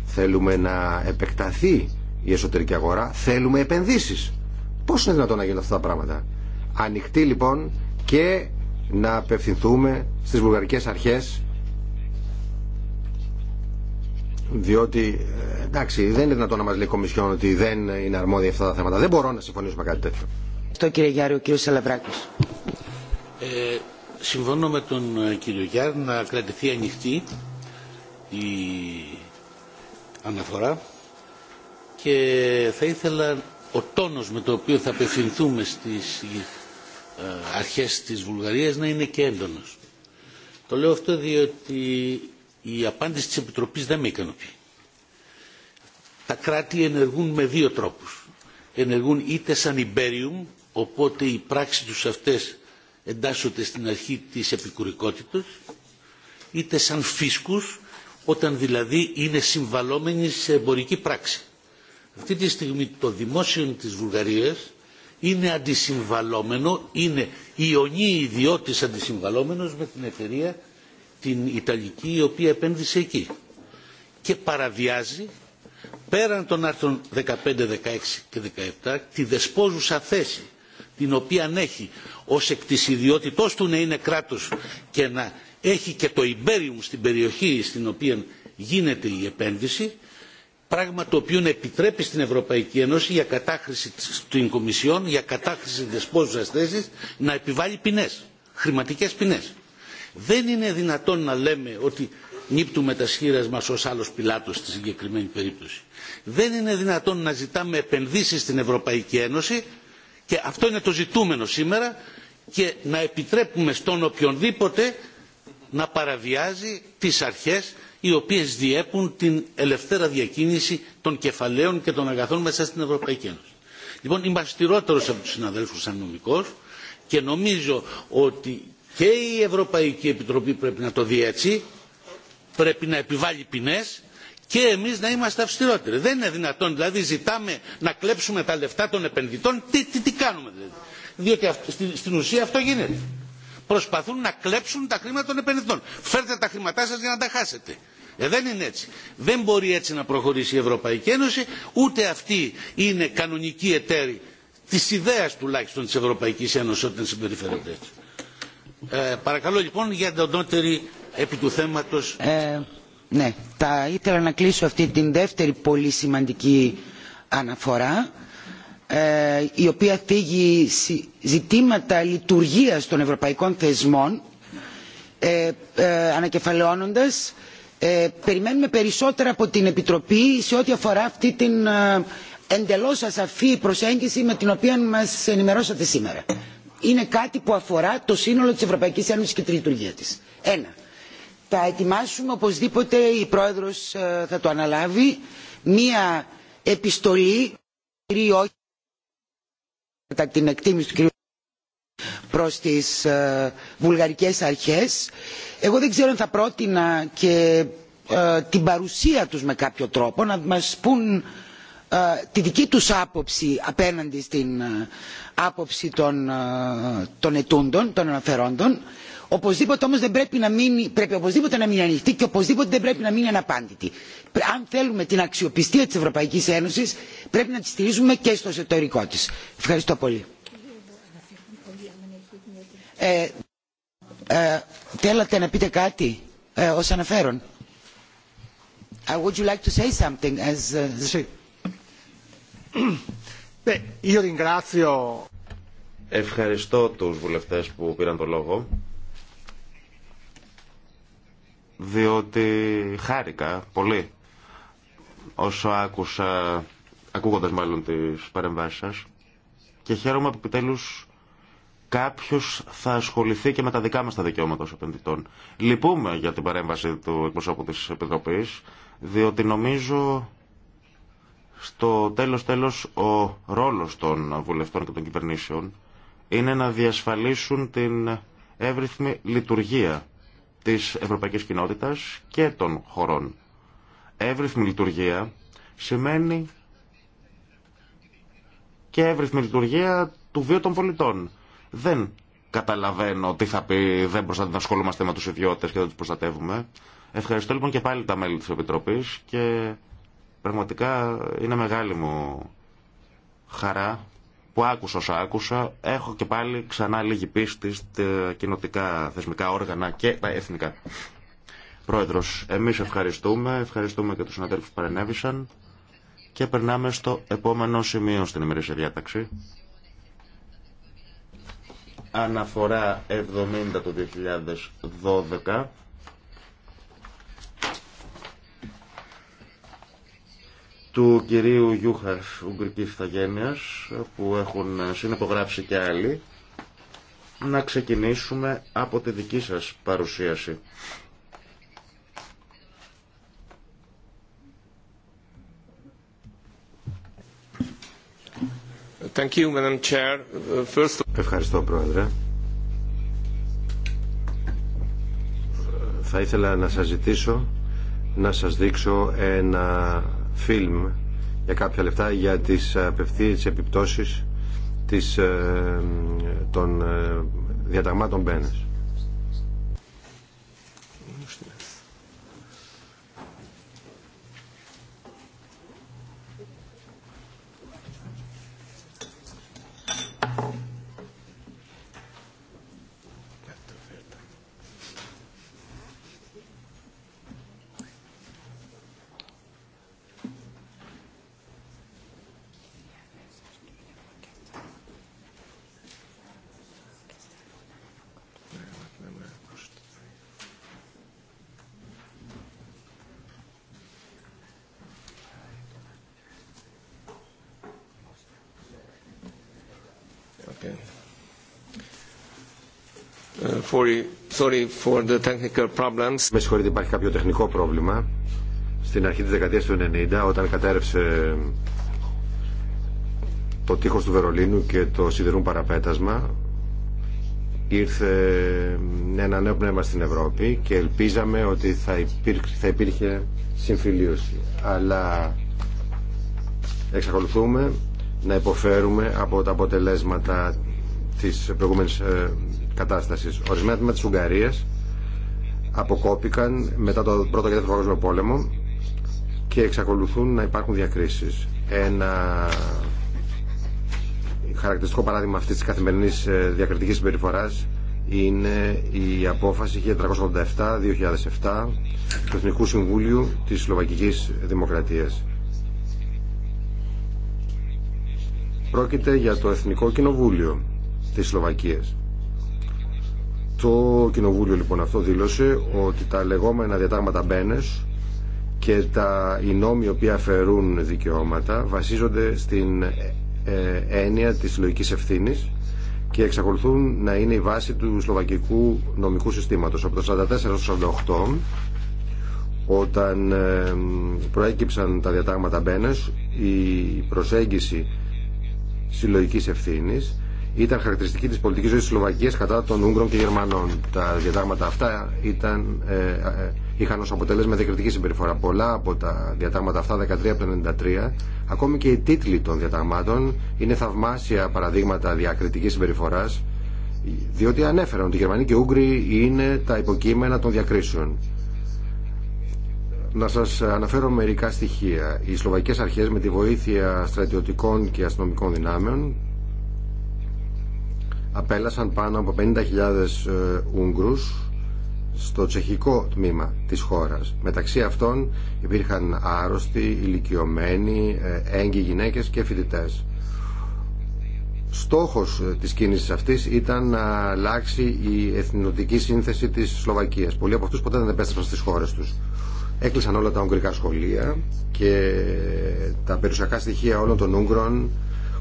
Θέλουμε να επεκταθεί η εσωτερική αγορά, θέλουμε επενδύσεις. Πώς είναι δυνατόν να γίνουν αυτά τα πράγματα. Ανοιχτή λοιπόν και να απευθυνθούμε στις βουλγαρικές αρχές διότι ε, εντάξει δεν είναι δυνατόν να μας λέει η Κομισιόν ότι δεν είναι αρμόδια αυτά τα θέματα. Δεν μπορώ να συμφωνήσουμε με κάτι τέτοιο. Αυτό κύριε Γιάρη, ο κύριος Σαλαβράκης. Ε, συμφωνώ με τον ε, κύριο Γιάρη να κρατηθεί ανοιχτή η αναφορά και θα ήθελα ο τόνος με το οποίο θα απευθυνθούμε στις ε, αρχές της Βουλγαρίας να είναι και έντονος. Το λέω αυτό διότι η απάντηση της Επιτροπής δεν με ικανοποιεί. Τα κράτη ενεργούν με δύο τρόπους. Ενεργούν είτε σαν υπέριουμ, οπότε οι πράξη τους αυτές εντάσσονται στην αρχή της επικουρικότητας, είτε σαν φίσκους, όταν δηλαδή είναι συμβαλόμενοι σε εμπορική πράξη. Αυτή τη στιγμή το δημόσιο της Βουλγαρίας είναι αντισυμβαλόμενο, είναι ιονή ιδιώτης αντισυμβαλόμενος με την εταιρεία την Ιταλική η οποία επένδυσε εκεί και παραβιάζει πέραν των άρθρων 15, 16 και 17 τη δεσπόζουσα θέση την οποία έχει ως εκ της ιδιότητός του να είναι κράτος και να έχει και το Ιμπέριουμ στην περιοχή στην οποία γίνεται η επένδυση πράγμα το οποίο επιτρέπει στην Ευρωπαϊκή Ένωση για κατάχρηση των Κομισιών, για κατάχρηση δεσπόζουσας θέσης, να επιβάλλει ποινές, χρηματικές ποινές. Δεν είναι δυνατόν να λέμε ότι νύπτουμε τα σχήρα μας ως άλλος πιλάτος στη συγκεκριμένη περίπτωση. Δεν είναι δυνατόν να ζητάμε επενδύσεις στην Ευρωπαϊκή Ένωση και αυτό είναι το ζητούμενο σήμερα και να επιτρέπουμε στον οποιονδήποτε να παραβιάζει τις αρχές οι οποίες διέπουν την ελευθέρα διακίνηση των κεφαλαίων και των αγαθών μέσα στην Ευρωπαϊκή Ένωση. Λοιπόν, είμαι αυστηρότερος από τους συναδέλφους σαν και νομίζω ότι και η Ευρωπαϊκή Επιτροπή πρέπει να το δει έτσι, πρέπει να επιβάλλει ποινές και εμείς να είμαστε αυστηρότεροι. Δεν είναι δυνατόν, δηλαδή ζητάμε να κλέψουμε τα λεφτά των επενδυτών, τι, τι, τι κάνουμε δηλαδή. Διότι στην ουσία αυτό γίνεται προσπαθούν να κλέψουν τα χρήματα των επενδυτών. Φέρτε τα χρήματά σας για να τα χάσετε. Ε, δεν είναι έτσι. Δεν μπορεί έτσι να προχωρήσει η Ευρωπαϊκή Ένωση, ούτε αυτή είναι κανονική εταίρη τη ιδέα τουλάχιστον τη ευρωπαϊκή ένωση όταν συμπεριφέρεται έτσι. Ε, παρακαλώ λοιπόν για εντονότερη επί του θέματο. Ε, ναι, θα ήθελα να κλείσω αυτή την δεύτερη πολύ σημαντική αναφορά ε, η οποία θίγει ζητήματα λειτουργίας των ευρωπαϊκών θεσμών ε, ε, ανακεφαλαιώνοντας περιμένουμε περισσότερα από την επιτροπή σε ό,τι αφορά αυτή την εντελώς ασαφή προσέγγιση με την οποία μας ενημερώσατε σήμερα. Είναι κάτι που αφορά το σύνολο της Ευρωπαϊκής Ένωσης και τη λειτουργία της. Ένα. Θα ετοιμάσουμε οπωσδήποτε, η Πρόεδρος θα το αναλάβει, μία επιστολή κατά την εκτίμηση του κ. προς τις ε, βουλγαρικές αρχές. Εγώ δεν ξέρω αν θα πρότεινα και ε, την παρουσία τους με κάποιο τρόπο να μας πούν ε, τη δική τους άποψη απέναντι στην άποψη των, των ετούντων, των αναφερόντων Οπωσδήποτε όμως δεν πρέπει να μείνει, πρέπει οπωσδήποτε να μείνει ανοιχτή και οπωσδήποτε δεν πρέπει να μείνει αναπάντητη. Αν θέλουμε την αξιοπιστία της Ευρωπαϊκής Ένωσης πρέπει να τη στηρίζουμε και στο εσωτερικό της. Ευχαριστώ πολύ. Ε, ε θέλατε να πείτε κάτι ε, ως αναφέρον. Uh, would you like to say something as, uh... Ευχαριστώ τους βουλευτές που πήραν το λόγο διότι χάρηκα πολύ όσο άκουσα, ακούγοντας μάλλον τις παρεμβάσεις σας και χαίρομαι που επιτέλους κάποιος θα ασχοληθεί και με τα δικά μας τα δικαιώματα ως επενδυτών. Λυπούμε για την παρέμβαση του εκπροσώπου της Επιτροπής, διότι νομίζω στο τέλος τέλος ο ρόλος των βουλευτών και των κυβερνήσεων είναι να διασφαλίσουν την εύρυθμη λειτουργία της ευρωπαϊκής κοινότητας και των χωρών. Εύρυθμη λειτουργία σημαίνει και εύρυθμη λειτουργία του βίου των πολιτών. Δεν καταλαβαίνω τι θα πει δεν προστατεύουμε, ασχολούμαστε με τους ιδιώτες και δεν τους προστατεύουμε. Ευχαριστώ λοιπόν και πάλι τα μέλη της Επιτροπής και πραγματικά είναι μεγάλη μου χαρά που άκουσα όσα άκουσα, έχω και πάλι ξανά λίγη πίστη στα κοινοτικά θεσμικά όργανα και τα εθνικά. Πρόεδρος, εμείς ευχαριστούμε, ευχαριστούμε και τους συναδέλφου που παρενέβησαν και περνάμε στο επόμενο σημείο στην ημερήσια διάταξη. Αναφορά 70 του 2012 του κυρίου Γιούχας Ουγγρικής Θαγένειας που έχουν συνεπογράψει και άλλοι να ξεκινήσουμε από τη δική σας παρουσίαση. Thank you, Madam Chair. First... Ευχαριστώ, Πρόεδρε. Θα ήθελα να σας ζητήσω να σας δείξω ένα film για κάποια λεφτά για τις ε, απευθείες επιπτώσεις της, ε, των ε, διαταγμάτων Μπένες. Sorry for the technical problems. Με συγχωρείτε, υπάρχει κάποιο τεχνικό πρόβλημα. Στην αρχή της δεκαετίας του 90, όταν κατέρευσε το τείχος του Βερολίνου και το σιδηρούν παραπέτασμα, ήρθε ένα νέο πνεύμα στην Ευρώπη και ελπίζαμε ότι θα, υπήρχε, θα υπήρχε συμφιλίωση. Αλλά εξακολουθούμε να υποφέρουμε από τα αποτελέσματα της προηγούμενης ε, κατάστασης. Ορισμένα τμήματα της Ουγγαρίας αποκόπηκαν μετά το Πρώτο και Δεύτερο Παγκόσμιο Πόλεμο και εξακολουθούν να υπάρχουν διακρίσεις. Ένα χαρακτηριστικό παράδειγμα αυτής τη καθημερινή ε, διακριτικής συμπεριφορά είναι η απόφαση 1387-2007 του Εθνικού Συμβούλιου της Σλοβακική Δημοκρατίας. Πρόκειται για το Εθνικό Κοινοβούλιο της Σλοβακίας το κοινοβούλιο λοιπόν αυτό δήλωσε ότι τα λεγόμενα διατάγματα μπένες και τα οι νόμοι οι οποίοι αφαιρούν δικαιώματα βασίζονται στην ε, ε, έννοια της συλλογική ευθύνη και εξακολουθούν να είναι η βάση του σλοβακικού νομικού συστήματος. Από το 1944 1948 όταν ε, προέκυψαν τα διατάγματα μπένες η προσέγγιση συλλογικής ευθύνης ήταν χαρακτηριστική της πολιτικής ζωής της Σλοβακίας κατά των Ούγγρων και Γερμανών. Τα διατάγματα αυτά ήταν, ε, ε, είχαν ως αποτέλεσμα διακριτική συμπεριφορά. Πολλά από τα διατάγματα αυτά, 13 από το 93, ακόμη και οι τίτλοι των διαταγμάτων είναι θαυμάσια παραδείγματα διακριτικής συμπεριφοράς, διότι ανέφεραν ότι οι Γερμανοί και οι Ούγγροι είναι τα υποκείμενα των διακρίσεων. Να σας αναφέρω μερικά στοιχεία. Οι Σλοβακικές Αρχές με τη βοήθεια στρατιωτικών και αστυνομικών δυνάμεων απέλασαν πάνω από 50.000 ε, Ούγγρους στο τσεχικό τμήμα της χώρας. Μεταξύ αυτών υπήρχαν άρρωστοι, ηλικιωμένοι, ε, έγκυοι γυναίκες και φοιτητέ. Στόχος ε, της κίνησης αυτής ήταν να αλλάξει η εθνοτική σύνθεση της Σλοβακίας. Πολλοί από αυτούς ποτέ δεν επέστρεψαν στις χώρες τους. Έκλεισαν όλα τα ουγγρικά σχολεία και τα περιουσιακά στοιχεία όλων των Ούγγρων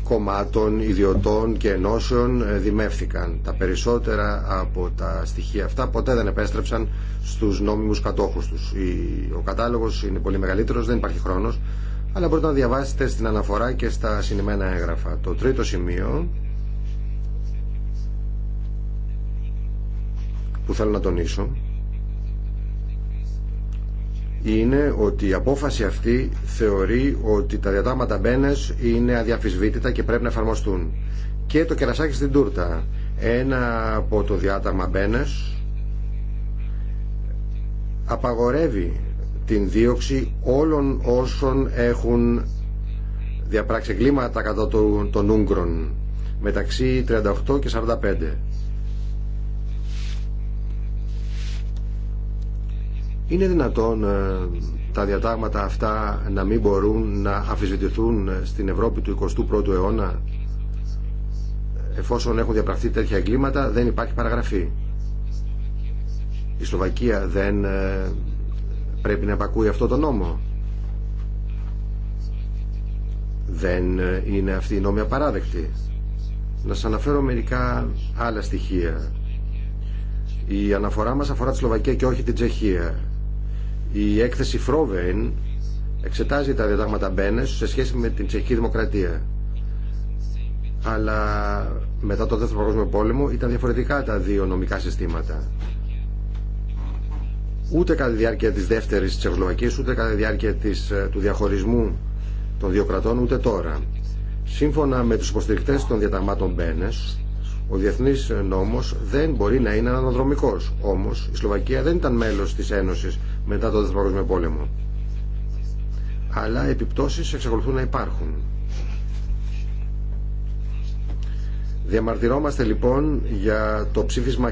κομμάτων, ιδιωτών και ενώσεων ε, δημεύθηκαν. Τα περισσότερα από τα στοιχεία αυτά ποτέ δεν επέστρεψαν στους νόμιμους κατόχους τους. Ο κατάλογος είναι πολύ μεγαλύτερος, δεν υπάρχει χρόνος, αλλά μπορείτε να διαβάσετε στην αναφορά και στα συνημένα έγγραφα. Το τρίτο σημείο που θέλω να τονίσω είναι ότι η απόφαση αυτή θεωρεί ότι τα διατάγματα μπένε είναι αδιαφυσβήτητα και πρέπει να εφαρμοστούν. Και το κερασάκι στην τούρτα. Ένα από το διάταγμα μπένε, απαγορεύει την δίωξη όλων όσων έχουν διαπράξει κλίματα κατά των Ούγκρων μεταξύ 38 και 45 Είναι δυνατόν ε, τα διατάγματα αυτά να μην μπορούν να αφισβητηθούν στην Ευρώπη του 21ου αιώνα εφόσον έχουν διαπραχθεί τέτοια εγκλήματα δεν υπάρχει παραγραφή. Η Σλοβακία δεν ε, πρέπει να επακούει αυτό το νόμο. Δεν ε, είναι αυτή η νόμη απαράδεκτη. Να σας αναφέρω μερικά άλλα στοιχεία. Η αναφορά μας αφορά τη Σλοβακία και όχι την Τσεχία. Η έκθεση Φρόβεϊν εξετάζει τα διατάγματα Μπένε σε σχέση με την Τσεχική Δημοκρατία. Αλλά μετά το Δεύτερο Παγκόσμιο Πόλεμο ήταν διαφορετικά τα δύο νομικά συστήματα. Ούτε κατά τη διάρκεια της δεύτερης Τσεχοσλοβακίας, ούτε κατά τη διάρκεια της, ε, του διαχωρισμού των δύο κρατών, ούτε τώρα. Σύμφωνα με τους υποστηρικτές των διαταγμάτων Μπένες, ο διεθνής νόμος δεν μπορεί να είναι αναδρομικός. Όμω, η Σλοβακία δεν ήταν μέλος της Ένωσης μετά το Δεύτερο Παγκόσμιο Πόλεμο. Αλλά επιπτώσεις εξακολουθούν να υπάρχουν. Διαμαρτυρόμαστε λοιπόν για το ψήφισμα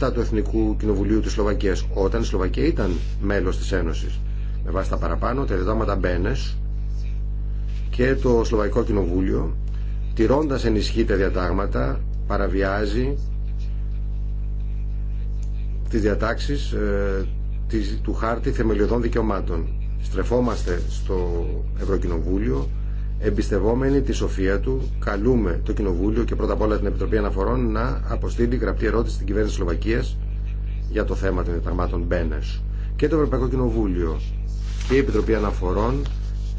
1487-2007 του Εθνικού Κοινοβουλίου της Σλοβακίας όταν η Σλοβακία ήταν μέλος της Ένωσης. Με βάση τα παραπάνω, τα διδάματα Μπένες και το Σλοβακικό Κοινοβούλιο τηρώντας τα διατάγματα παραβιάζει τις διατάξεις ε, του χάρτη θεμελιωδών δικαιωμάτων. Στρεφόμαστε στο Ευρωκοινοβούλιο, εμπιστευόμενοι τη σοφία του, καλούμε το Κοινοβούλιο και πρώτα απ' όλα την Επιτροπή Αναφορών να αποστείλει γραπτή ερώτηση στην κυβέρνηση Σλοβακία για το θέμα των διαταγμάτων Μπένε. Και το Ευρωπαϊκό Κοινοβούλιο και η Επιτροπή Αναφορών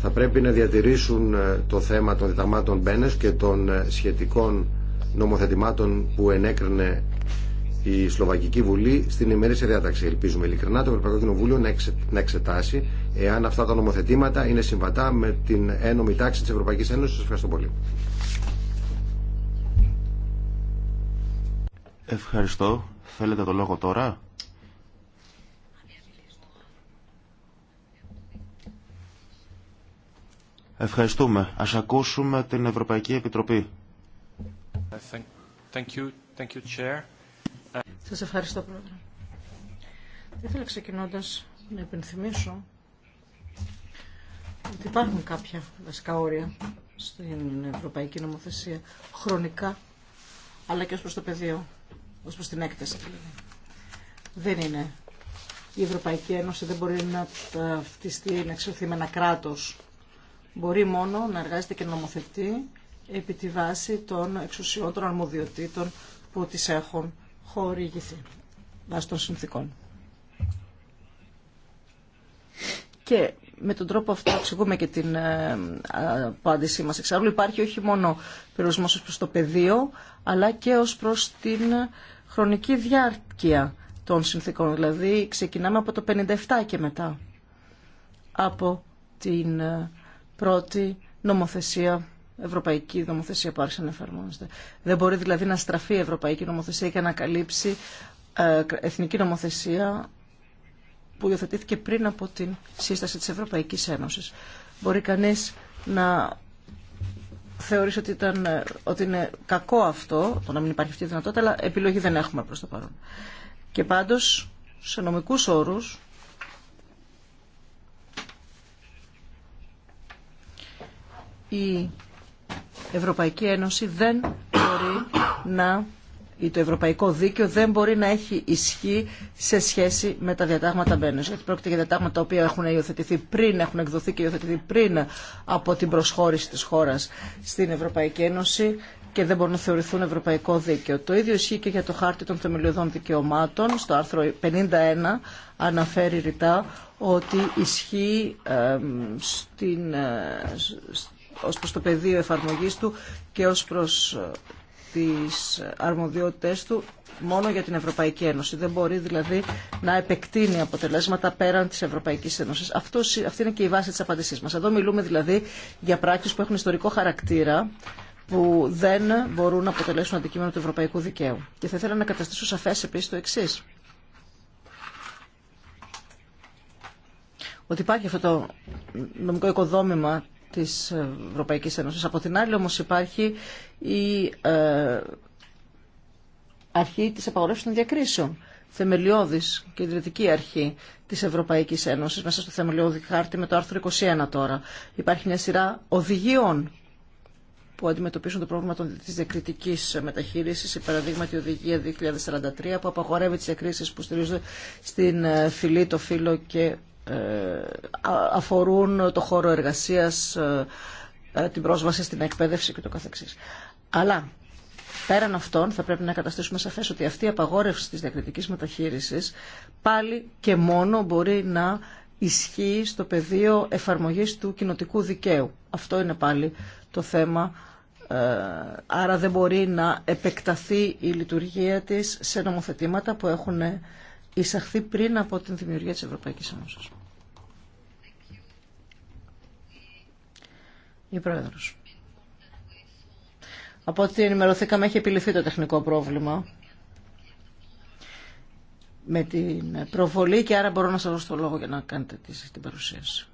θα πρέπει να διατηρήσουν ε, το θέμα των διταγμάτων Μπένε και των ε, σχετικών νομοθετημάτων που ενέκρινε η Σλοβακική Βουλή στην ημερήσια διάταξη. Ελπίζουμε ειλικρινά το Ευρωπαϊκό Κοινοβούλιο να, να εξετάσει εάν αυτά τα νομοθετήματα είναι συμβατά με την ένωμη τάξη τη Ευρωπαϊκή Ένωση. Σα ευχαριστώ πολύ. Ευχαριστώ. Θέλετε το λόγο τώρα. Ευχαριστούμε. Ας ακούσουμε την Ευρωπαϊκή Επιτροπή. Thank you. Thank you, Chair. Σας ευχαριστώ, Πρόεδρε. Θα ήθελα ξεκινώντα να υπενθυμίσω ότι υπάρχουν κάποια βασικά όρια στην Ευρωπαϊκή Νομοθεσία χρονικά, αλλά και ως προς το πεδίο, ως προς την έκταση. Δηλαδή. Δεν είναι. Η Ευρωπαϊκή Ένωση δεν μπορεί να ταυτιστεί, να εξωθεί με ένα κράτος. Μπορεί μόνο να εργάζεται και νομοθετεί επί τη βάση των εξουσιών, των αρμοδιοτήτων που τις έχουν χορήγηση βάσει των συνθήκων. Και με τον τρόπο αυτό εξηγούμε και την ε, ε, απάντησή μας. Εξάλλου υπάρχει όχι μόνο περιορισμός ως προς το πεδίο, αλλά και ως προς την χρονική διάρκεια των συνθήκων. Δηλαδή ξεκινάμε από το 57 και μετά, από την ε, πρώτη νομοθεσία ευρωπαϊκή νομοθεσία που άρχισε να εφαρμόζεται. Δεν μπορεί δηλαδή να στραφεί η ευρωπαϊκή νομοθεσία και να καλύψει ε, εθνική νομοθεσία που υιοθετήθηκε πριν από την σύσταση της Ευρωπαϊκής Ένωσης. Μπορεί κανείς να θεωρήσει ότι, ήταν, ε, ότι είναι κακό αυτό, το να μην υπάρχει αυτή η δυνατότητα, αλλά επιλογή δεν έχουμε προς το παρόν. Και πάντως, σε νομικούς όρους, η Ευρωπαϊκή Ένωση δεν μπορεί να ή το ευρωπαϊκό δίκαιο δεν μπορεί να έχει ισχύ σε σχέση με τα διατάγματα Μπένες. Γιατί πρόκειται για διατάγματα τα οποία έχουν υιοθετηθεί πριν, έχουν εκδοθεί και υιοθετηθεί πριν από την προσχώρηση της χώρας στην Ευρωπαϊκή Ένωση και δεν μπορούν να θεωρηθούν ευρωπαϊκό δίκαιο. Το ίδιο ισχύει και για το χάρτη των θεμελιωδών δικαιωμάτων. Στο άρθρο 51 αναφέρει ρητά ότι ισχύει στην, ε, ως προς το πεδίο εφαρμογής του και ως προς ε, τις αρμοδιότητες του μόνο για την Ευρωπαϊκή Ένωση. Δεν μπορεί δηλαδή να επεκτείνει αποτελέσματα πέραν της Ευρωπαϊκής Ένωσης. Αυτό, αυτή είναι και η βάση της απάντησής μας. Εδώ μιλούμε δηλαδή για πράξεις που έχουν ιστορικό χαρακτήρα που δεν μπορούν να αποτελέσουν αντικείμενο του ευρωπαϊκού δικαίου. Και θα ήθελα να καταστήσω σαφές επίσης το εξή. Ότι υπάρχει αυτό το νομικό οικοδόμημα της Ευρωπαϊκής Ένωσης. Από την άλλη όμως υπάρχει η ε, αρχή της απαγορεύσης των διακρίσεων. Θεμελιώδης και ιδρυτική αρχή της Ευρωπαϊκής Ένωσης μέσα στο θεμελιώδη χάρτη με το άρθρο 21 τώρα. Υπάρχει μια σειρά οδηγιών που αντιμετωπίζουν το πρόβλημα τη διακριτική μεταχείρισης, Η παραδείγματι οδηγία 2043 που απαγορεύει τις διακρίσεις που στηρίζονται στην ε, φυλή, το φύλλο και ε, αφορούν το χώρο εργασίας, ε, ε, την πρόσβαση στην εκπαίδευση και το καθεξής. Αλλά πέραν αυτών θα πρέπει να καταστήσουμε σαφές ότι αυτή η απαγόρευση της διακριτικής μεταχείρισης πάλι και μόνο μπορεί να ισχύει στο πεδίο εφαρμογής του κοινοτικού δικαίου. Αυτό είναι πάλι το θέμα άρα δεν μπορεί να επεκταθεί η λειτουργία της σε νομοθετήματα που έχουν εισαχθεί πριν από την δημιουργία της Ευρωπαϊκής Ένωσης. Η Πρόεδρος. Από ό,τι ενημερωθήκαμε έχει επιληθεί το τεχνικό πρόβλημα με την προβολή και άρα μπορώ να σας δώσω το λόγο για να κάνετε την παρουσίαση.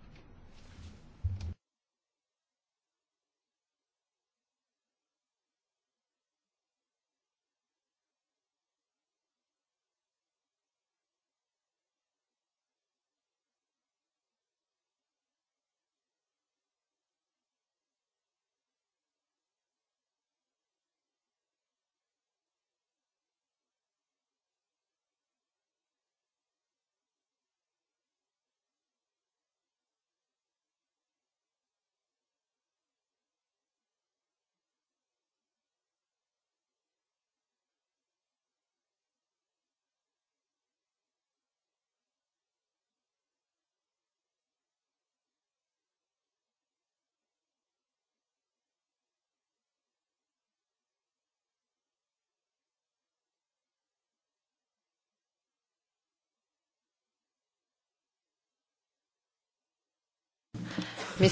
Ο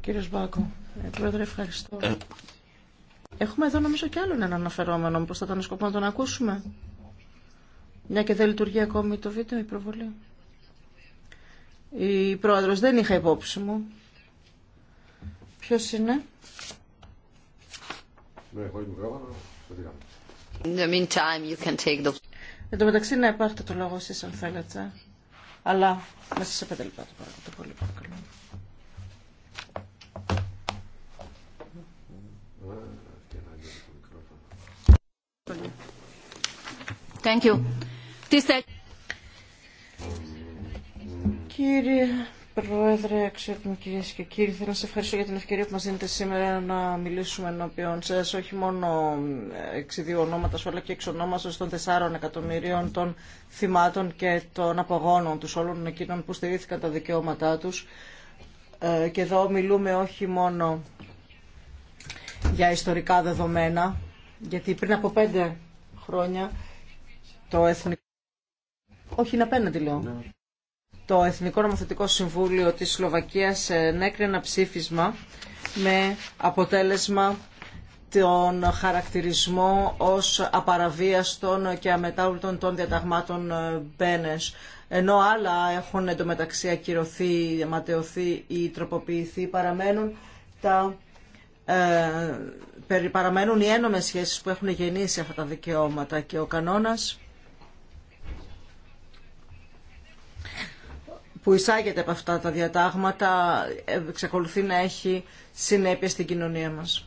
κύριος Μπάκο. Ε, πρόεδρε, ευχαριστώ. Έχουμε εδώ νομίζω κι άλλον έναν αναφερόμενο. Μήπω θα ήταν σκοπό να τον ακούσουμε. Μια και δεν λειτουργεί ακόμη το βίντεο, η προβολή. Η πρόεδρος δεν είχα υπόψη μου. Ποιος είναι. Ναι, Εν τω μεταξύ, να πάρτε το λόγο εσείς αν θέλετε αλλά μέσα σε πέντε λεπτά το παρακολουθώ. πολύ παρακαλώ. Thank you. Κύριε Πρόεδρε, αξιότιμοι κυρίε και κύριοι, θέλω να σα ευχαριστώ για την ευκαιρία που μα δίνετε σήμερα να μιλήσουμε ενώπιον σα, όχι μόνο ε, εξ ιδίου ονόματο, αλλά και εξ ονόματο των 4 εκατομμυρίων των θυμάτων και των απογόνων του, όλων εκείνων που στηρίχθηκαν τα δικαιώματά του. Ε, και εδώ μιλούμε όχι μόνο για ιστορικά δεδομένα, γιατί πριν από πέντε χρόνια το εθνικό. Όχι, είναι απέναντι λέω. Ναι το Εθνικό Νομοθετικό Συμβούλιο της Σλοβακίας ε, ενέκρινε ένα ψήφισμα με αποτέλεσμα τον χαρακτηρισμό ως απαραβίαστον και αμετάβλητον των διαταγμάτων ε, Μπένες. Ενώ άλλα έχουν εντωμεταξύ ακυρωθεί, ματαιωθεί ή τροποποιηθεί, παραμένουν τα ε, παραμένουν οι ένομες σχέσεις που έχουν γεννήσει αυτά τα δικαιώματα και ο κανόνας που εισάγεται από αυτά τα διατάγματα εξακολουθεί να έχει συνέπεια στην κοινωνία μας.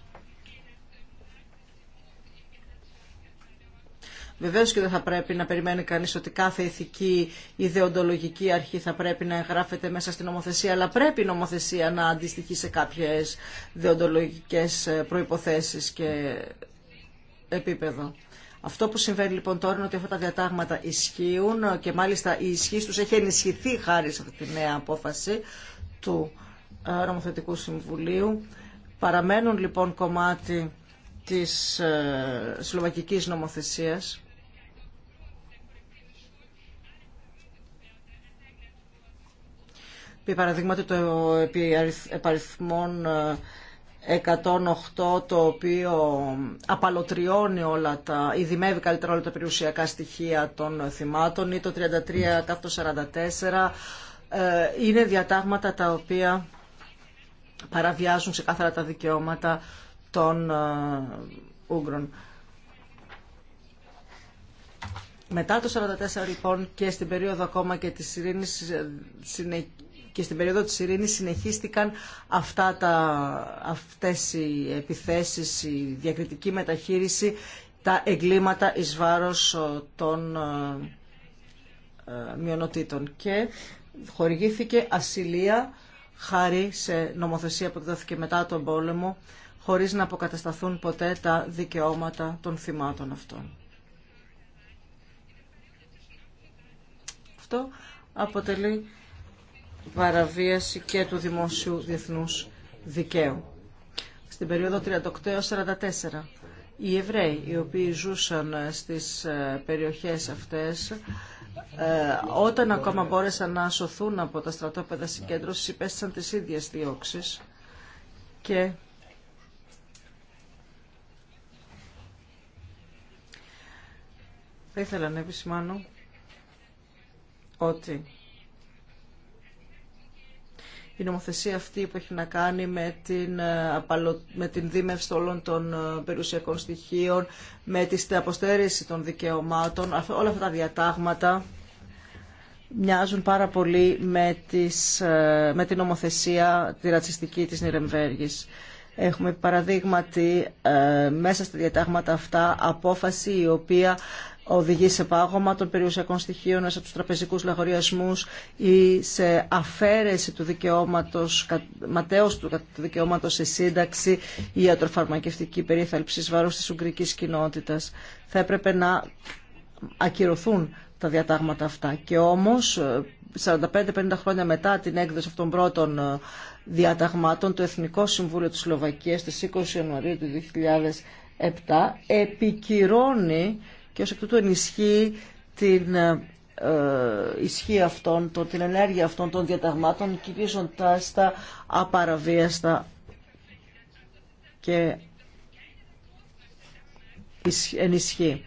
Βεβαίω και δεν θα πρέπει να περιμένει κανεί ότι κάθε ηθική ιδεοντολογική αρχή θα πρέπει να εγγράφεται μέσα στην νομοθεσία, αλλά πρέπει η νομοθεσία να αντιστοιχεί σε κάποιε ιδεοντολογικέ προποθέσει και επίπεδο. Αυτό που συμβαίνει λοιπόν τώρα είναι ότι αυτά τα διατάγματα ισχύουν και μάλιστα η ισχύ τους έχει ενισχυθεί χάρη σε αυτή τη νέα απόφαση του ε, νομοθετικού Συμβουλίου. Παραμένουν λοιπόν κομμάτι της ε, σλοβακικής νομοθεσίας Επί παραδείγματι το επί επαριθμών ε, 108 το οποίο απαλωτριώνει όλα τα, ειδημεύει καλύτερα όλα τα περιουσιακά στοιχεία των θυμάτων ή το 33-44 ε, είναι διατάγματα τα οποία παραβιάζουν σε κάθαρα τα δικαιώματα των ε, Ούγγρων. Μετά το 1944 λοιπόν και στην περίοδο ακόμα και της ειρήνης ε, και στην περίοδο της ειρήνης συνεχίστηκαν αυτά τα, αυτές οι επιθέσεις, η διακριτική μεταχείριση, τα εγκλήματα εις βάρος ε, των ε, ε, μειονοτήτων. Και χορηγήθηκε ασυλία χάρη σε νομοθεσία που δόθηκε μετά τον πόλεμο, χωρίς να αποκατασταθούν ποτέ τα δικαιώματα των θυμάτων αυτών. Αυτό αποτελεί παραβίαση και του δημόσιου διεθνούς δικαίου. Στην περίοδο 38-44 οι Εβραίοι οι οποίοι ζούσαν στις ε, περιοχές αυτές ε, όταν ακόμα μπόρεσαν να σωθούν από τα στρατόπεδα συγκέντρωσης υπέστησαν τις ίδιες διώξεις και θα ήθελα να επισημάνω ότι η νομοθεσία αυτή που έχει να κάνει με την, ε, με την δίμευση όλων των ε, περιουσιακών στοιχείων, με την αποστέρηση των δικαιωμάτων, όλα αυτά τα διατάγματα μοιάζουν πάρα πολύ με, ε, με την νομοθεσία τη ρατσιστική της Νιρεμβέργης. Έχουμε παραδείγματι μέσα στα διατάγματα αυτά απόφαση η οποία οδηγεί σε πάγωμα των περιουσιακών στοιχείων μέσα από τους τραπεζικούς λαγοριασμούς ή σε αφαίρεση του δικαιώματος, ματέως του δικαιώματος σε σύνταξη ή ιατροφαρμακευτική περίθαλψη βάρος της ουγγρικής κοινότητας. Θα έπρεπε να ακυρωθούν τα διατάγματα αυτά. Και όμως 45-50 χρόνια μετά την έκδοση αυτών των πρώτων ε, διαταγμάτων, το Εθνικό Συμβούλιο της Σλοβακίας στις 20 Ιανουαρίου του 2007 επικυρώνει και ως εκ τούτου ενισχύει την ε, ε, ισχύ αυτών, το, την ενέργεια αυτών των διαταγμάτων κυρίζοντας τα απαραβίαστα και ενισχύει.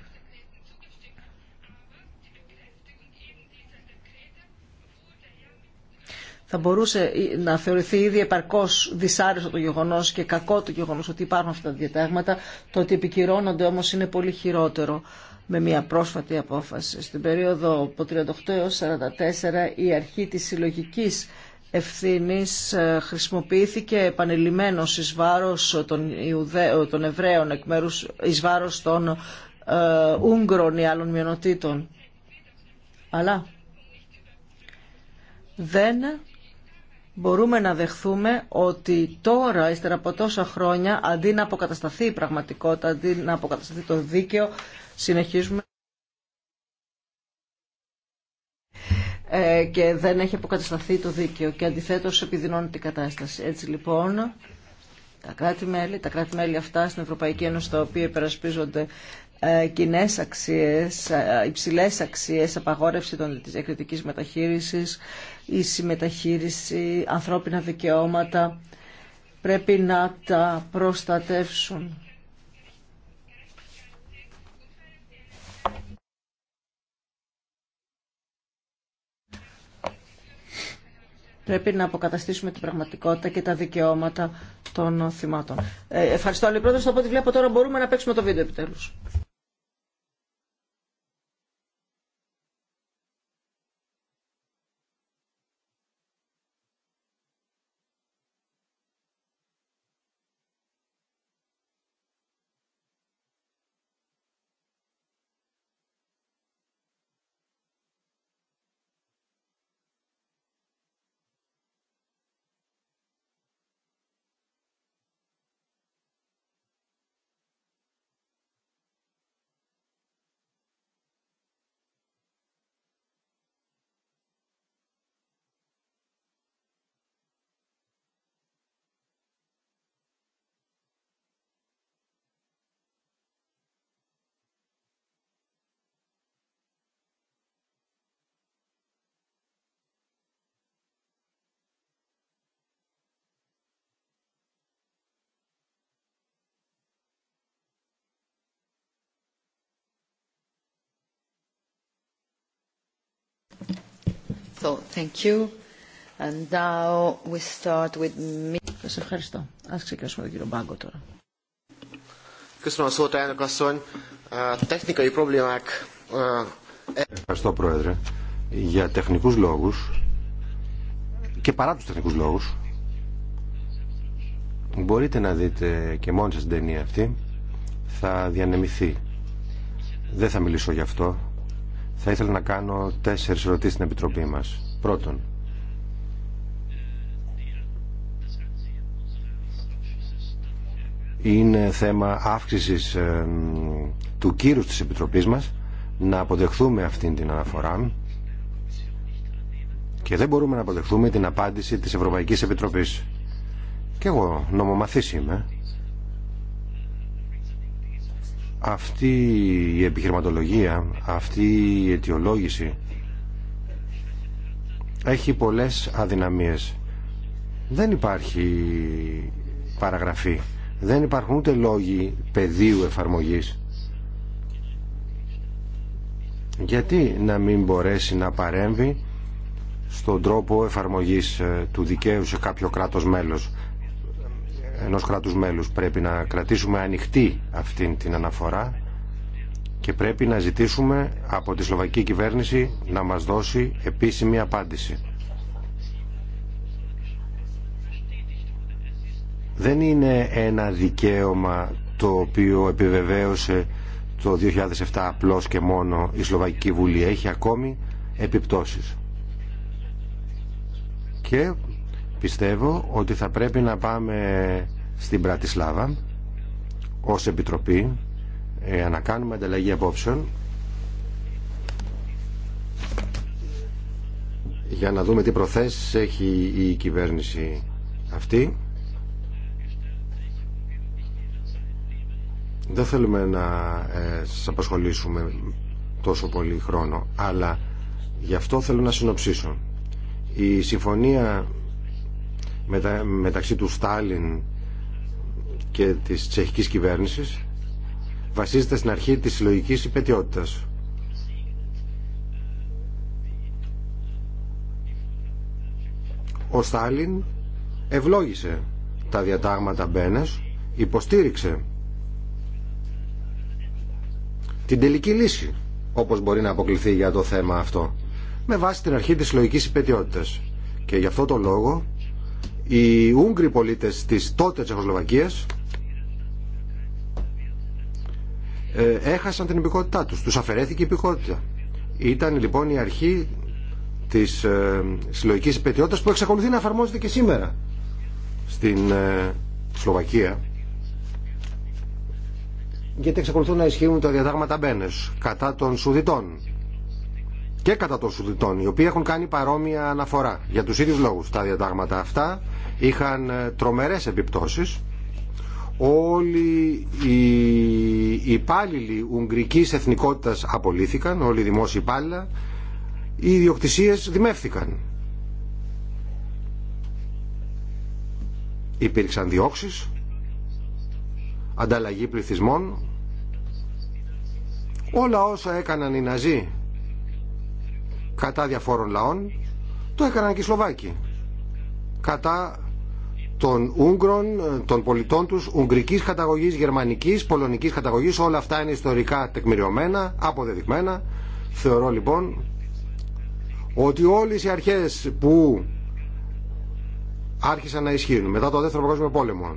θα μπορούσε να θεωρηθεί ήδη επαρκώ δυσάρεστο το γεγονό και κακό το γεγονό ότι υπάρχουν αυτά τα διατάγματα. Το ότι επικυρώνονται όμω είναι πολύ χειρότερο με μια πρόσφατη απόφαση. Στην περίοδο από 38 έως 44 η αρχή της συλλογική ευθύνης ε, χρησιμοποιήθηκε επανειλημμένος εις βάρος των, Ιουδαίων, ε, των Εβραίων εκ μέρους, εις βάρος των ε, Ούγγρων ή άλλων μειονοτήτων. Αλλά δεν μπορούμε να δεχθούμε ότι τώρα, ύστερα από τόσα χρόνια, αντί να αποκατασταθεί η πραγματικότητα, αντί να αποκατασταθεί το δίκαιο, Συνεχίζουμε. Ε, και δεν έχει αποκατασταθεί το δίκαιο και αντιθέτως επιδεινώνεται η κατάσταση. Έτσι λοιπόν, τα κράτη-μέλη, τα κράτη-μέλη αυτά στην Ευρωπαϊκή Ένωση τα οποία υπερασπίζονται ε, κοινέ αξίες, ε, υψηλές αξίες, απαγόρευση τη της μεταχείριση, μεταχείρισης, ίση μεταχείριση, ανθρώπινα δικαιώματα, πρέπει να τα προστατεύσουν Πρέπει να αποκαταστήσουμε την πραγματικότητα και τα δικαιώματα των θυμάτων. Ε, ευχαριστώ, Άλλη Πρόεδρε. Από ό,τι βλέπω τώρα μπορούμε να παίξουμε το βίντεο επιτέλους. So, thank you. And now we start with... Σας ευχαριστώ. Ας ξεκινήσουμε τον κύριο Μπάγκο τώρα. Ευχαριστώ, Πρόεδρε. Για τεχνικούς λόγους και παρά τους τεχνικούς λόγους μπορείτε να δείτε και μόνοι σας την ταινία αυτή θα διανεμηθεί. Δεν θα μιλήσω γι' αυτό θα ήθελα να κάνω τέσσερις ερωτήσει στην Επιτροπή μας. Πρώτον, είναι θέμα αύξησης ε, του κύρου της Επιτροπής μας να αποδεχθούμε αυτήν την αναφορά και δεν μπορούμε να αποδεχθούμε την απάντηση της Ευρωπαϊκής Επιτροπής. Και εγώ νομομαθής είμαι αυτή η επιχειρηματολογία, αυτή η αιτιολόγηση έχει πολλές αδυναμίες. Δεν υπάρχει παραγραφή, δεν υπάρχουν ούτε λόγοι πεδίου εφαρμογής. Γιατί να μην μπορέσει να παρέμβει στον τρόπο εφαρμογής ε, του δικαίου σε κάποιο κράτος μέλος ενός κράτους μέλους. Πρέπει να κρατήσουμε ανοιχτή αυτή την αναφορά και πρέπει να ζητήσουμε από τη Σλοβακή κυβέρνηση να μας δώσει επίσημη απάντηση. Δεν είναι ένα δικαίωμα το οποίο επιβεβαίωσε το 2007 απλώς και μόνο η Σλοβακική Βουλή. Έχει ακόμη επιπτώσεις. Και πιστεύω ότι θα πρέπει να πάμε στην Πρατισλάβα ως Επιτροπή ε, να κάνουμε ανταλλαγή απόψεων για να δούμε τι προθέσεις έχει η κυβέρνηση αυτή. Δεν θέλουμε να ε, σας απασχολήσουμε τόσο πολύ χρόνο, αλλά γι' αυτό θέλω να συνοψίσω. Η συμφωνία μεταξύ του Στάλιν και της τσεχικής κυβέρνησης βασίζεται στην αρχή της συλλογικής υπετιότητας. Ο Στάλιν ευλόγησε τα διατάγματα Μπένες, υποστήριξε την τελική λύση, όπως μπορεί να αποκληθεί για το θέμα αυτό, με βάση την αρχή της λογικής υπετιότητας. Και γι' αυτό το λόγο οι Ούγγροι πολίτες της τότε Τσεχοσλοβακίας ε, έχασαν την υπηκότητά τους. Τους αφαιρέθηκε η υπηκότητα. Ήταν λοιπόν η αρχή της ε, συλλογικής υπετιότητας που εξακολουθεί να εφαρμόζεται και σήμερα στην ε, Σλοβακία γιατί εξακολουθούν να ισχύουν τα διατάγματα Μπένες κατά των Σουδητών και κατά των σουδητών, οι οποίοι έχουν κάνει παρόμοια αναφορά για τους ίδιους λόγους. Τα διατάγματα αυτά είχαν ε, τρομερές επιπτώσεις. Όλοι οι υπάλληλοι ουγγρικής εθνικότητας απολύθηκαν, όλοι οι δημόσιοι υπάλληλα, οι ιδιοκτησίες δημεύθηκαν. Υπήρξαν διώξεις, ανταλλαγή πληθυσμών, όλα όσα έκαναν οι Ναζί κατά διαφόρων λαών το έκαναν και οι Σλοβάκοι κατά των Ούγγρων, των πολιτών τους ουγγρικής καταγωγής, γερμανικής, πολωνικής καταγωγής όλα αυτά είναι ιστορικά τεκμηριωμένα, αποδεδειγμένα θεωρώ λοιπόν ότι όλες οι αρχές που άρχισαν να ισχύουν μετά το δεύτερο παγκόσμιο πόλεμο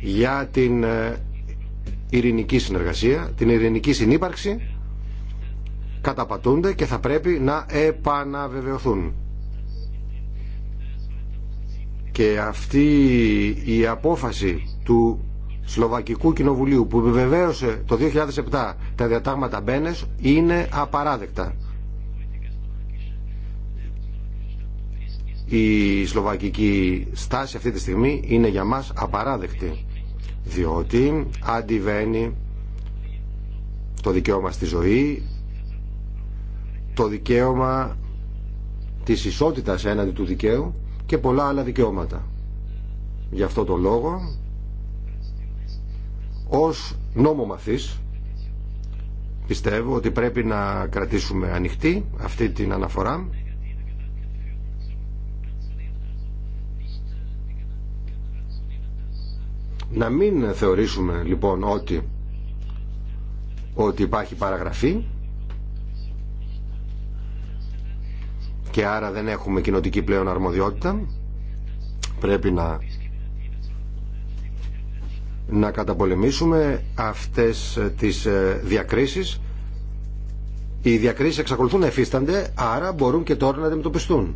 για την ε, ειρηνική συνεργασία, την ειρηνική συνύπαρξη καταπατούνται και θα πρέπει να επαναβεβαιωθούν. Και αυτή η απόφαση του Σλοβακικού Κοινοβουλίου που επιβεβαίωσε το 2007 τα διατάγματα Μπένες είναι απαράδεκτα. Η σλοβακική στάση αυτή τη στιγμή είναι για μας απαράδεκτη διότι αντιβαίνει το δικαίωμα στη ζωή, το δικαίωμα της ισότητας έναντι του δικαίου και πολλά άλλα δικαιώματα. Γι' αυτό το λόγο, ως νόμο μαθής, πιστεύω ότι πρέπει να κρατήσουμε ανοιχτή αυτή την αναφορά Να μην θεωρήσουμε λοιπόν ότι, ότι υπάρχει παραγραφή και άρα δεν έχουμε κοινοτική πλέον αρμοδιότητα. Πρέπει να να καταπολεμήσουμε αυτές τις ε, διακρίσεις. Οι διακρίσεις εξακολουθούν να εφίστανται, άρα μπορούν και τώρα να αντιμετωπιστούν.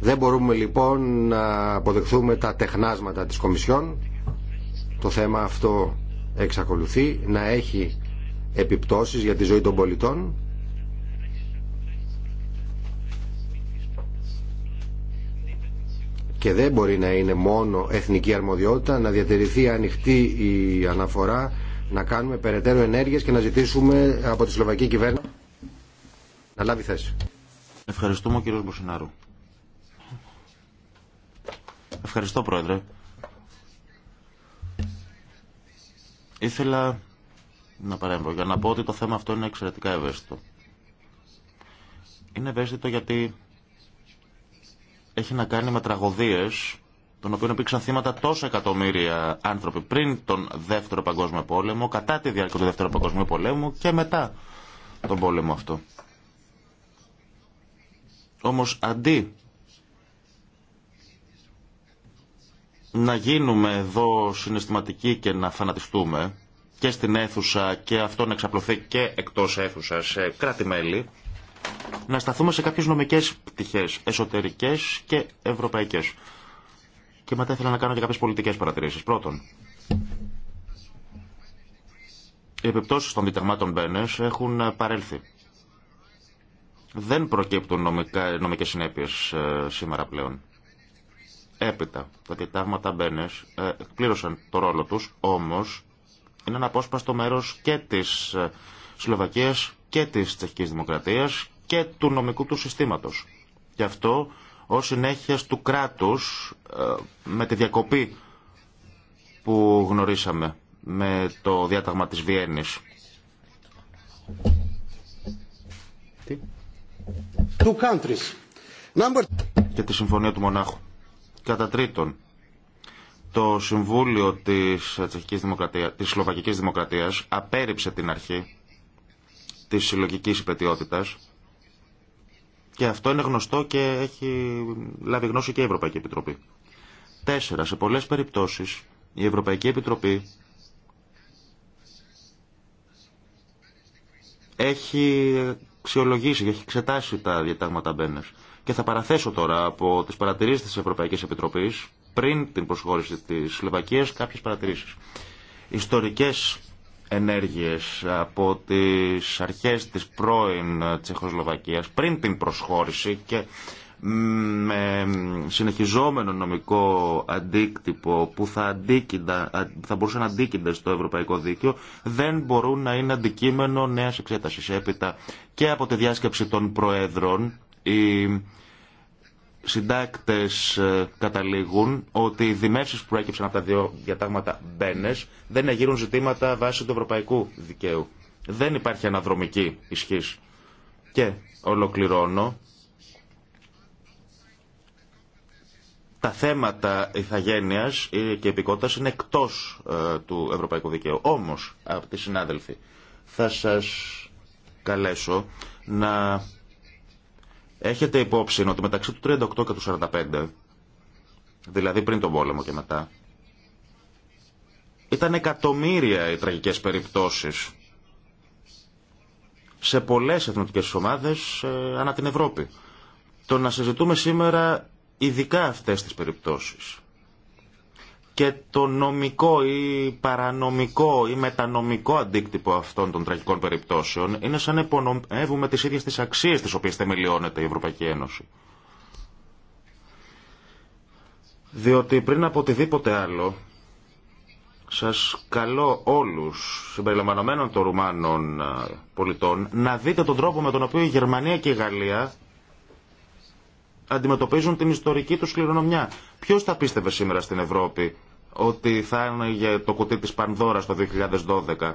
Δεν μπορούμε λοιπόν να αποδεχθούμε τα τεχνάσματα της Κομισιόν. Το θέμα αυτό εξακολουθεί να έχει επιπτώσεις για τη ζωή των πολιτών και δεν μπορεί να είναι μόνο εθνική αρμοδιότητα, να διατηρηθεί ανοιχτή η αναφορά, να κάνουμε περαιτέρω ενέργειες και να ζητήσουμε από τη Σλοβακή κυβέρνηση να λάβει θέση. Ευχαριστούμε κύριο Μποσινάρου. Ευχαριστώ πρόεδρε. Ήθελα να παρέμβω για να πω ότι το θέμα αυτό είναι εξαιρετικά ευαίσθητο. Είναι ευαίσθητο γιατί έχει να κάνει με τραγωδίες των οποίων υπήρξαν θύματα τόσα εκατομμύρια άνθρωποι πριν τον Δεύτερο Παγκόσμιο Πόλεμο, κατά τη διάρκεια του Δεύτερου Παγκόσμιου Πολέμου και μετά τον πόλεμο αυτό. Όμως αντί να γίνουμε εδώ συναισθηματικοί και να φανατιστούμε και στην αίθουσα και αυτό να εξαπλωθεί και εκτός αίθουσας σε κράτη-μέλη, να σταθούμε σε κάποιες νομικές πτυχές, εσωτερικές και ευρωπαϊκές. Και μετά ήθελα να κάνω και κάποιες πολιτικές παρατηρήσεις. Πρώτον, οι επιπτώσεις των διταγμάτων Μπένες έχουν παρέλθει. Δεν προκύπτουν νομικά, νομικές συνέπειες ε, σήμερα πλέον. Έπειτα, τα διτάγματα Μπένες ε, πλήρωσαν το ρόλο τους, όμως είναι ένα απόσπαστο μέρος και της ε, Σλοβακίας και της Τσεχικής Δημοκρατίας και του νομικού του συστήματος. Γι' αυτό ως συνέχεια του κράτους ε, με τη διακοπή που γνωρίσαμε με το διάταγμα της Βιέννης. countries. Number... Και τη συμφωνία του Μονάχου. Κατά τρίτον, το Συμβούλιο της, ε, Τσεχικής Δημοκρατίας, της Σλοβακικής Δημοκρατίας απέριψε την αρχή της συλλογικής υπετιότητας και αυτό είναι γνωστό και έχει λάβει γνώση και η Ευρωπαϊκή Επιτροπή. Τέσσερα, σε πολλές περιπτώσεις η Ευρωπαϊκή Επιτροπή έχει αξιολογήσει και έχει εξετάσει τα διατάγματα Μπένες. Και θα παραθέσω τώρα από τις παρατηρήσεις της Ευρωπαϊκής Επιτροπής πριν την προσχώρηση της Σλοβακίας κάποιες παρατηρήσεις. Ιστορικές ενέργειες από τις αρχές της πρώην Τσεχοσλοβακίας πριν την προσχώρηση και με συνεχιζόμενο νομικό αντίκτυπο που θα, αντίκυντα, θα μπορούσε να αντίκυνται στο ευρωπαϊκό δίκαιο δεν μπορούν να είναι αντικείμενο νέας εξέτασης έπειτα και από τη διάσκεψη των προέδρων συντάκτες ε, καταλήγουν ότι οι δημεύσεις που προέκυψαν από τα δύο διατάγματα μπένες δεν εγείρουν ζητήματα βάσει του ευρωπαϊκού δικαίου. Δεν υπάρχει αναδρομική ισχύς. Και ολοκληρώνω τα θέματα ηθαγένειας ε, και επικότητας είναι εκτός ε, του ευρωπαϊκού δικαίου. Όμως, από τη συνάδελφοι, θα σας καλέσω να Έχετε υπόψη ότι μεταξύ του 38 και του 45, δηλαδή πριν τον πόλεμο και μετά, ήταν εκατομμύρια οι τραγικές περιπτώσεις σε πολλές εθνικές ομάδες ε, ανά την Ευρώπη. Το να συζητούμε σήμερα ειδικά αυτές τις περιπτώσεις και το νομικό ή παρανομικό ή μετανομικό αντίκτυπο αυτών των τραγικών περιπτώσεων είναι σαν να υπονομεύουμε τις ίδιες τις αξίες τις οποίες θεμελιώνεται η Ευρωπαϊκή Ένωση. Διότι πριν από οτιδήποτε άλλο, σας καλώ όλους, συμπεριλαμβανομένων των Ρουμάνων πολιτών, να δείτε τον τρόπο με τον οποίο η Γερμανία και η Γαλλία αντιμετωπίζουν την ιστορική τους κληρονομιά. Ποιος θα πίστευε σήμερα στην Ευρώπη ότι θα είναι για το κουτί της Πανδώρας το 2012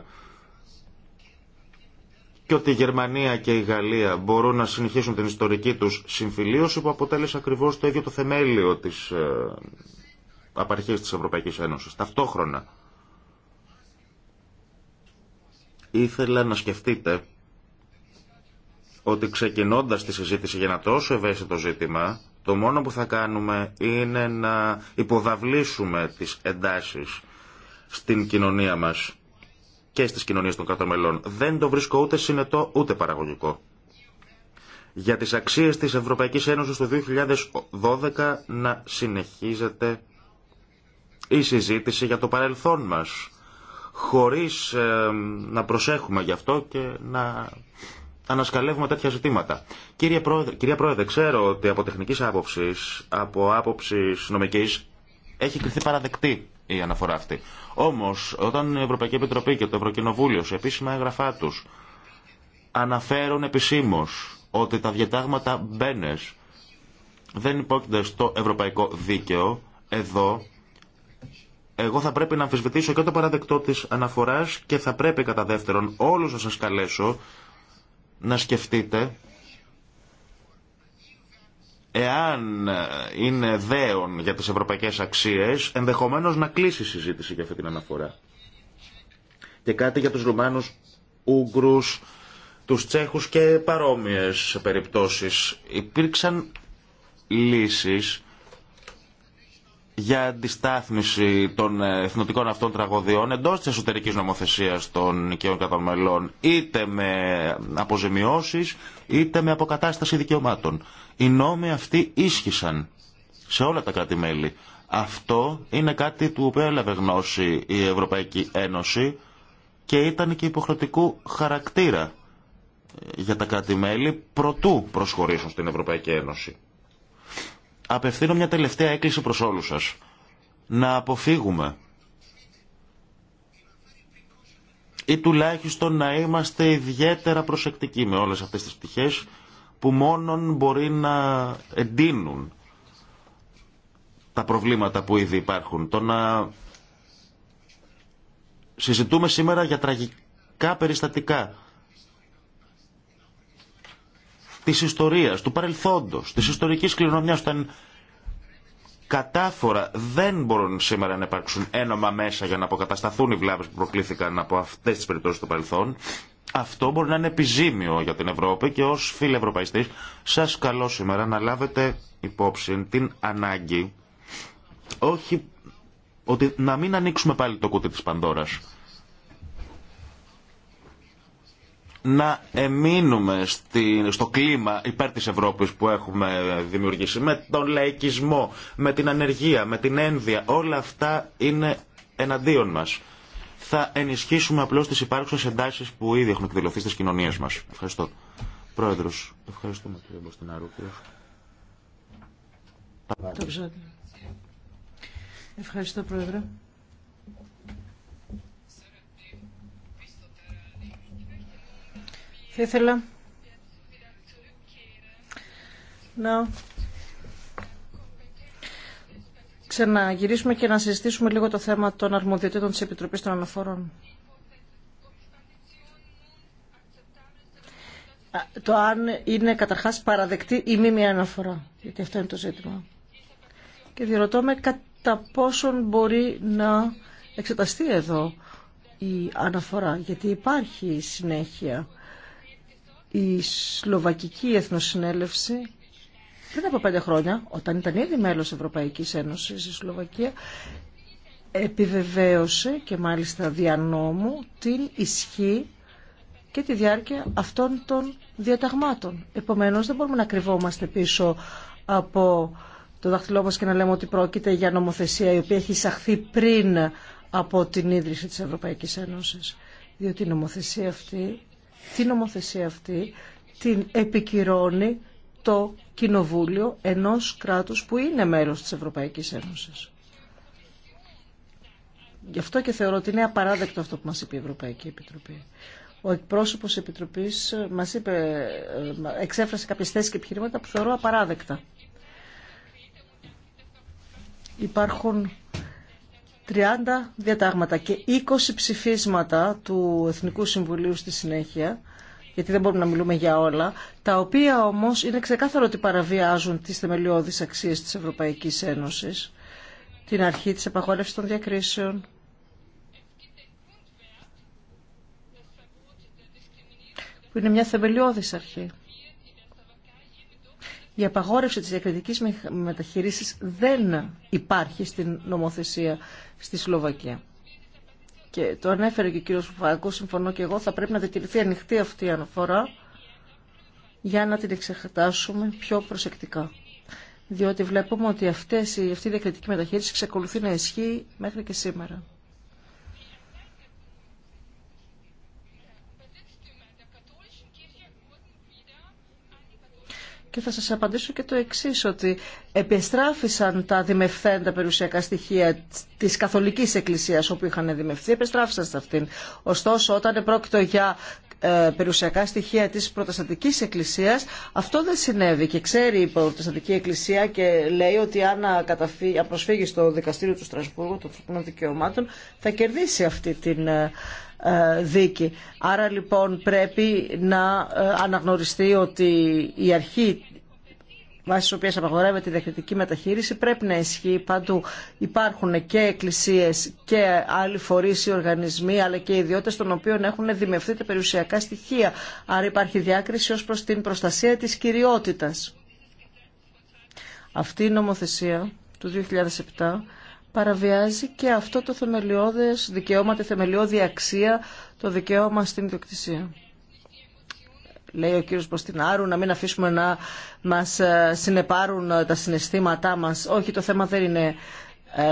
και ότι η Γερμανία και η Γαλλία μπορούν να συνεχίσουν την ιστορική τους συμφιλίωση που αποτέλεσε ακριβώς το ίδιο το θεμέλιο της ε, απαρχής της Ευρωπαϊκής Ένωσης. Ταυτόχρονα ήθελα να σκεφτείτε ότι ξεκινώντας τη συζήτηση για ένα τόσο ευαίσθητο ζήτημα το μόνο που θα κάνουμε είναι να υποδαβλίσουμε τις εντάσεις στην κοινωνία μας και στις κοινωνίες των κράτων Δεν το βρίσκω ούτε συνετό ούτε παραγωγικό. Για τις αξίες της Ευρωπαϊκής Ένωσης το 2012 να συνεχίζεται η συζήτηση για το παρελθόν μας χωρίς ε, να προσέχουμε γι' αυτό και να ανασκαλεύουμε τέτοια ζητήματα. Κύριε Πρόεδρε, κυρία Πρόεδρε, ξέρω ότι από τεχνική άποψη από άποψη νομική έχει κρυθεί παραδεκτή η αναφορά αυτή. Όμω, όταν η Ευρωπαϊκή Επιτροπή και το Ευρωκοινοβούλιο σε επίσημα έγγραφά του αναφέρουν επισήμω ότι τα διατάγματα μπαίνε δεν υπόκεινται στο ευρωπαϊκό δίκαιο, εδώ εγώ θα πρέπει να αμφισβητήσω και το παραδεκτό της αναφοράς και θα πρέπει κατά δεύτερον όλους να σας καλέσω να σκεφτείτε εάν είναι δέον για τις ευρωπαϊκές αξίες, ενδεχομένως να κλείσει η συζήτηση για αυτή την αναφορά. Και κάτι για τους Ρουμάνους, Ούγκρους, τους Τσέχους και παρόμοιες περιπτώσεις. Υπήρξαν λύσεις για αντιστάθμιση των ε, εθνοτικών αυτών τραγωδιών εντός της εσωτερικής νομοθεσίας των νοικαίων καταμελών είτε με αποζημιώσεις είτε με αποκατάσταση δικαιωμάτων. Οι νόμοι αυτοί ίσχυσαν σε όλα τα κράτη-μέλη. Αυτό είναι κάτι του οποίου έλαβε γνώση η Ευρωπαϊκή Ένωση και ήταν και υποχρεωτικού χαρακτήρα για τα κράτη-μέλη προτού προσχωρήσουν στην Ευρωπαϊκή Ένωση. Απευθύνω μια τελευταία έκκληση προς όλους σας. Να αποφύγουμε ή τουλάχιστον να είμαστε ιδιαίτερα προσεκτικοί με όλες αυτές τις πτυχές που μόνον μπορεί να εντείνουν τα προβλήματα που ήδη υπάρχουν. Το να συζητούμε σήμερα για τραγικά περιστατικά της ιστορίας, του παρελθόντος, της ιστορικής κληρονομιάς, όταν κατάφορα δεν μπορούν σήμερα να υπάρξουν ένομα μέσα για να αποκατασταθούν οι βλάβες που προκλήθηκαν από αυτές τις περιπτώσεις του παρελθόν, αυτό μπορεί να είναι επιζήμιο για την Ευρώπη και ως φίλοι ευρωπαϊστής σας καλώ σήμερα να λάβετε υπόψη την ανάγκη όχι ότι να μην ανοίξουμε πάλι το κούτι της Πανδώρας να εμείνουμε στο κλίμα υπέρ της Ευρώπης που έχουμε δημιουργήσει με τον λαϊκισμό, με την ανεργία, με την ένδια. Όλα αυτά είναι εναντίον μας. Θα ενισχύσουμε απλώς τις υπάρχουσες εντάσεις που ήδη έχουν εκδηλωθεί στις κοινωνίες μας. Ευχαριστώ. Πρόεδρος, ευχαριστούμε κύριε Μποστινάρου. Ευχαριστώ πρόεδρε. Θα ήθελα να ξαναγυρίσουμε και να συζητήσουμε λίγο το θέμα των αρμοδιοτήτων της Επιτροπής των Αναφορών. Το αν είναι καταρχάς παραδεκτή ή μη μια αναφορά, γιατί αυτό είναι το ζήτημα. Και διερωτώ με κατά πόσον μπορεί να εξεταστεί εδώ η αναφορά, γιατί υπάρχει συνέχεια η Σλοβακική Εθνοσυνέλευση πριν από πέντε χρόνια, όταν ήταν ήδη μέλος Ευρωπαϊκής Ένωσης η Σλοβακία, επιβεβαίωσε και μάλιστα δια νόμου την ισχύ και τη διάρκεια αυτών των διαταγμάτων. Επομένως δεν μπορούμε να κρυβόμαστε πίσω από το δάχτυλό μας και να λέμε ότι πρόκειται για νομοθεσία η οποία έχει εισαχθεί πριν από την ίδρυση της Ευρωπαϊκής Ένωσης. Διότι η νομοθεσία αυτή την νομοθεσία αυτή την επικυρώνει το κοινοβούλιο ενός κράτους που είναι μέλος της Ευρωπαϊκής Ένωσης. Γι' αυτό και θεωρώ ότι είναι απαράδεκτο αυτό που μας είπε η Ευρωπαϊκή Επιτροπή. Ο εκπρόσωπο τη Επιτροπή ε, μα είπε, ε, εξέφρασε κάποιε θέσει και επιχειρήματα που θεωρώ απαράδεκτα. Υπάρχουν 30 διατάγματα και 20 ψηφίσματα του Εθνικού Συμβουλίου στη συνέχεια, γιατί δεν μπορούμε να μιλούμε για όλα, τα οποία όμως είναι ξεκάθαρο ότι παραβιάζουν τις θεμελιώδεις αξίες της Ευρωπαϊκής Ένωσης, την αρχή της απαγόρευσης των διακρίσεων, που είναι μια θεμελιώδης αρχή. Η απαγόρευση της διακριτικής μεταχείρισης δεν υπάρχει στην νομοθεσία στη Σλοβακία. Και το ανέφερε και ο κύριος Φουφάκο, συμφωνώ και εγώ, θα πρέπει να διατηρηθεί ανοιχτή αυτή η αναφορά για να την εξετάσουμε πιο προσεκτικά. Διότι βλέπουμε ότι αυτές, αυτή η διακριτική μεταχείριση εξακολουθεί να ισχύει μέχρι και σήμερα. Και θα σας απαντήσω και το εξής, ότι επιστράφησαν τα δημευθέντα περιουσιακά στοιχεία της Καθολικής Εκκλησίας όπου είχαν δημευθεί, επιστράφησαν σε αυτήν. Ωστόσο, όταν πρόκειται για ε, περιουσιακά στοιχεία της πρωταστατικής Εκκλησίας αυτό δεν συνέβη και ξέρει η πρωταστατική Εκκλησία και λέει ότι αν προσφύγει στο δικαστήριο του Στρασβούργου των ανθρωπίνων δικαιωμάτων θα κερδίσει αυτή την ε, ε, δίκη. Άρα λοιπόν πρέπει να ε, αναγνωριστεί ότι η αρχή βάσει τη οποία απαγορεύεται η διακριτική μεταχείριση πρέπει να ισχύει παντού. Υπάρχουν και εκκλησίε και άλλοι φορεί ή οργανισμοί, αλλά και ιδιώτε των οποίων έχουν δημιουργηθεί τα περιουσιακά στοιχεία. Άρα υπάρχει διάκριση ω προ την προστασία τη κυριότητα. Αυτή η νομοθεσία του 2007 παραβιάζει και αυτό το θεμελιώδες δικαιώμα, τη θεμελιώδη αξία, το δικαίωμα στην ιδιοκτησία. Λέει ο κύριος Ποστινάρου να μην αφήσουμε να μας ε, συνεπάρουν ε, τα συναισθήματά μας. Όχι, το θέμα δεν είναι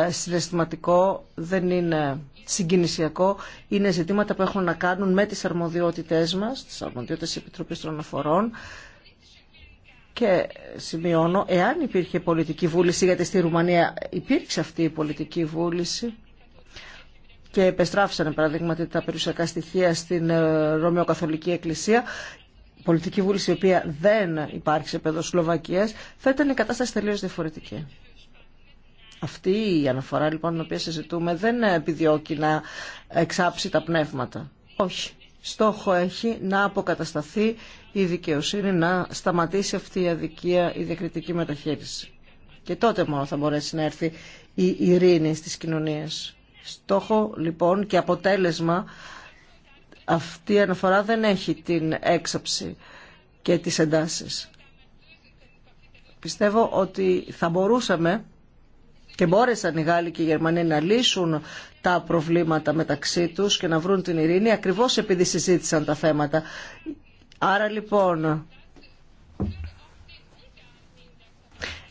ε, συναισθηματικό, δεν είναι συγκινησιακό. Είναι ζητήματα που έχουν να κάνουν με τις αρμοδιότητές μας, τις αρμοδιότητες της Επιτροπής των Αναφορών, και σημειώνω, εάν υπήρχε πολιτική βούληση, γιατί στη Ρουμανία υπήρξε αυτή η πολιτική βούληση και επεστράφησαν παραδείγματι τα περιουσιακά στοιχεία στην ε, Ρωμαιοκαθολική Εκκλησία, πολιτική βούληση η οποία δεν υπάρχει σε πέδο Σλοβακία, θα ήταν η κατάσταση τελείω διαφορετική. Αυτή η αναφορά λοιπόν την οποία συζητούμε δεν επιδιώκει να εξάψει τα πνεύματα. Όχι. Στόχο έχει να αποκατασταθεί η δικαιοσύνη να σταματήσει αυτή η αδικία, η διακριτική μεταχείριση. Και τότε μόνο θα μπορέσει να έρθει η ειρήνη στις κοινωνίες. Στόχο λοιπόν και αποτέλεσμα αυτή η αναφορά δεν έχει την έξαψη και τις εντάσεις. Πιστεύω ότι θα μπορούσαμε και μπόρεσαν οι Γάλλοι και οι Γερμανοί να λύσουν τα προβλήματα μεταξύ τους και να βρουν την ειρήνη ακριβώς επειδή συζήτησαν τα θέματα. Άρα λοιπόν,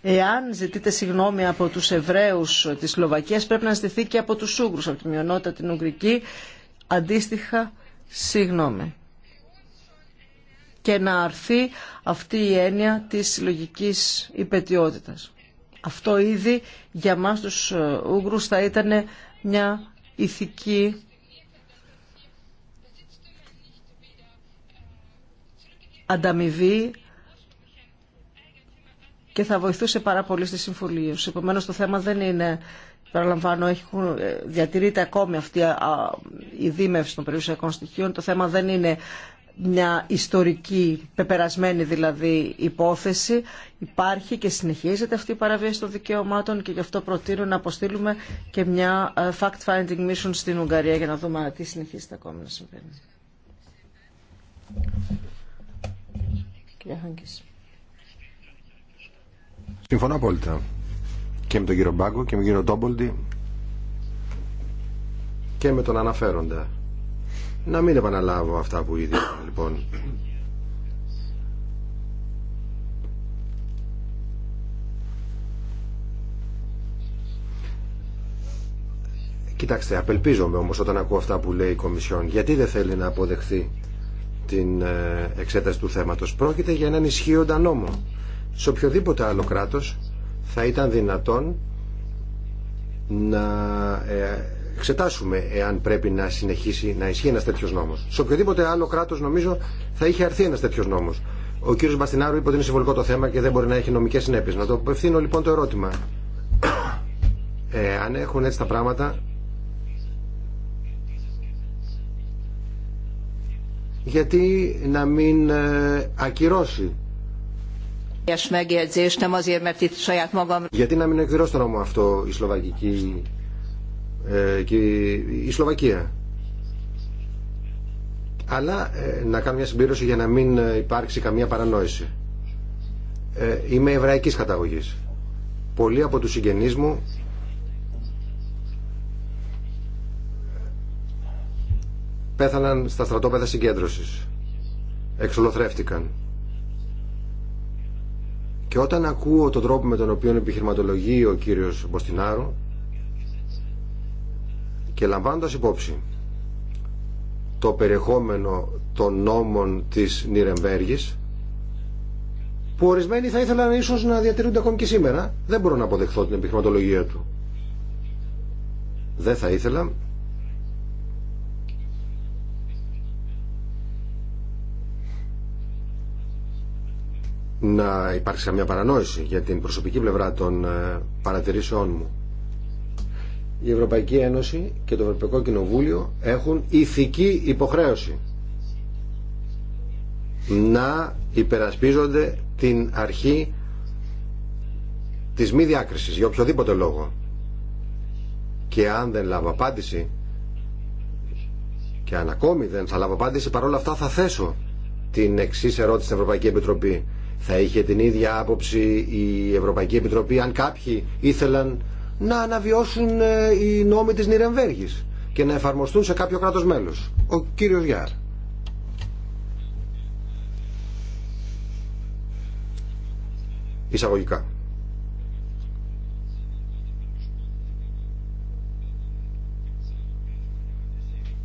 Εάν ζητείτε συγγνώμη από τους Εβραίους της Σλοβακίας πρέπει να ζητηθεί και από τους Ούγγρους, από τη μειονότητα την Ουγγρική, αντίστοιχα συγγνώμη. Και να αρθεί αυτή η έννοια της συλλογική υπετιότητας. Αυτό ήδη για μας τους ε, Ούγγρους θα ήταν μια ηθική ανταμοιβή και θα βοηθούσε πάρα πολύ στη συμφωνία. Επομένω, το θέμα δεν είναι, παραλαμβάνω, έχουν, ε, διατηρείται ακόμη αυτή η δίμευση των περιουσιακών στοιχείων. Το θέμα δεν είναι μια ιστορική, πεπερασμένη δηλαδή υπόθεση. Υπάρχει και συνεχίζεται αυτή η παραβίαση των δικαιωμάτων και γι' αυτό προτείνω να αποστείλουμε και μια ε, fact-finding mission στην Ουγγαρία για να δούμε τι συνεχίζεται ακόμη να συμβαίνει. Συμφωνώ απόλυτα και με τον κύριο Μπάγκο και με τον κύριο Τόμπολντι και με τον αναφέροντα. Να μην επαναλάβω αυτά που ήδη λοιπόν. Κοιτάξτε, απελπίζομαι όμως όταν ακούω αυτά που λέει η Κομισιόν. Γιατί δεν θέλει να αποδεχθεί την ε, εξέταση του θέματος. Πρόκειται για έναν ισχύοντα νόμο. Σε οποιοδήποτε άλλο κράτος θα ήταν δυνατόν να ε, εξετάσουμε εάν πρέπει να συνεχίσει να ισχύει ένας τέτοιος νόμος. Σε οποιοδήποτε άλλο κράτος νομίζω θα είχε αρθεί ένας τέτοιος νόμος. Ο κύριος Μπαστινάρου είπε ότι είναι συμβολικό το θέμα και δεν μπορεί να έχει νομικές συνέπειες. Να το απευθύνω λοιπόν το ερώτημα. Ε, αν έχουν έτσι τα πράγματα γιατί να μην ε, ακυρώσει. Γιατί να μην εκδηλώσει το νόμο αυτό η Σλοβακική ε, και η Σλοβακία. Αλλά ε, να κάνω μια συμπλήρωση για να μην υπάρξει καμία παρανόηση. είμαι εβραϊκής καταγωγής. Πολλοί από τους συγγενείς μου πέθαναν στα στρατόπεδα συγκέντρωσης. Εξολοθρεύτηκαν. Και όταν ακούω τον τρόπο με τον οποίο επιχειρηματολογεί ο κύριος Μποστινάρο και λαμβάνοντας υπόψη το περιεχόμενο των νόμων της Νιρεμβέργης που ορισμένοι θα ήθελαν ίσως να διατηρούνται ακόμη και σήμερα δεν μπορώ να αποδεχθώ την επιχειρηματολογία του δεν θα ήθελα να υπάρξει καμία παρανόηση για την προσωπική πλευρά των ε, παρατηρήσεών μου. Η Ευρωπαϊκή Ένωση και το Ευρωπαϊκό Κοινοβούλιο έχουν ηθική υποχρέωση να υπερασπίζονται την αρχή της μη διάκρισης για οποιοδήποτε λόγο και αν δεν λάβω απάντηση και αν ακόμη δεν θα λάβω απάντηση παρόλα αυτά θα θέσω την εξή ερώτηση στην Ευρωπαϊκή Επιτροπή θα είχε την ίδια άποψη η Ευρωπαϊκή Επιτροπή αν κάποιοι ήθελαν να αναβιώσουν ε, οι νόμοι της Νιρεμβέργης και να εφαρμοστούν σε κάποιο κράτος μέλος. Ο κύριος Γιάρ. Εισαγωγικά.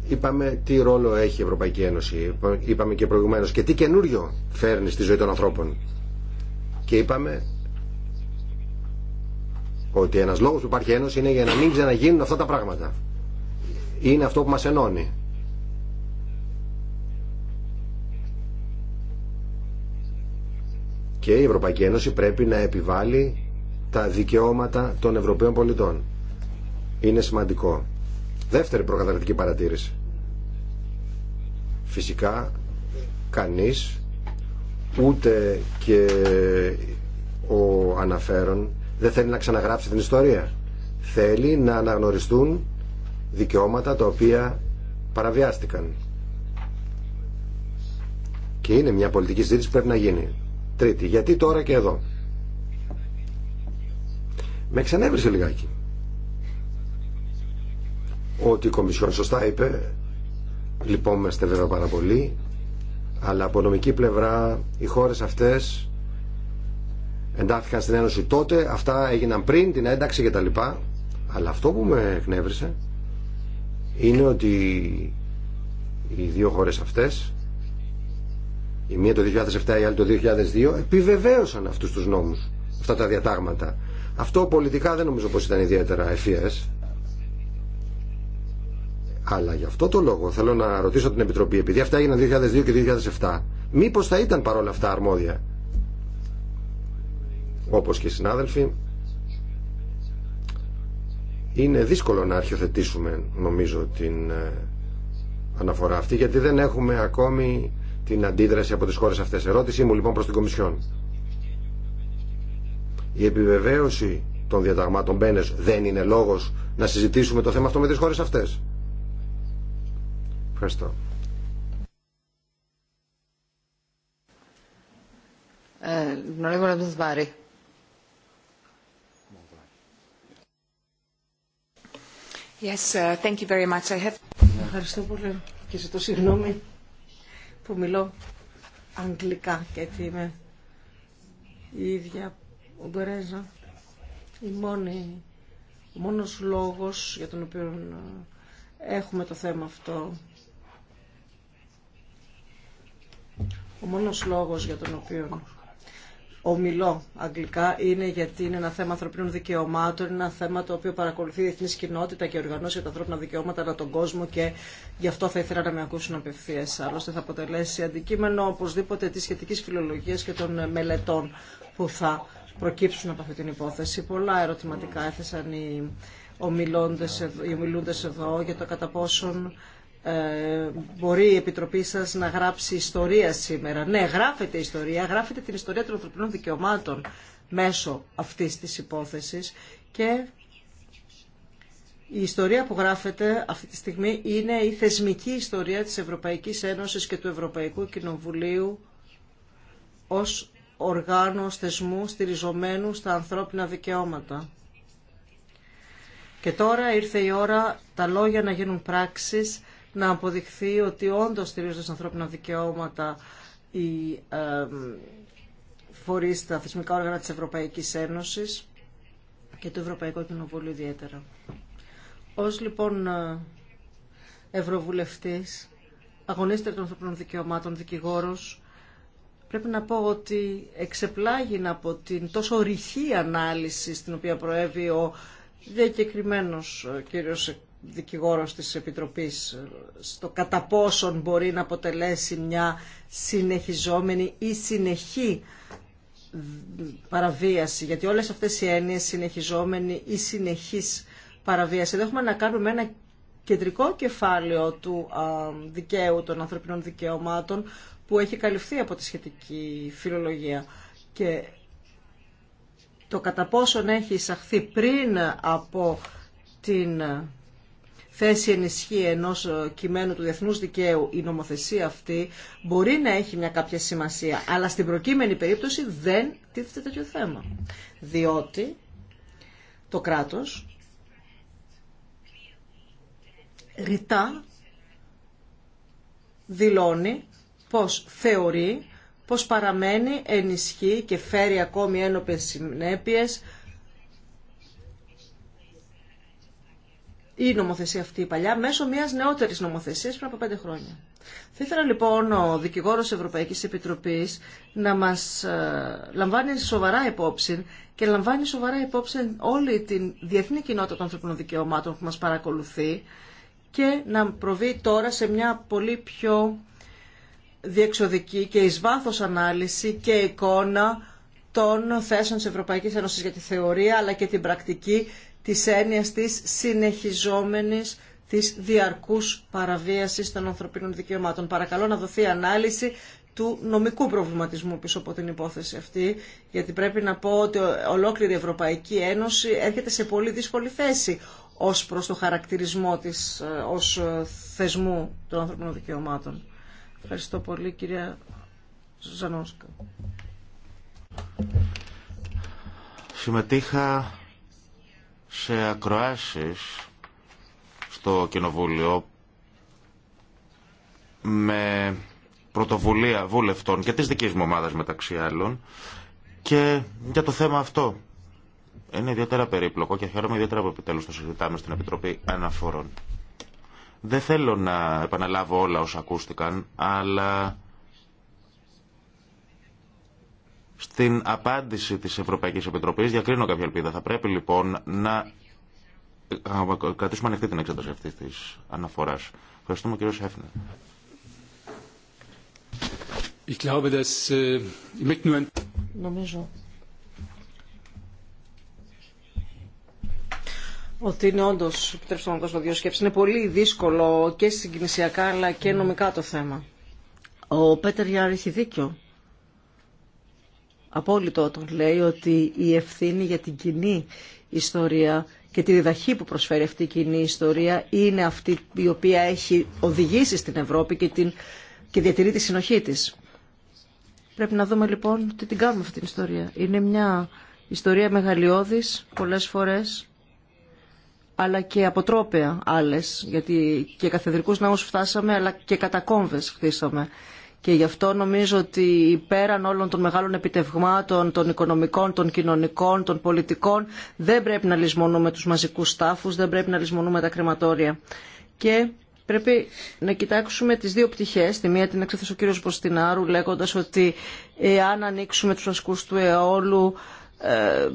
είπαμε τι ρόλο έχει η Ευρωπαϊκή Ένωση, είπαμε και προηγουμένως, και τι καινούριο φέρνει στη ζωή των ανθρώπων. Και είπαμε ότι ένας λόγος που υπάρχει ένωση είναι για να μην ξαναγίνουν αυτά τα πράγματα. Είναι αυτό που μας ενώνει. Και η Ευρωπαϊκή Ένωση πρέπει να επιβάλλει τα δικαιώματα των Ευρωπαίων πολιτών. Είναι σημαντικό. Δεύτερη προκαταρκτική παρατήρηση. Φυσικά κανείς ούτε και ο αναφέρον δεν θέλει να ξαναγράψει την ιστορία. Θέλει να αναγνωριστούν δικαιώματα τα οποία παραβιάστηκαν. Και είναι μια πολιτική συζήτηση που πρέπει να γίνει. Τρίτη, γιατί τώρα και εδώ. Με ξανέβρισε λιγάκι ότι η Κομισιόν σωστά είπε, λυπόμαστε βέβαια πάρα πολύ, αλλά από νομική πλευρά οι χώρες αυτές εντάχθηκαν στην Ένωση τότε, αυτά έγιναν πριν την ένταξη και τα λοιπά Αλλά αυτό που με εκνεύρισε είναι ότι οι δύο χώρες αυτές, η μία το 2007, η άλλη το 2002, επιβεβαίωσαν αυτούς τους νόμους, αυτά τα διατάγματα. Αυτό πολιτικά δεν νομίζω πως ήταν ιδιαίτερα ευφυές. Αλλά γι' αυτό το λόγο θέλω να ρωτήσω την Επιτροπή, επειδή αυτά έγιναν 2002 και 2007, μήπω θα ήταν παρόλα αυτά αρμόδια. Όπω και οι συνάδελφοι, είναι δύσκολο να αρχιοθετήσουμε, νομίζω, την ε, αναφορά αυτή, γιατί δεν έχουμε ακόμη την αντίδραση από τις χώρες αυτές. Ερώτησή μου λοιπόν προς την Κομισιόν. Η επιβεβαίωση των διαταγμάτων Μπένες δεν είναι λόγος να συζητήσουμε το θέμα αυτό με τις χώρες αυτές. Ευχαριστώ. Ε, yes, uh, thank you very much. I have... Ευχαριστώ πολύ και το συγγνώμη που μιλώ αγγλικά και είμαι η ίδια Ουγγαρέζα. ο μόνος λόγος για τον οποίο ε, έχουμε το θέμα αυτό Ο μόνος λόγος για τον οποίο ομιλώ αγγλικά είναι γιατί είναι ένα θέμα ανθρωπίνων δικαιωμάτων, είναι ένα θέμα το οποίο παρακολουθεί η διεθνή κοινότητα και οργανώσει τα ανθρώπινα δικαιώματα ανά τον κόσμο και γι' αυτό θα ήθελα να με ακούσουν απευθεία. Άλλωστε θα αποτελέσει αντικείμενο οπωσδήποτε τη σχετική φιλολογία και των μελετών που θα προκύψουν από αυτή την υπόθεση. Πολλά ερωτηματικά έθεσαν οι ομιλούντες, οι εδώ για το κατά πόσον ε, μπορεί η Επιτροπή σας να γράψει ιστορία σήμερα. Ναι, γράφετε ιστορία, γράφετε την ιστορία των ανθρωπινών δικαιωμάτων μέσω αυτής της υπόθεσης και η ιστορία που γράφεται αυτή τη στιγμή είναι η θεσμική ιστορία της Ευρωπαϊκής Ένωσης και του Ευρωπαϊκού Κοινοβουλίου ως οργάνο θεσμού στηριζομένου στα ανθρώπινα δικαιώματα. Και τώρα ήρθε η ώρα τα λόγια να γίνουν πράξεις να αποδειχθεί ότι όντως στηρίζονται στα ανθρώπινα δικαιώματα οι φορείς, τα θεσμικά όργανα της Ευρωπαϊκής Ένωσης και του Ευρωπαϊκό Κοινοβούλιο ιδιαίτερα. Ως λοιπόν Ευρωβουλευτής, αγωνίστρια των ανθρωπινών δικαιωμάτων, δικηγόρος, πρέπει να πω ότι εξεπλάγει από την τόσο ρηχή ανάλυση στην οποία προέβη ο διακεκριμένος ε, κύριος δικηγόρος της Επιτροπής στο κατά πόσον μπορεί να αποτελέσει μια συνεχιζόμενη ή συνεχή παραβίαση, γιατί όλες αυτές οι έννοιες συνεχιζόμενη ή συνεχής παραβίαση. Εδώ έχουμε να κάνουμε ένα κεντρικό κεφάλαιο του δικαίου των ανθρωπινών δικαιωμάτων που έχει καλυφθεί από τη σχετική φιλολογία. Και το κατά πόσον έχει εισαχθεί πριν από την θέση ενισχύ ενός ε, κειμένου του διεθνούς δικαίου η νομοθεσία αυτή μπορεί να έχει μια κάποια σημασία, αλλά στην προκείμενη περίπτωση δεν τίθεται τέτοιο θέμα. Διότι το κράτος ρητά δηλώνει πως θεωρεί πως παραμένει ενισχύει και φέρει ακόμη ένοπες συνέπειες η νομοθεσία αυτή η παλιά μέσω μιας νεότερης νομοθεσίας πριν από πέντε χρόνια. Θα ήθελα λοιπόν ο δικηγόρος Ευρωπαϊκής Επιτροπής να μας ε, λαμβάνει σοβαρά υπόψη και λαμβάνει σοβαρά υπόψη όλη την διεθνή κοινότητα των ανθρωπινών δικαιωμάτων που μας παρακολουθεί και να προβεί τώρα σε μια πολύ πιο διεξοδική και εις βάθος ανάλυση και εικόνα των θέσεων της Ευρωπαϊκής Ένωσης για τη θεωρία αλλά και την πρακτική της έννοιας της συνεχιζόμενης της διαρκούς παραβίασης των ανθρωπίνων δικαιωμάτων. Παρακαλώ να δοθεί ανάλυση του νομικού προβληματισμού πίσω από την υπόθεση αυτή, γιατί πρέπει να πω ότι ολόκληρη η Ευρωπαϊκή Ένωση έρχεται σε πολύ δύσκολη θέση ως προς το χαρακτηρισμό της ε, ως ε, θεσμού των ανθρωπίνων δικαιωμάτων. Ευχαριστώ πολύ κυρία Ζανόσκα σε ακροάσεις στο Κοινοβούλιο με πρωτοβουλία βουλευτών και της δικής μου ομάδας μεταξύ άλλων και για το θέμα αυτό. Είναι ιδιαίτερα περίπλοκο και χαίρομαι ιδιαίτερα που επιτέλους το συζητάμε στην Επιτροπή Αναφορών. Δεν θέλω να επαναλάβω όλα όσα ακούστηκαν, αλλά Στην απάντηση της Ευρωπαϊκής Επιτροπής διακρίνω κάποια ελπίδα. Θα πρέπει λοιπόν να κρατήσουμε ανοιχτή την εξέταση αυτή τη αναφορά. Ευχαριστούμε, κύριο Σέφνερ. Äh, Νομίζω ότι είναι όντω, επιτρέψτε να δώσω δύο σκέψει, είναι πολύ δύσκολο και συγκινησιακά αλλά και νομικά το θέμα. Ο Πέτερ Γιάρ έχει δίκιο απόλυτο όταν λέει ότι η ευθύνη για την κοινή ιστορία και τη διδαχή που προσφέρει αυτή η κοινή ιστορία είναι αυτή η οποία έχει οδηγήσει στην Ευρώπη και, την, και διατηρεί τη συνοχή της. Πρέπει να δούμε λοιπόν τι την κάνουμε αυτή την ιστορία. Είναι μια ιστορία μεγαλειώδης πολλές φορές αλλά και αποτρόπαια άλλες γιατί και καθεδρικούς ναούς φτάσαμε αλλά και κατακόμβες χτίσαμε. Και γι' αυτό νομίζω ότι πέραν όλων των μεγάλων επιτευγμάτων, των οικονομικών, των κοινωνικών, των πολιτικών, δεν πρέπει να λησμονούμε τους μαζικούς στάφους, δεν πρέπει να λησμονούμε τα κρεματόρια. Και πρέπει να κοιτάξουμε τις δύο πτυχές. Τη μία την εξέθεσε ο κύριος Μποστινάρου λέγοντας ότι αν ανοίξουμε τους ασκούς του αιώλου, ε,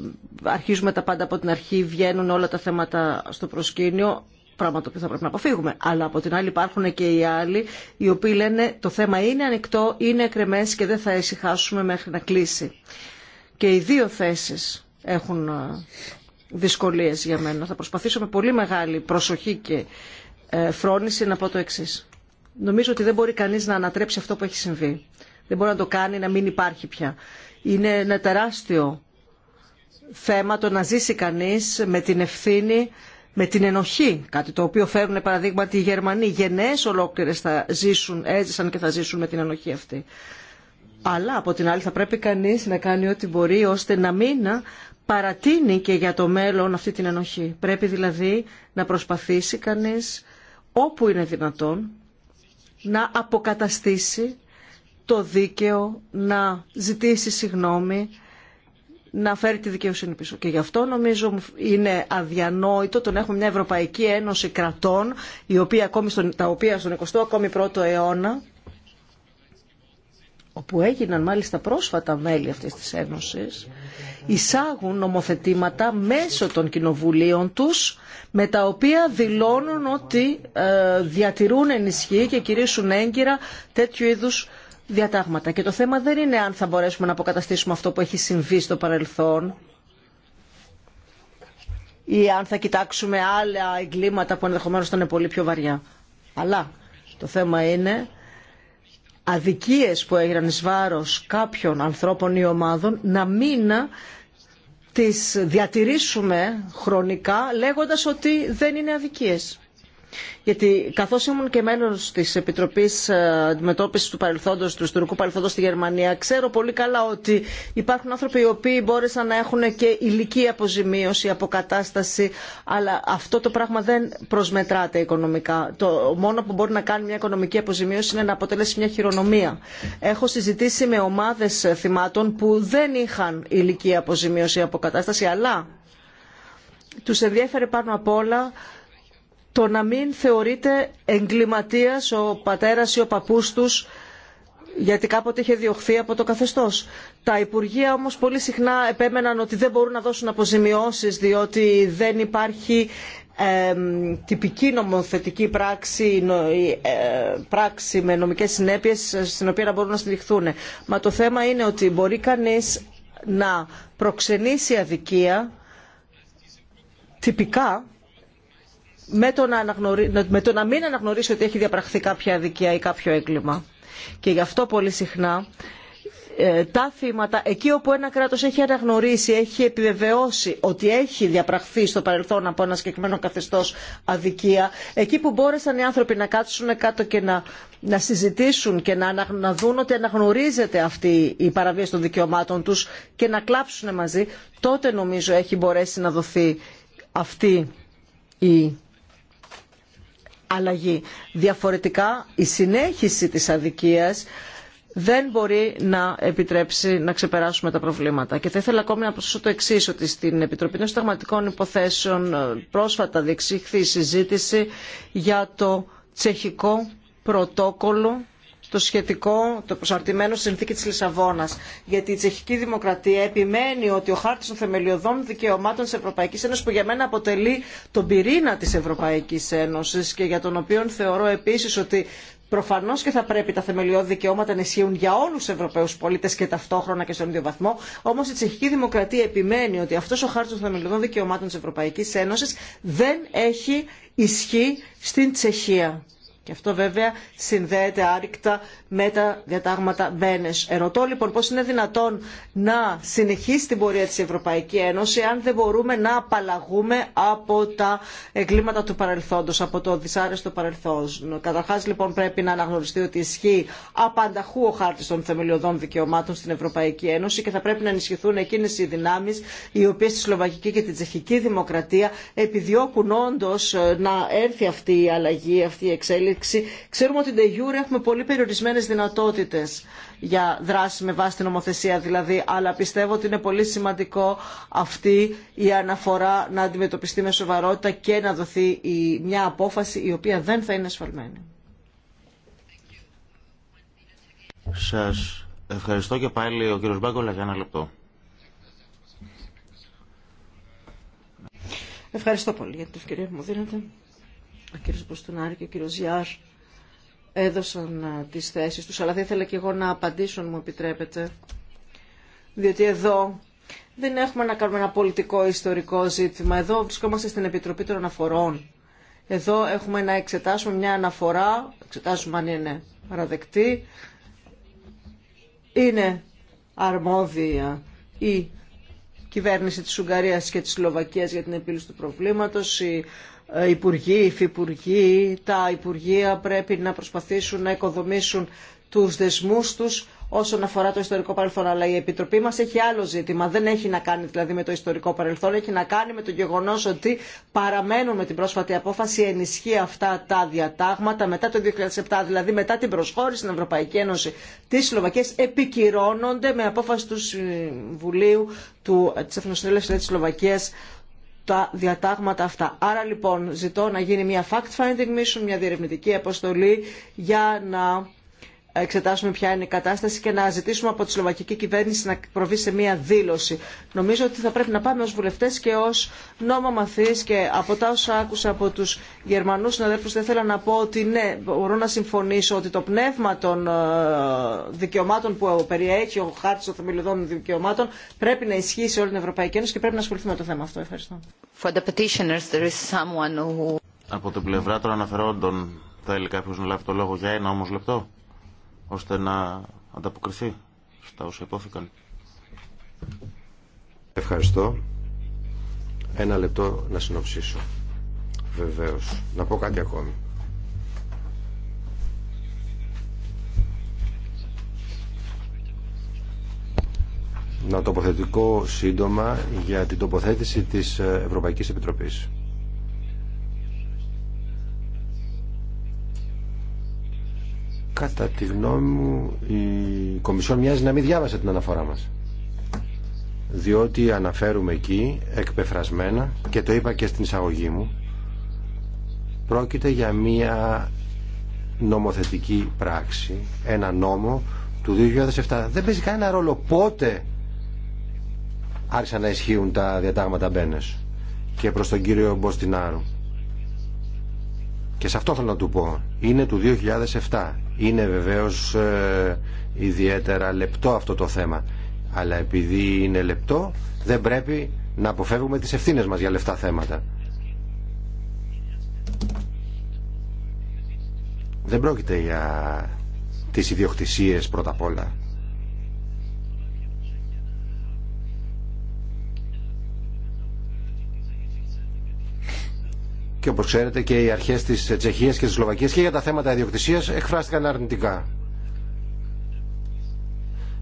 αρχίζουμε τα πάντα από την αρχή, βγαίνουν όλα τα θέματα στο προσκήνιο πράγμα το οποίο θα πρέπει να αποφύγουμε. Αλλά από την άλλη υπάρχουν και οι άλλοι οι οποίοι λένε το θέμα είναι ανοιχτό, είναι εκρεμέ και δεν θα ησυχάσουμε μέχρι να κλείσει. Και οι δύο θέσεις έχουν ε, δυσκολίες για μένα. Θα προσπαθήσω με πολύ μεγάλη προσοχή και ε, φρόνηση να πω το εξή. Νομίζω ότι δεν μπορεί κανείς να ανατρέψει αυτό που έχει συμβεί. Δεν μπορεί να το κάνει να μην υπάρχει πια. Είναι ένα τεράστιο θέμα το να ζήσει κανείς με την ευθύνη με την ενοχή, κάτι το οποίο φέρουν παραδείγματι οι Γερμανοί, γενναίες ολόκληρες θα ζήσουν, έζησαν και θα ζήσουν με την ενοχή αυτή. Αλλά από την άλλη θα πρέπει κανείς να κάνει ό,τι μπορεί ώστε να μην παρατείνει και για το μέλλον αυτή την ενοχή. Πρέπει δηλαδή να προσπαθήσει κανείς όπου είναι δυνατόν να αποκαταστήσει το δίκαιο, να ζητήσει συγγνώμη, να φέρει τη δικαιοσύνη πίσω. Και γι' αυτό νομίζω είναι αδιανόητο το να έχουμε μια Ευρωπαϊκή Ένωση κρατών, η οποία ακόμη στον, τα οποία στον 20ο πρώτο αιώνα, όπου έγιναν μάλιστα πρόσφατα μέλη αυτής της Ένωσης, εισάγουν νομοθετήματα μέσω των κοινοβουλίων τους, με τα οποία δηλώνουν ότι ε, διατηρούν ενισχύ και κηρύσουν έγκυρα τέτοιου είδους διατάγματα. Και το θέμα δεν είναι αν θα μπορέσουμε να αποκαταστήσουμε αυτό που έχει συμβεί στο παρελθόν ή αν θα κοιτάξουμε άλλα εγκλήματα που ενδεχομένω ήταν πολύ πιο βαριά. Αλλά το θέμα είναι αδικίες που έγιναν εις βάρος κάποιων ανθρώπων ή ομάδων να μην τις διατηρήσουμε χρονικά λέγοντας ότι δεν είναι αδικίες. Γιατί καθώ ήμουν και μέλο τη Επιτροπή ε, Αντιμετώπιση του Παρελθόντο, του Ιστορικού Παρελθόντο στη Γερμανία, ξέρω πολύ καλά ότι υπάρχουν άνθρωποι οι οποίοι μπόρεσαν να έχουν και ηλική αποζημίωση, αποκατάσταση, αλλά αυτό το πράγμα δεν προσμετράται οικονομικά. Το μόνο που μπορεί να κάνει μια οικονομική αποζημίωση είναι να αποτελέσει μια χειρονομία. Έχω συζητήσει με ομάδε θυμάτων που δεν είχαν ηλική αποζημίωση, αποκατάσταση, αλλά του ενδιέφερε πάνω απ' όλα το να μην θεωρείται εγκληματίας ο πατέρας ή ο παππούς τους γιατί κάποτε είχε διωχθεί από το καθεστώς. Τα Υπουργεία όμως πολύ συχνά επέμεναν ότι δεν μπορούν να δώσουν αποζημιώσεις διότι δεν υπάρχει τυπική νομοθετική πράξη, ε, πράξη με νομικές συνέπειες στην οποία να μπορούν να στηριχθούν. Μα το θέμα είναι ότι μπορεί κανείς να προξενήσει αδικία τυπικά με το, να μην αναγνωρίσει ότι έχει διαπραχθεί κάποια αδικία ή κάποιο έγκλημα. Και γι' αυτό πολύ συχνά ε, τα θύματα εκεί όπου ένα κράτος έχει αναγνωρίσει έχει επιβεβαιώσει ότι έχει διαπραχθεί στο παρελθόν από ένα συγκεκριμένο καθεστώς αδικία εκεί που μπόρεσαν οι άνθρωποι να κάτσουν κάτω και να, να συζητήσουν και να, να δουν ότι αναγνωρίζεται αυτή η παραβίαση των δικαιωμάτων τους και να κλάψουν μαζί τότε νομίζω έχει μπορέσει να δοθεί αυτή η αλλαγή. Διαφορετικά η συνέχιση της αδικίας δεν μπορεί να επιτρέψει να ξεπεράσουμε τα προβλήματα. Και θα ήθελα ακόμη να προσθέσω το εξή, ότι στην Επιτροπή των Συνταγματικών Υποθέσεων ε, πρόσφατα διεξήχθη η συζήτηση για το τσεχικό πρωτόκολλο το σχετικό, το προσαρτημένο στη συνθήκη τη Λισαβόνα. Γιατί η τσεχική δημοκρατία επιμένει ότι ο χάρτη των θεμελιωδών δικαιωμάτων τη Ευρωπαϊκή Ένωση, που για μένα αποτελεί τον πυρήνα τη Ευρωπαϊκή Ένωση και για τον οποίο θεωρώ επίση ότι Προφανώ και θα πρέπει τα θεμελιώδη δικαιώματα να ισχύουν για όλου του Ευρωπαίου πολίτε και ταυτόχρονα και στον ίδιο βαθμό. Όμω η τσεχική δημοκρατία επιμένει ότι αυτό ο χάρτη των θεμελιωδών δικαιωμάτων τη Ευρωπαϊκή Ένωση δεν έχει ισχύ στην Τσεχία. Και αυτό βέβαια συνδέεται άρρηκτα με τα διατάγματα Μπένες. Ερωτώ λοιπόν πώς είναι δυνατόν να συνεχίσει την πορεία της Ευρωπαϊκή Ένωση αν δεν μπορούμε να απαλλαγούμε από τα εγκλήματα του παρελθόντος, από το δυσάρεστο παρελθόν. Καταρχάς λοιπόν πρέπει να αναγνωριστεί ότι ισχύει απανταχού ο χάρτης των θεμελιωδών δικαιωμάτων στην Ευρωπαϊκή Ένωση και θα πρέπει να ενισχυθούν εκείνες οι δυνάμεις οι οποίες στη Σλοβακική και την Τσεχική Δημοκρατία επιδιώκουν όντω να έρθει αυτή η αλλαγή, αυτή η εξέλιξη Ξέρουμε ότι de jure έχουμε πολύ περιορισμένες δυνατότητες για δράση με βάση την νομοθεσία δηλαδή, αλλά πιστεύω ότι είναι πολύ σημαντικό αυτή η αναφορά να αντιμετωπιστεί με σοβαρότητα και να δοθεί μια απόφαση η οποία δεν θα είναι ασφαλμένη. Σας ευχαριστώ και πάλι ο κύριος Μπάγκολα για ένα λεπτό. Ευχαριστώ πολύ για την ευκαιρία που μου δίνετε ο κ. Μποστουνάρη και ο κ. Ζιάρ έδωσαν ε, τις θέσεις τους, αλλά θα ήθελα και εγώ να απαντήσω, αν μου επιτρέπετε, διότι εδώ δεν έχουμε να κάνουμε ένα πολιτικό ιστορικό ζήτημα. Εδώ βρισκόμαστε στην Επιτροπή των Αναφορών. Εδώ έχουμε να εξετάσουμε μια αναφορά, εξετάζουμε αν είναι παραδεκτή, είναι αρμόδια η κυβέρνηση της Ουγγαρίας και της Σλοβακίας για την επίλυση του προβλήματος, η ε, υπουργοί, υφυπουργοί, τα υπουργεία πρέπει να προσπαθήσουν να οικοδομήσουν τους δεσμούς τους όσον αφορά το ιστορικό παρελθόν. Αλλά η Επιτροπή μας έχει άλλο ζήτημα. Δεν έχει να κάνει δηλαδή με το ιστορικό παρελθόν, έχει να κάνει με το γεγονός ότι παραμένουν με την πρόσφατη απόφαση Ενισχύ αυτά τα διατάγματα μετά το 2007, δηλαδή μετά την προσχώρηση στην Ευρωπαϊκή Ένωση της Σλοβακίας, επικυρώνονται με απόφαση του Συμβουλίου του, της τη δηλαδή, της τα διατάγματα αυτά. Άρα λοιπόν ζητώ να γίνει μια fact-finding mission, μια διερευνητική αποστολή για να εξετάσουμε ποια είναι η κατάσταση και να ζητήσουμε από τη Σλοβακική κυβέρνηση να προβεί σε μία δήλωση. Νομίζω ότι θα πρέπει να πάμε ως βουλευτές και ως νόμο μαθής και από τα όσα άκουσα από τους Γερμανούς συναδέλφους δεν θέλω να πω ότι ναι, μπορώ να συμφωνήσω ότι το πνεύμα των ε, δικαιωμάτων που περιέχει ο χάρτης των θεμελιωδών δικαιωμάτων πρέπει να ισχύει σε όλη την Ευρωπαϊκή Ένωση και πρέπει να ασχοληθούμε με το θέμα αυτό. Ευχαριστώ. Από την πλευρά των αναφερόντων θέλει κάποιο να λάβει το λόγο για ένα όμω λεπτό ώστε να ανταποκριθεί στα όσα υπόθηκαν. Ευχαριστώ. Ένα λεπτό να συνοψίσω. Βεβαίως. Να πω κάτι ακόμη. Να τοποθετικό σύντομα για την τοποθέτηση της Ευρωπαϊκής Επιτροπής. Κατά τη γνώμη μου η Κομισιόν μοιάζει να μην διάβασε την αναφορά μας. Διότι αναφέρουμε εκεί εκπεφρασμένα και το είπα και στην εισαγωγή μου πρόκειται για μία νομοθετική πράξη, ένα νόμο του 2007. Δεν παίζει κανένα ρόλο πότε άρχισαν να ισχύουν τα διατάγματα Μπένες και προς τον κύριο Μποστινάρου. Και σε αυτό θέλω να του πω. Είναι του 2007. Είναι βεβαίως ε, ιδιαίτερα λεπτό αυτό το θέμα. Αλλά επειδή είναι λεπτό δεν πρέπει να αποφεύγουμε τις ευθύνες μας για λεφτά θέματα. Δεν πρόκειται για τις ιδιοκτησίες πρώτα απ' όλα. και όπως ξέρετε και οι αρχές της Τσεχίας και της Σλοβακίας και για τα θέματα ιδιοκτησίας εκφράστηκαν αρνητικά.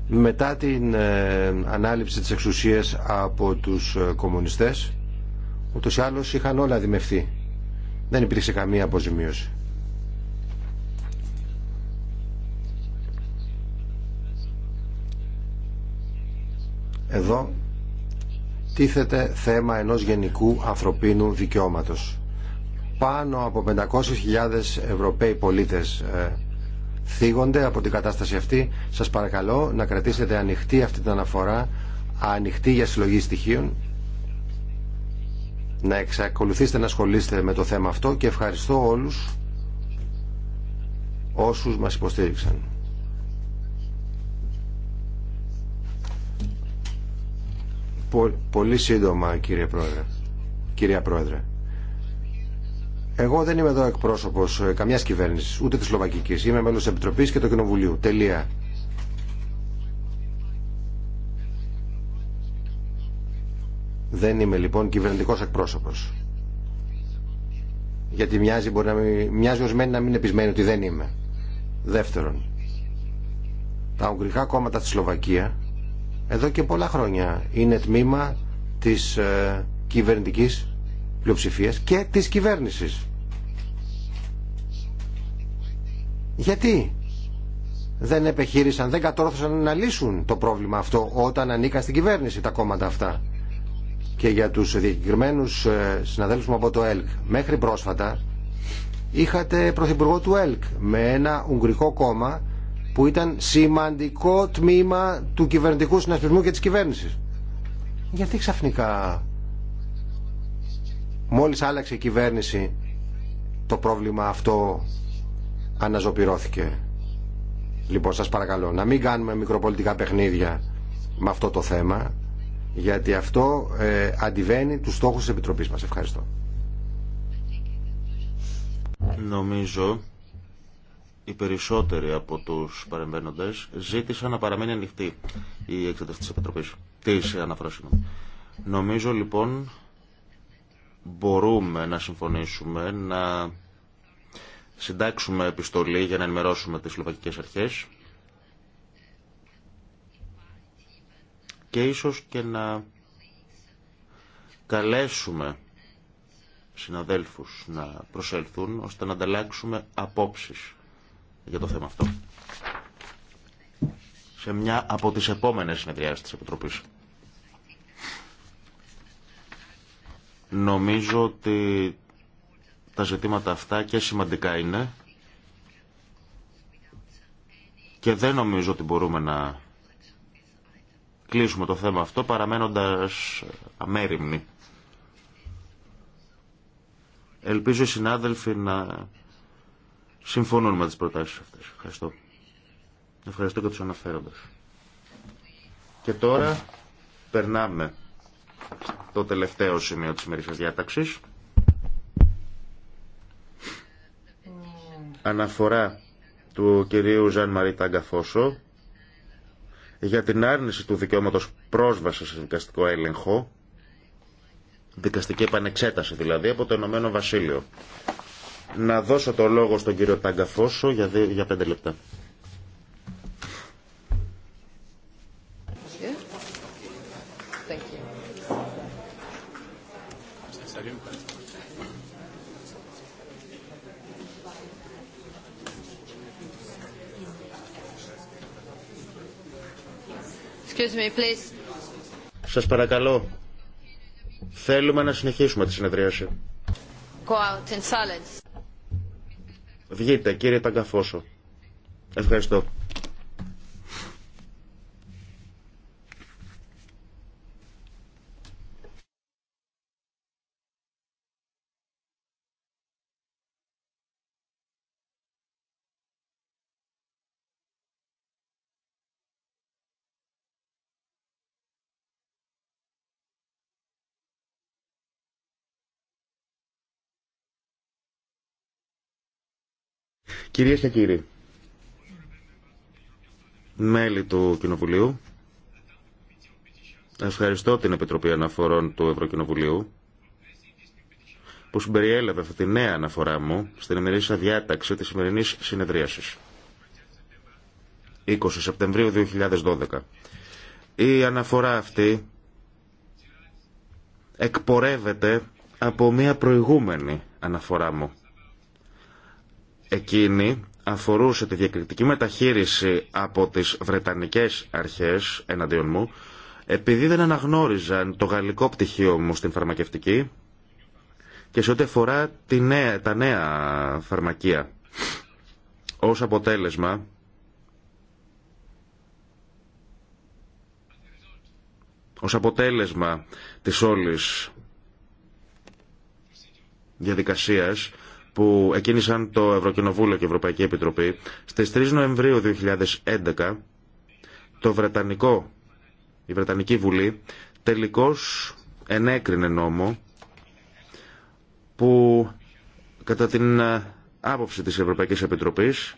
Μετά την ε, ανάληψη της εξουσίας από τους ε, κομμουνιστές ούτως ή άλλως είχαν όλα δημευθεί. Δεν υπήρξε καμία αποζημίωση. Εδώ τίθεται θέμα ενός γενικού ανθρωπίνου δικαιώματος πάνω από 500.000 Ευρωπαίοι πολίτες ε, θίγονται από την κατάσταση αυτή. Σας παρακαλώ να κρατήσετε ανοιχτή αυτή την αναφορά, ανοιχτή για συλλογή στοιχείων, να εξακολουθήσετε να ασχολείστε με το θέμα αυτό και ευχαριστώ όλους όσους μας υποστήριξαν. Πολύ σύντομα κύριε Πρόεδρε. Κυρία Πρόεδρε. Εγώ δεν είμαι εδώ εκπρόσωπο ε, καμιά κυβέρνηση, ούτε τη Σλοβακική. Είμαι μέλο τη Επιτροπή και του Κοινοβουλίου. Τελεία. Δεν είμαι λοιπόν κυβερνητικό εκπρόσωπο. Γιατί μοιάζει, μπορεί να μην, μοιάζει οσμένη να μην επισμένει ότι δεν είμαι. Δεύτερον, τα ουγγρικά κόμματα στη Σλοβακία εδώ και πολλά χρόνια είναι τμήμα της ε, κυβερνητικής πλειοψηφίας και της κυβέρνησης. Γιατί δεν επεχείρησαν, δεν κατόρθωσαν να λύσουν το πρόβλημα αυτό όταν ανήκαν στην κυβέρνηση τα κόμματα αυτά. Και για τους διακεκριμένους ε, συναδέλφους μου από το ΕΛΚ, μέχρι πρόσφατα είχατε πρωθυπουργό του ΕΛΚ με ένα ουγγρικό κόμμα που ήταν σημαντικό τμήμα του κυβερνητικού συνασπισμού και της κυβέρνησης. Γιατί ξαφνικά μόλις άλλαξε η κυβέρνηση το πρόβλημα αυτό αναζωπυρώθηκε. Λοιπόν, σας παρακαλώ να μην κάνουμε μικροπολιτικά παιχνίδια με αυτό το θέμα, γιατί αυτό ε, αντιβαίνει τους στόχους της Επιτροπής μας. Ευχαριστώ. Νομίζω οι περισσότεροι από τους παρεμβαίνοντες ζήτησαν να παραμένει ανοιχτή η εξέταση της Επιτροπής, της μου. Νομίζω λοιπόν μπορούμε να συμφωνήσουμε να συντάξουμε επιστολή για να ενημερώσουμε τις σλοβακικές αρχές και ίσως και να καλέσουμε συναδέλφους να προσέλθουν ώστε να ανταλλάξουμε απόψεις για το θέμα αυτό σε μια από τις επόμενες συνεδριάσεις της Επιτροπής. Νομίζω ότι τα ζητήματα αυτά και σημαντικά είναι και δεν νομίζω ότι μπορούμε να κλείσουμε το θέμα αυτό παραμένοντας αμέριμνοι. Ελπίζω οι συνάδελφοι να συμφωνούν με τις προτάσεις αυτές. Ευχαριστώ. Ευχαριστώ και τους αναφέροντες. Και τώρα περνάμε το τελευταίο σημείο της μερικής διάταξης. αναφορά του κυρίου Ζαν Μαρί Ταγκαφόσο για την άρνηση του δικαιώματος πρόσβασης σε δικαστικό έλεγχο, δικαστική επανεξέταση δηλαδή, από το Ενωμένο Βασίλειο. Να δώσω το λόγο στον κύριο Ταγκαφόσο για, για πέντε λεπτά. Excuse Σας παρακαλώ. Θέλουμε να συνεχίσουμε τη συνεδρίαση. Go out in silence. Βγείτε, κύριε Ταγκαφόσο. Ευχαριστώ. Κυρίες και κύριοι, μέλη του Κοινοβουλίου, ευχαριστώ την Επιτροπή Αναφορών του Ευρωκοινοβουλίου που συμπεριέλαβε αυτή τη νέα αναφορά μου στην ημερήσια διάταξη της σημερινής συνεδρίασης. 20 Σεπτεμβρίου 2012. Η αναφορά αυτή εκπορεύεται από μια προηγούμενη αναφορά μου εκείνη αφορούσε τη διακριτική μεταχείριση από τις Βρετανικές αρχές εναντίον μου, επειδή δεν αναγνώριζαν το γαλλικό πτυχίο μου στην φαρμακευτική και σε ό,τι αφορά τη νέα, τα νέα φαρμακεία. Ως αποτέλεσμα, ως αποτέλεσμα της όλης διαδικασίας, που εκκίνησαν το Ευρωκοινοβούλιο και η Ευρωπαϊκή Επιτροπή, στις 3 Νοεμβρίου 2011 το Βρετανικό, η Βρετανική Βουλή τελικώς ενέκρινε νόμο που κατά την ε, άποψη της Ευρωπαϊκής Επιτροπής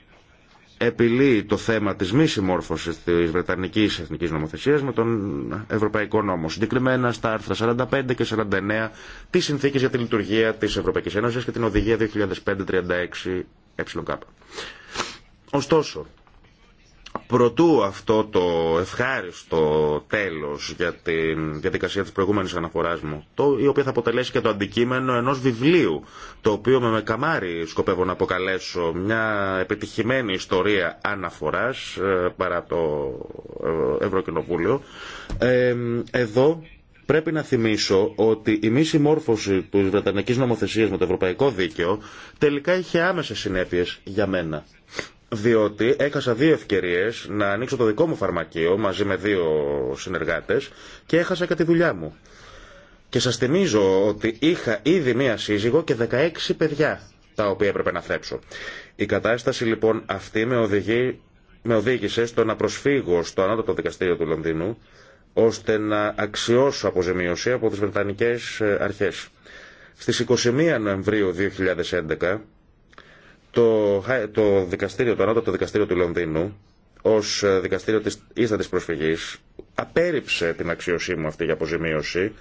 επιλύει το θέμα της μη συμμόρφωσης της Βρετανικής Εθνικής Νομοθεσίας με τον Ευρωπαϊκό Νόμο. Συγκεκριμένα στα άρθρα 45 και 49 της Συνθήκης για τη Λειτουργία της Ευρωπαϊκής Ένωσης και την Οδηγία 2005-36 ΕΚ. Ωστόσο, Προτού αυτό το ευχάριστο τέλος για την διαδικασία της προηγούμενης αναφοράς μου, το, η οποία θα αποτελέσει και το αντικείμενο ενός βιβλίου, το οποίο με καμάρι σκοπεύω να αποκαλέσω μια επιτυχημένη ιστορία αναφοράς ε, παρά το ε, Ευρωκοινοβούλιο, ε, εδώ πρέπει να θυμίσω ότι η μη συμμόρφωση της Βρετανικής νομοθεσίας με το Ευρωπαϊκό Δίκαιο τελικά είχε άμεσες συνέπειες για μένα διότι έχασα δύο ευκαιρίες να ανοίξω το δικό μου φαρμακείο μαζί με δύο συνεργάτες και έχασα και τη δουλειά μου. Και σας θυμίζω ότι είχα ήδη μία σύζυγο και 16 παιδιά τα οποία έπρεπε να θέψω. Η κατάσταση λοιπόν αυτή με, οδηγεί, με οδήγησε στο να προσφύγω στο ανώτατο δικαστήριο του Λονδίνου ώστε να αξιώσω αποζημίωση από τις Βρετανικές ε, αρχές. Στις 21 Νοεμβρίου 2011 το, το δικαστήριο, το ανώτατο δικαστήριο του Λονδίνου, ως ε, δικαστήριο της ίστατη Προσφυγή, απέρριψε την αξίωσή μου αυτή για αποζημίωση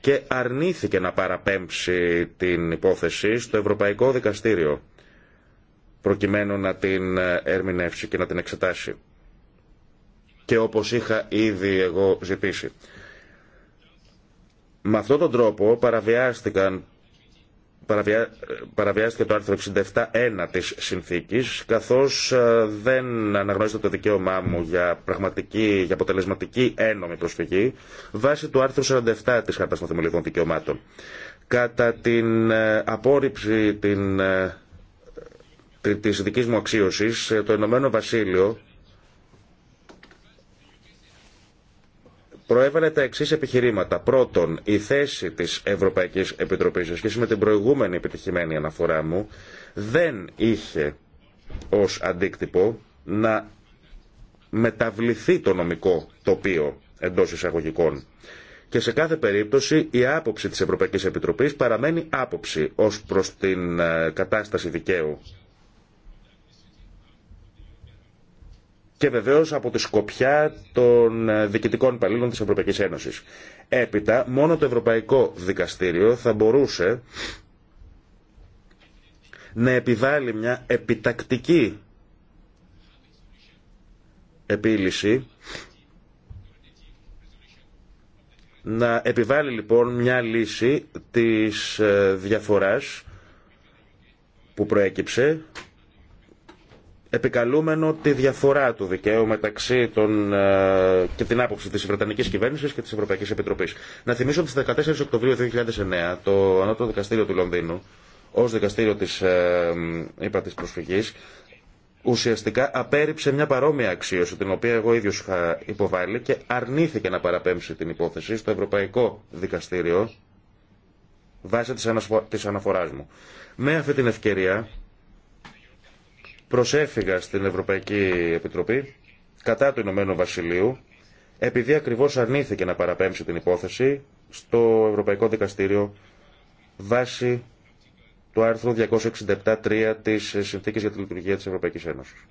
και αρνήθηκε να παραπέμψει την υπόθεση στο Ευρωπαϊκό Δικαστήριο προκειμένου να την ε, ερμηνεύσει και να την εξετάσει. Και όπως είχα ήδη εγώ ζητήσει. Με αυτόν τον τρόπο παραβιάστηκαν παραβιάστηκε το άρθρο 67.1 της συνθήκης καθώς ε, δεν αναγνώρισε το δικαίωμά μου για, πραγματική, για αποτελεσματική έννομη προσφυγή βάσει του άρθρου 47 της Χάρτας των Δικαιωμάτων. Κατά την ε, απόρριψη ε, της δικής μου αξίωσης, το Ηνωμένο Βασίλειο προέβαλε τα εξή επιχειρήματα. Πρώτον, η θέση τη Ευρωπαϊκή Επιτροπή σε σχέση με την προηγούμενη επιτυχημένη αναφορά μου δεν είχε ω αντίκτυπο να μεταβληθεί το νομικό τοπίο εντός εισαγωγικών. Και σε κάθε περίπτωση η άποψη της Ευρωπαϊκής Επιτροπής παραμένει άποψη ως προς την ε, κατάσταση δικαίου και βεβαίω από τη σκοπιά των ε, διοικητικών υπαλλήλων τη Ευρωπαϊκή Ένωση. Έπειτα, μόνο το Ευρωπαϊκό Δικαστήριο θα μπορούσε να επιβάλλει μια επιτακτική επίλυση να επιβάλλει λοιπόν μια λύση της ε, διαφοράς που προέκυψε επικαλούμενο τη διαφορά του δικαίου μεταξύ των, ε, και την άποψη της Βρετανικής κυβέρνησης και της Ευρωπαϊκής Επιτροπής. Να θυμίσω ότι στις 14 Οκτωβρίου 2009 το Ανώτατο Δικαστήριο του Λονδίνου ως δικαστήριο της ε, είπα, της προσφυγής ουσιαστικά απέρριψε μια παρόμοια αξίωση την οποία εγώ ίδιος είχα υποβάλει και αρνήθηκε να παραπέμψει την υπόθεση στο Ευρωπαϊκό Δικαστήριο βάσει της αναφοράς μου. Με αυτή την ευκαιρία προσέφυγα στην Ευρωπαϊκή Επιτροπή κατά του Ηνωμένου Βασιλείου επειδή ακριβώ αρνήθηκε να παραπέμψει την υπόθεση στο Ευρωπαϊκό Δικαστήριο βάσει του άρθρου 267.3 της Συνθήκης για τη Λειτουργία της Ευρωπαϊκής Ένωσης.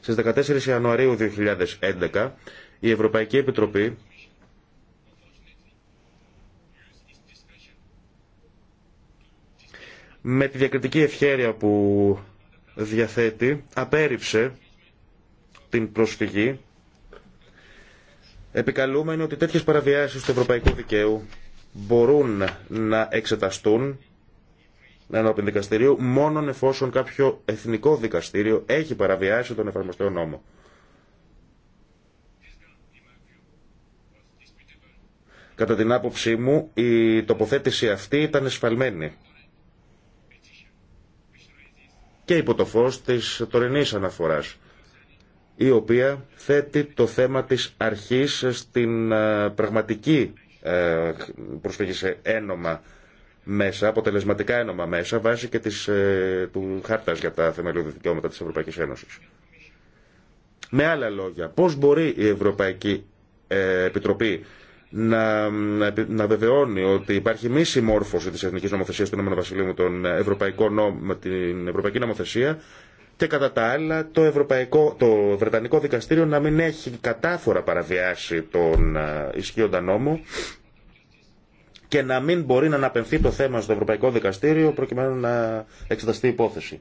Στις 14 Ιανουαρίου 2011 η Ευρωπαϊκή Επιτροπή με τη διακριτική ευχέρεια που διαθέτει απέρριψε την προσφυγή επικαλούμενοι ότι τέτοιες παραβιάσεις του ευρωπαϊκού δικαίου μπορούν να εξεταστούν ενώπιν δικαστηρίου μόνο εφόσον κάποιο εθνικό δικαστήριο έχει παραβιάσει τον εφαρμοστέο νόμο. Κατά την άποψή μου η τοποθέτηση αυτή ήταν εσφαλμένη και υπό το φως της τωρινής αναφοράς η οποία θέτει το θέμα της αρχής στην ε, πραγματική ε, προσφυγή σε ένομα μέσα, αποτελεσματικά ένομα μέσα, βάσει και της, ε, του χάρτας για τα θεμελιώδη δικαιώματα της Ευρωπαϊκής Ένωσης. Με άλλα λόγια, πώς μπορεί η Ευρωπαϊκή Επιτροπή να, να βεβαιώνει ότι υπάρχει μη συμμόρφωση τη εθνικής νομοθεσία του ΕΒ με, τον ευρωπαϊκό με την ευρωπαϊκή νομοθεσία και κατά τα άλλα το, ευρωπαϊκό, το Βρετανικό Δικαστήριο να μην έχει κατάφορα παραβιάσει τον ε, ισχύοντα νόμο και να μην μπορεί να αναπαινθεί το θέμα στο Ευρωπαϊκό Δικαστήριο προκειμένου να εξεταστεί η υπόθεση.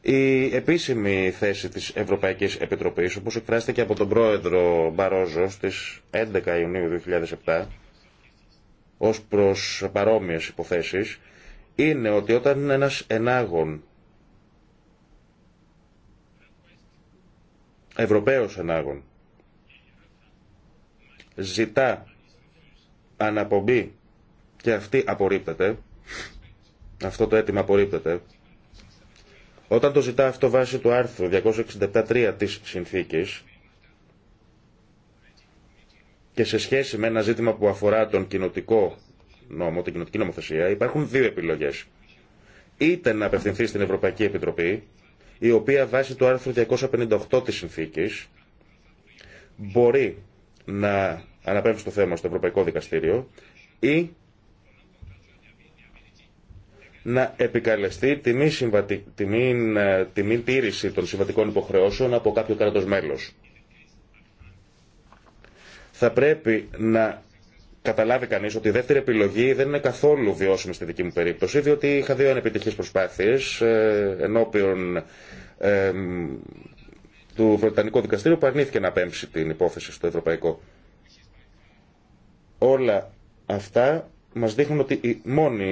Η επίσημη θέση της Ευρωπαϊκής Επιτροπής, όπως εκφράστηκε από τον πρόεδρο Μπαρόζο στις 11 Ιουνίου 2007, ως προς παρόμοιες υποθέσεις, είναι ότι όταν ένας ενάγων, Ευρωπαίος ενάγων, ζητά αναπομπή και αυτή απορρίπτεται, αυτό το αίτημα απορρίπτεται, όταν το ζητά αυτό βάσει του άρθρου 267.3 της συνθήκης και σε σχέση με ένα ζήτημα που αφορά τον κοινοτικό νόμο, την κοινοτική νομοθεσία, υπάρχουν δύο επιλογές. Είτε να απευθυνθεί στην Ευρωπαϊκή Επιτροπή, η οποία βάσει του άρθρου 258 της συνθήκης μπορεί να αναπέμψει το θέμα στο Ευρωπαϊκό Δικαστήριο ή να επικαλεστεί τη μη, τη τήρηση των συμβατικών υποχρεώσεων από κάποιο κράτος μέλος. Θα πρέπει να καταλάβει κανείς ότι η δεύτερη επιλογή δεν είναι καθόλου βιώσιμη στη δική μου περίπτωση, διότι είχα δύο ανεπιτυχεί προσπάθειες ε, ενώπιον ε, του Βρετανικού Δικαστήριου που αρνήθηκε να πέμψει την υπόθεση στο Ευρωπαϊκό. Όλα αυτά Μα δείχνουν ότι η μόνη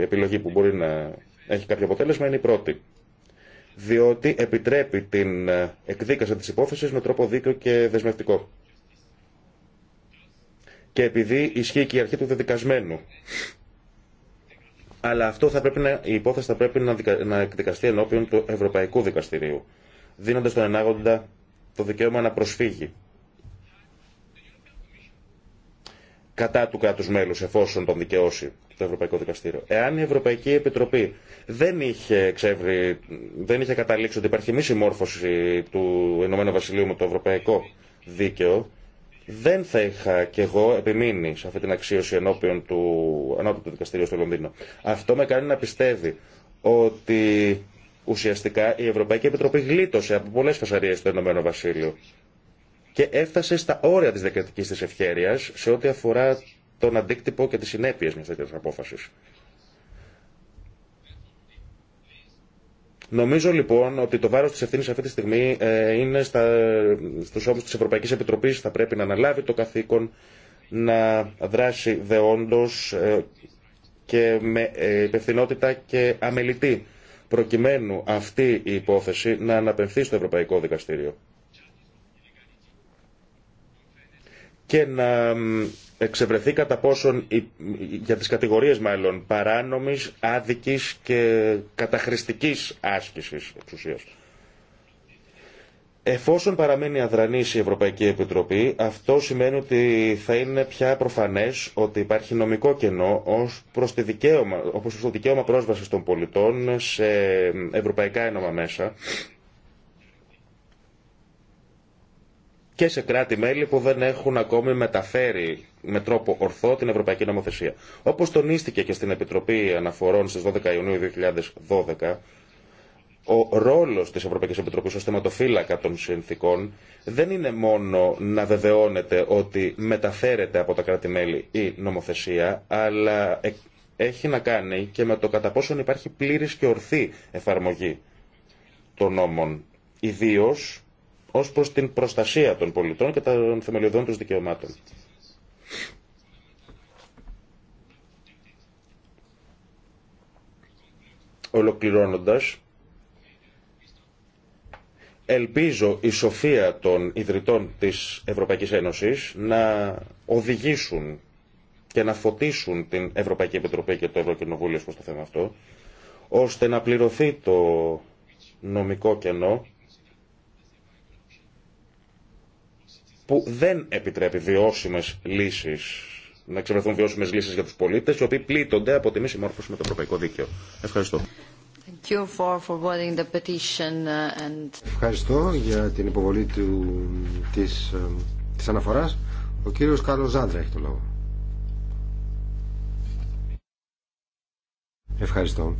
επιλογή που μπορεί να έχει κάποιο αποτέλεσμα είναι η πρώτη. Διότι επιτρέπει την εκδίκαση της υπόθεσης με τρόπο δίκαιο και δεσμευτικό. Και επειδή ισχύει και η αρχή του δεδικασμένου. Αλλά αυτό θα πρέπει η υπόθεση θα πρέπει να, να εκδικαστεί ενώπιον του Ευρωπαϊκού Δικαστηρίου, δίνοντας τον ενάγοντα το δικαίωμα να προσφύγει κατά του κράτου μέλου, εφόσον τον δικαιώσει το Ευρωπαϊκό Δικαστήριο. Εάν η Ευρωπαϊκή Επιτροπή δεν είχε, ξεύρει, δεν είχε καταλήξει ότι υπάρχει μη συμμόρφωση του Ηνωμένου Βασιλείου με το Ευρωπαϊκό Δίκαιο, δεν θα είχα κι εγώ επιμείνει σε αυτή την αξίωση ενώπιον του Ανώτατου Δικαστηρίου στο Λονδίνο. Αυτό με κάνει να πιστεύει ότι ουσιαστικά η Ευρωπαϊκή Επιτροπή γλίτωσε από πολλέ φασαρίε στο Ηνωμένο Βασίλειο και έφτασε στα όρια της δεκατική της ευχέρεια σε ό,τι αφορά τον αντίκτυπο και τις συνέπειες μιας τέτοιας απόφασης. Νομίζω λοιπόν ότι το βάρος της ευθύνη αυτή τη στιγμή ε, είναι στα, στους ώμους της Ευρωπαϊκής Επιτροπής. Θα πρέπει να αναλάβει το καθήκον να δράσει δεόντως ε, και με ε, υπευθυνότητα και αμελητή προκειμένου αυτή η υπόθεση να αναπευθεί στο Ευρωπαϊκό Δικαστήριο. και να εξευρεθεί κατά πόσον για τις κατηγορίες μάλλον παράνομης, άδικης και καταχρηστικής άσκησης εξουσίας. Εφόσον παραμένει αδρανής η Ευρωπαϊκή Επιτροπή, αυτό σημαίνει ότι θα είναι πια προφανές ότι υπάρχει νομικό κενό ως προς, δικαίωμα, όπως το δικαίωμα πρόσβασης των πολιτών σε ευρωπαϊκά ένομα μέσα και σε κράτη-μέλη που δεν έχουν ακόμη μεταφέρει με τρόπο ορθό την Ευρωπαϊκή Νομοθεσία. Όπω τονίστηκε και στην Επιτροπή Αναφορών στι 12 Ιουνίου 2012, ο ρόλο τη Ευρωπαϊκή Επιτροπή ω θεματοφύλακα των συνθήκων δεν είναι μόνο να βεβαιώνεται ότι μεταφέρεται από τα κράτη-μέλη η νομοθεσία, αλλά ε, έχει να κάνει και με το κατά πόσον υπάρχει πλήρη και ορθή εφαρμογή των νόμων. ιδίω ω προ την προστασία των πολιτών και των θεμελιωδών τους δικαιωμάτων. Ολοκληρώνοντας, ελπίζω η σοφία των ιδρυτών της Ευρωπαϊκής Ένωσης να οδηγήσουν και να φωτίσουν την Ευρωπαϊκή Επιτροπή και το Ευρωκοινοβούλιο προς το θέμα αυτό, ώστε να πληρωθεί το νομικό κενό που δεν επιτρέπει βιώσιμες λύσεις, να εξευρεθούν βιώσιμε λύσεις για τους πολίτες, οι οποίοι πλήττονται από τη μη συμμόρφωση με το Ευρωπαϊκό Δίκαιο. Ευχαριστώ. Uh, Ευχαριστώ για την υποβολή του, ε, της, αναφοράς. Ο κύριος Κάρλος Ζάντρα έχει το λόγο. Ευχαριστώ.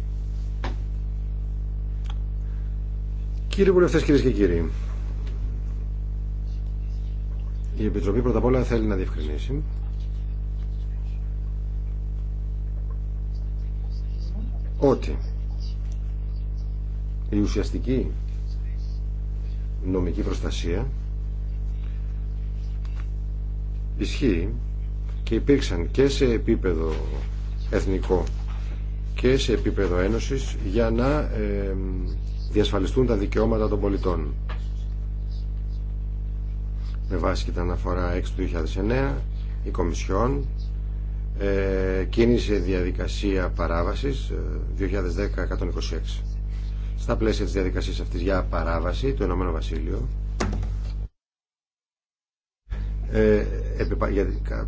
Κύριε Βουλευτές, κύριε και κύριοι, η Επιτροπή πρώτα απ' όλα θέλει να διευκρινίσει ότι η ουσιαστική νομική προστασία ισχύει και υπήρξαν και σε επίπεδο εθνικό και σε επίπεδο ένωσης για να ε, διασφαλιστούν τα δικαιώματα των πολιτών με βάση και την αναφορά 6 του 2009 η Κομισιόν ε, κίνησε διαδικασία παράβασης 2010-126 ε, στα πλαίσια της διαδικασίας αυτής για παράβαση του Ενωμένου Βασίλειο ε,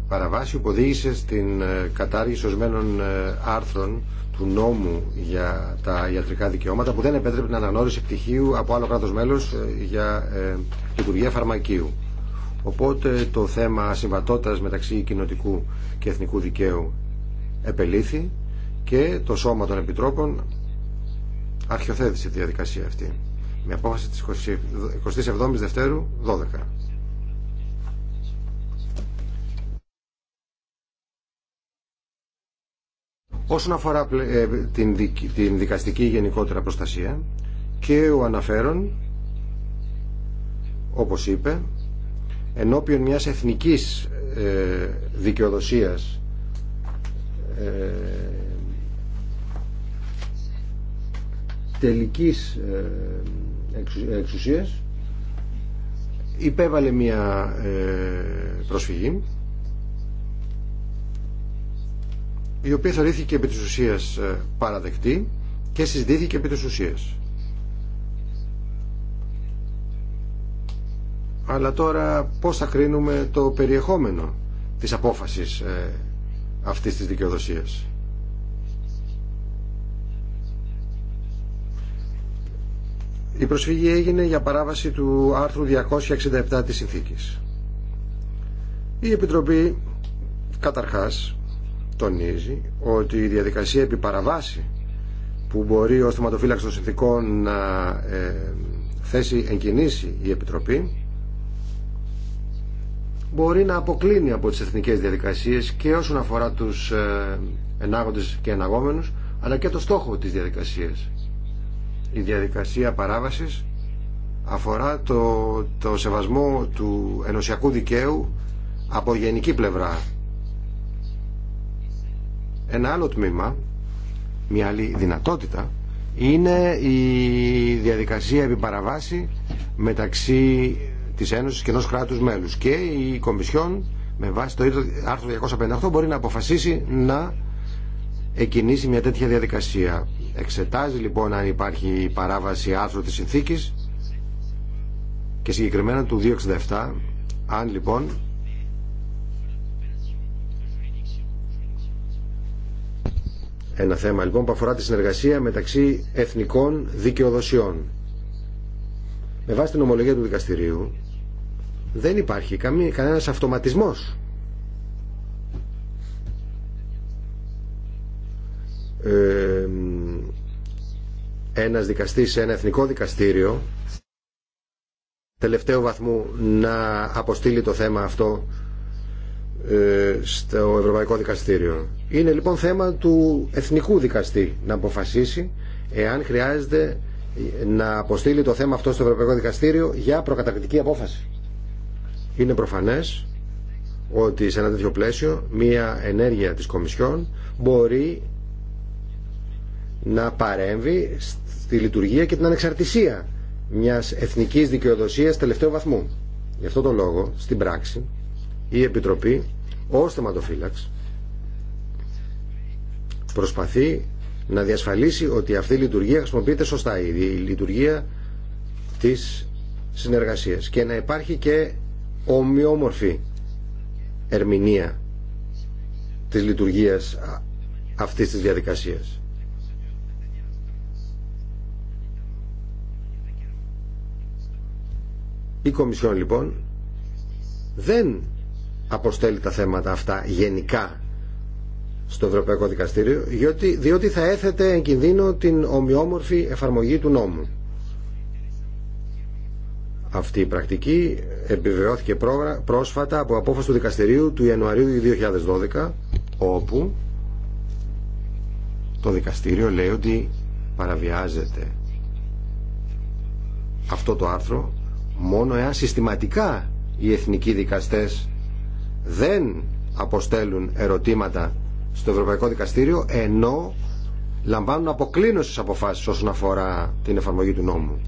παραβάση που οδήγησε στην ε, κατάργηση ορισμένων ε, άρθρων του νόμου για τα ιατρικά δικαιώματα που δεν επέτρεπε την αναγνώριση πτυχίου από άλλο κράτος μέλος για λειτουργία φαρμακείου. Οπότε το θέμα συμβατότητας μεταξύ κοινοτικού και εθνικού δικαίου επελήθη και το Σώμα των Επιτρόπων αρχιοθέτησε τη διαδικασία αυτή με απόφαση της 27 η Δευτέρου 12. Όσον αφορά την δικαστική γενικότερα προστασία και ο αναφέρον, όπως είπε, ενώπιον μιας εθνικής ε, δικαιοδοσίας ε, τελικής ε, εξουσίας υπέβαλε μια προσφυγή η οποία θεωρήθηκε επί της ουσίας παραδεκτή και συζητήθηκε επί της ουσίας. αλλά τώρα πώς θα κρίνουμε το περιεχόμενο της απόφασης ε, αυτής της δικαιοδοσίας. Η προσφυγή έγινε για παράβαση του άρθρου 267 της συνθήκης. Η Επιτροπή καταρχάς τονίζει ότι η διαδικασία επί παραβάση που μπορεί ο θεματοφύλαξη των συνθήκων να ε, θέσει εγκινήσει η Επιτροπή μπορεί να αποκλίνει από τις εθνικές διαδικασίες και όσον αφορά τους ε, ενάγοντες και εναγόμενους αλλά και το στόχο της διαδικασίας. Η διαδικασία παράβασης αφορά το, το σεβασμό του ενωσιακού δικαίου από γενική πλευρά. Ένα άλλο τμήμα, μια άλλη δυνατότητα, είναι η διαδικασία επιπαραβάση μεταξύ Τη Ένωση και ενό κράτου μέλους. Και η Κομισιόν με βάση το άρθρο 258 μπορεί να αποφασίσει να εκκινήσει μια τέτοια διαδικασία. Εξετάζει λοιπόν αν υπάρχει παράβαση άρθρου της συνθήκης και συγκεκριμένα του 267 αν λοιπόν ένα θέμα λοιπόν που αφορά τη συνεργασία μεταξύ εθνικών δικαιοδοσιών. Με βάση την ομολογία του δικαστηρίου δεν υπάρχει κανένας αυτοματισμός. Ε, ένας δικαστής σε ένα εθνικό δικαστήριο τελευταίου βαθμού να αποστείλει το θέμα αυτό ε, στο Ευρωπαϊκό Δικαστήριο. Είναι λοιπόν θέμα του εθνικού δικαστή να αποφασίσει εάν χρειάζεται να αποστείλει το θέμα αυτό στο Ευρωπαϊκό Δικαστήριο για προκαταρκτική απόφαση. Είναι προφανές ότι σε ένα τέτοιο πλαίσιο μία ενέργεια της Κομισιόν μπορεί να παρέμβει στη λειτουργία και την ανεξαρτησία μιας εθνικής δικαιοδοσίας τελευταίου βαθμού. Γι' αυτό τον λόγο, στην πράξη, η Επιτροπή ως θεματοφύλαξ προσπαθεί να διασφαλίσει ότι αυτή η λειτουργία χρησιμοποιείται σωστά, η λειτουργία της συνεργασίας και να υπάρχει και ομοιόμορφη ερμηνεία της λειτουργίας αυτής της διαδικασίας. Η Κομισιόν λοιπόν δεν αποστέλει τα θέματα αυτά γενικά στο Ευρωπαϊκό Δικαστήριο διότι, διότι θα έθετε εν κινδύνο την ομοιόμορφη εφαρμογή του νόμου. Αυτή η πρακτική επιβεβαιώθηκε πρόσφατα από απόφαση του δικαστηρίου του Ιανουαρίου 2012 όπου το δικαστήριο λέει ότι παραβιάζεται αυτό το άρθρο μόνο εάν συστηματικά οι εθνικοί δικαστές δεν αποστέλουν ερωτήματα στο Ευρωπαϊκό Δικαστήριο ενώ λαμβάνουν αποκλίνωσης αποφάσεις όσον αφορά την εφαρμογή του νόμου.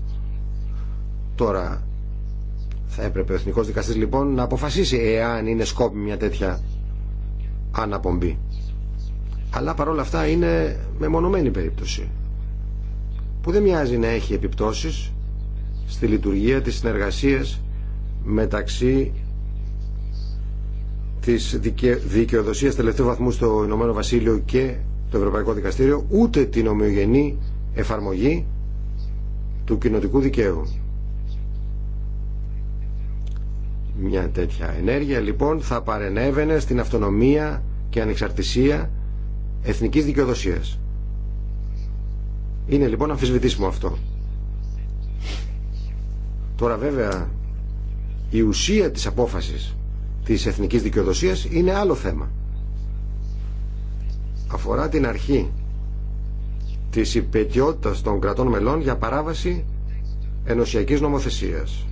Τώρα, θα έπρεπε ο Εθνικός Δικαστής λοιπόν να αποφασίσει εάν είναι σκόπιμη μια τέτοια αναπομπή. Αλλά παρόλα αυτά είναι μεμονωμένη περίπτωση που δεν μοιάζει να έχει επιπτώσεις στη λειτουργία της συνεργασίας μεταξύ της δικαιοδοσίας τελευταίου βαθμού στο Ηνωμένο Βασίλειο και το Ευρωπαϊκό Δικαστήριο ούτε την ομοιογενή εφαρμογή του κοινοτικού δικαίου. μια τέτοια ενέργεια λοιπόν θα παρενέβαινε στην αυτονομία και ανεξαρτησία εθνικής δικαιοδοσίας. Είναι λοιπόν αμφισβητήσιμο αυτό. Τώρα βέβαια η ουσία της απόφασης της εθνικής δικαιοδοσίας είναι άλλο θέμα. Αφορά την αρχή της υπετιότητας των κρατών μελών για παράβαση ενωσιακής νομοθεσίας.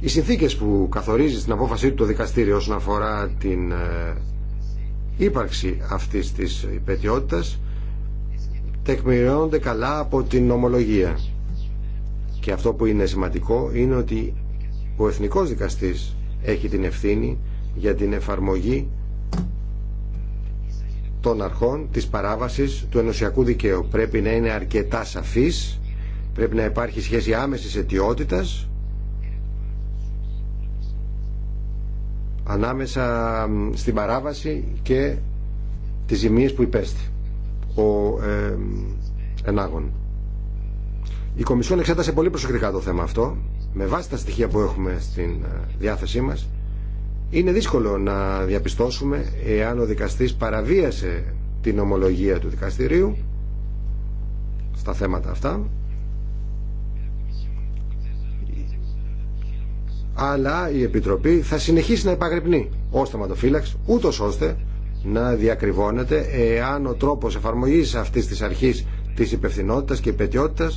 Οι συνθήκες που καθορίζει στην απόφασή του το δικαστήριο όσον αφορά την ε, ύπαρξη αυτής της υπετιότητας τεκμηριώνονται καλά από την νομολογία. Και αυτό που είναι σημαντικό είναι ότι ο εθνικός δικαστής έχει την ευθύνη για την εφαρμογή των αρχών της παράβασης του ενωσιακού δικαίου. Πρέπει να είναι αρκετά σαφής, πρέπει να υπάρχει σχέση άμεσης αιτιότητας ανάμεσα στην παράβαση και τις ζημίες που υπέστη ο ε, ενάγων. Η Κομισιόν εξέτασε πολύ προσεκτικά το θέμα αυτό με βάση τα στοιχεία που έχουμε στην ε, διάθεσή μας είναι δύσκολο να διαπιστώσουμε εάν ο δικαστής παραβίασε την ομολογία του δικαστηρίου στα θέματα αυτά αλλά η Επιτροπή θα συνεχίσει να υπαγρυπνεί ω θεματοφύλαξ, ούτω ώστε να διακριβώνεται εάν ο τρόπο εφαρμογή αυτή τη αρχή τη υπευθυνότητα και υπετιότητα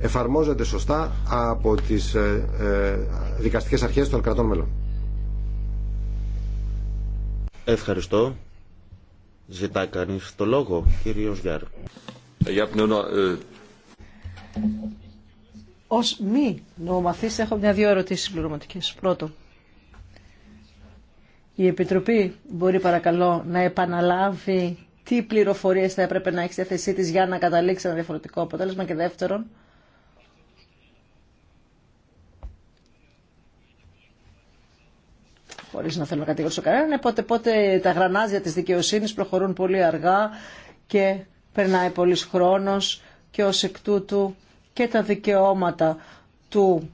εφαρμόζεται σωστά από τις ε, ε, δικαστικές αρχές των κρατών μελών. Ευχαριστώ. Ζητά κανεί το λόγο, κύριος Γιάρ. Ως μη νομομαθής έχω μια-δύο ερωτήσεις πληρωματικέ. Πρώτο, η Επιτροπή μπορεί παρακαλώ να επαναλάβει τι πληροφορίες θα έπρεπε να έχει στη θέσή τη για να καταλήξει ένα διαφορετικό αποτέλεσμα και δεύτερον, χωρίς να θέλω να κατηγορήσω κανέναν, πότε πότε τα γρανάζια της δικαιοσύνης προχωρούν πολύ αργά και περνάει πολύς χρόνος και ως εκ τούτου και τα δικαιώματα του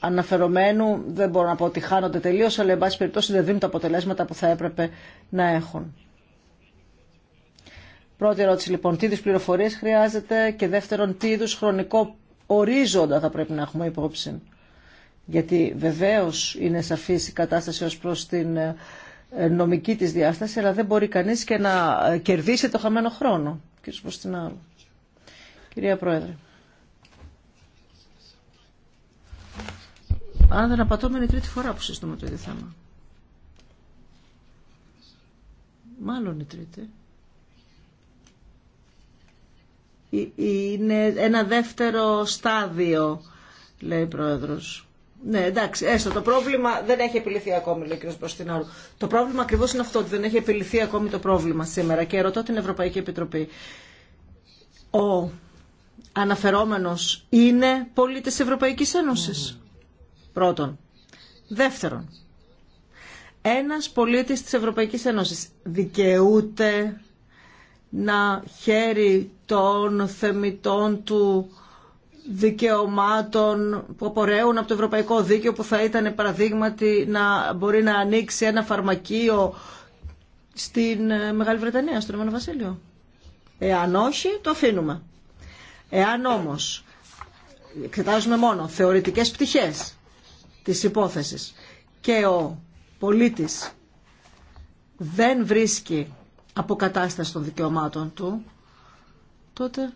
αναφερομένου δεν μπορώ να πω ότι χάνονται τελείως, αλλά εν πάση περιπτώσει δεν δίνουν τα αποτελέσματα που θα έπρεπε να έχουν. Πρώτη ερώτηση λοιπόν, τι είδους πληροφορίες χρειάζεται και δεύτερον τι είδους χρονικό ορίζοντα θα πρέπει να έχουμε υπόψη. Γιατί βεβαίως είναι σαφής η κατάσταση ως προς την ε, νομική της διάσταση, αλλά δεν μπορεί κανείς και να ε, κερδίσει το χαμένο χρόνο. Κύριε Πρόεδρε. Αν δεν απατώμε είναι η τρίτη φορά που συζητούμε το ίδιο θέμα. Μάλλον η τρίτη. Είναι ένα δεύτερο στάδιο, λέει ο Πρόεδρος. Ναι, εντάξει, έστω το πρόβλημα δεν έχει επιληθεί ακόμη, λέει ο κ. Προστινάρου. Το πρόβλημα ακριβώ είναι αυτό, ότι δεν έχει επιληθεί ακόμη το πρόβλημα σήμερα. Και ρωτώ την Ευρωπαϊκή Επιτροπή. Ο αναφερόμενο είναι πολίτης Ευρωπαϊκής Ένωσης. Πρώτον. Δεύτερον. Ένας πολίτης της Ευρωπαϊκής Ένωσης δικαιούται να χαίρει των θεμητών του δικαιωμάτων που απορρέουν από το ευρωπαϊκό δίκαιο που θα ήταν παραδείγματι να μπορεί να ανοίξει ένα φαρμακείο στην ε, Μεγάλη Βρετανία, στον Ε Βασίλειο. Εάν όχι, το αφήνουμε. Εάν όμως εξετάζουμε μόνο θεωρητικές πτυχές της υπόθεσης και ο πολίτης δεν βρίσκει αποκατάσταση των δικαιωμάτων του, τότε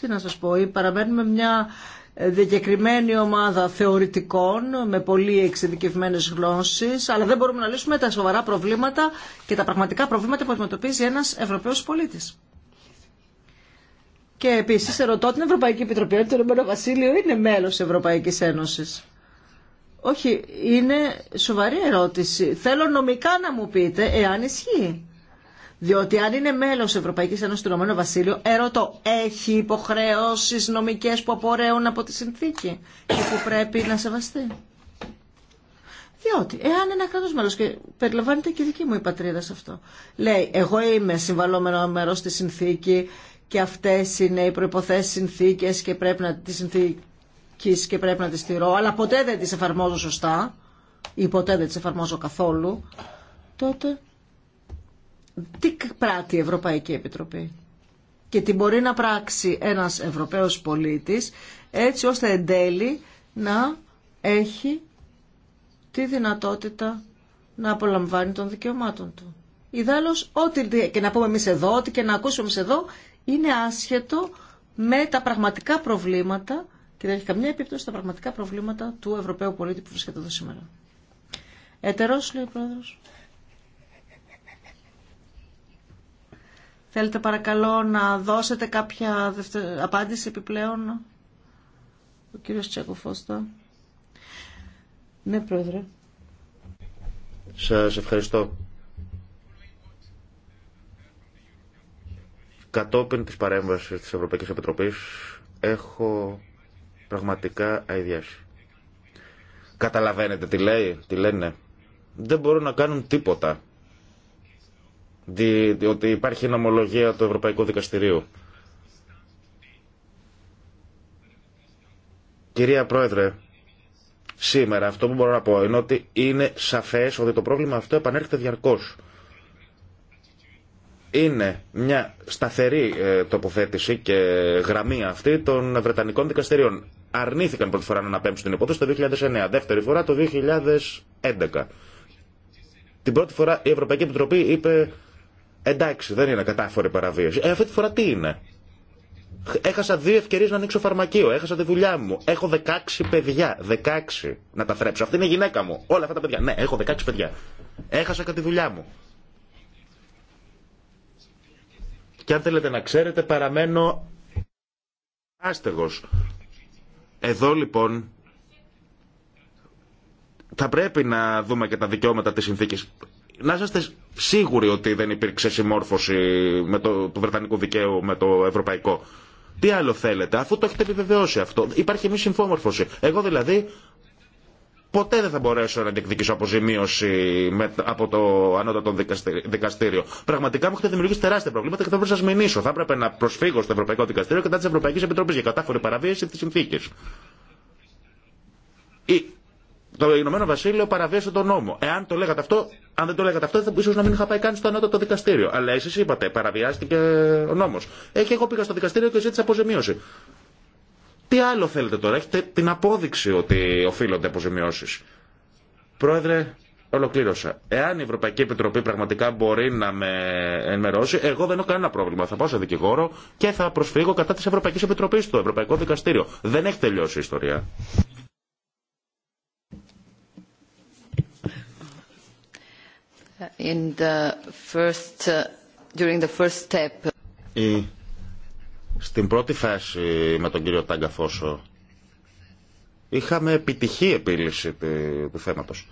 τι να σας πω, παραμένουμε μια διακεκριμένη ομάδα θεωρητικών με πολύ εξειδικευμένες γλώσσες, αλλά δεν μπορούμε να λύσουμε τα σοβαρά προβλήματα και τα πραγματικά προβλήματα που αντιμετωπίζει ένας Ευρωπαίος πολίτης. Και επίση ερωτώ την Ευρωπαϊκή Επιτροπή, αν το Ηνωμένο Βασίλειο είναι μέλος Ευρωπαϊκή Ένωση. Όχι, είναι σοβαρή ερώτηση. Θέλω νομικά να μου πείτε εάν ισχύει. Διότι αν είναι μέλο Ευρωπαϊκή Ένωση του Ηνωμένου Βασίλειου, ερωτώ, έχει υποχρεώσει νομικέ που απορρέουν από τη συνθήκη και που πρέπει να σεβαστεί. Διότι, εάν ένα κράτο μέλο, και περιλαμβάνεται και η δική μου η πατρίδα σε αυτό, λέει, εγώ είμαι συμβαλόμενο μέρο στη συνθήκη και αυτές είναι οι προϋποθέσεις συνθήκες και πρέπει να τις συνθήκες και πρέπει να τις στηρώ, αλλά ποτέ δεν τις εφαρμόζω σωστά ή ποτέ δεν τις εφαρμόζω καθόλου, τότε τι πράττει η Ευρωπαϊκή Επιτροπή και τι μπορεί να πράξει ένας Ευρωπαίος πολίτης έτσι ώστε εν τέλει να έχει τη δυνατότητα να απολαμβάνει των δικαιωμάτων του. Ιδάλλως, ό,τι και να πούμε εμεί εδώ, ό,τι και να ακούσουμε εμείς εδώ, είναι άσχετο με τα πραγματικά προβλήματα και δεν έχει καμιά επίπτωση στα πραγματικά προβλήματα του Ευρωπαίου πολίτη που βρίσκεται εδώ σήμερα. Ετερός, λέει ο Πρόεδρος. Θέλετε παρακαλώ να δώσετε κάποια απάντηση επιπλέον ο κύριος Τσέκοφώστα. Ναι, Πρόεδρε. Σας ευχαριστώ. Κατόπιν της παρέμβασης της Ευρωπαϊκής Επιτροπής έχω πραγματικά αειδιάσει. Καταλαβαίνετε τι λέει, τι λένε. Δεν μπορούν να κάνουν τίποτα. Δι, ότι υπάρχει νομολογία του Ευρωπαϊκού Δικαστηρίου. Κυρία Πρόεδρε, σήμερα αυτό που μπορώ να πω είναι ότι είναι σαφές ότι το πρόβλημα αυτό επανέρχεται διαρκώς είναι μια σταθερή ε, τοποθέτηση και γραμμή αυτή των Βρετανικών δικαστηριών. Αρνήθηκαν πρώτη φορά να αναπέμψουν την υπόθεση το 2009, δεύτερη φορά το 2011. Την πρώτη φορά η Ευρωπαϊκή Επιτροπή είπε εντάξει δεν είναι κατάφορη παραβίαση. Ε, αυτή τη φορά τι είναι. Έχασα δύο ευκαιρίες να ανοίξω φαρμακείο. Έχασα τη δουλειά μου. Έχω 16 παιδιά. 16 να τα θρέψω. Αυτή είναι η γυναίκα μου. Όλα αυτά τα παιδιά. Ναι, έχω 16 παιδιά. Έχασα και τη δουλειά μου. Και αν θέλετε να ξέρετε παραμένω άστεγος. Εδώ λοιπόν θα πρέπει να δούμε και τα δικαιώματα της συνθήκης. Να είστε σίγουροι ότι δεν υπήρξε συμμόρφωση με το, του Βρετανικού δικαίου με το Ευρωπαϊκό. Τι άλλο θέλετε, αφού το έχετε επιβεβαιώσει αυτό. Υπάρχει μη συμφόμορφωση. Εγώ δηλαδή ποτέ δεν θα μπορέσω να διεκδικήσω αποζημίωση από το ανώτατο δικαστήριο. Πραγματικά μου έχετε δημιουργήσει τεράστια προβλήματα και θα πρέπει να σα μηνύσω. Θα έπρεπε να προσφύγω στο Ευρωπαϊκό Δικαστήριο κατά τη Ευρωπαϊκή Επιτροπή για κατάφορη παραβίαση τη συνθήκη. Το Ηνωμένο Βασίλειο παραβίασε τον νόμο. Εάν το λέγατε αυτό, αν δεν το λέγατε αυτό, θα ίσω να μην είχα πάει καν στο ανώτατο δικαστήριο. Αλλά εσεί είπατε, παραβιάστηκε ο νόμο. Έχει εγώ πήγα στο δικαστήριο και ζήτησα αποζημίωση. Τι άλλο θέλετε τώρα, έχετε την απόδειξη ότι οφείλονται αποζημιώσει. Πρόεδρε, ολοκλήρωσα. Εάν η Ευρωπαϊκή Επιτροπή πραγματικά μπορεί να με ενημερώσει, εγώ δεν έχω κανένα πρόβλημα. Θα πάω σε δικηγόρο και θα προσφύγω κατά τη Ευρωπαϊκή Επιτροπή στο Ευρωπαϊκό Δικαστήριο. Δεν έχει τελειώσει η ιστορία. In the first, during the first step. Στην πρώτη φάση με τον κύριο Τάγκαφόσο είχαμε επιτυχή επίλυση του θέματος.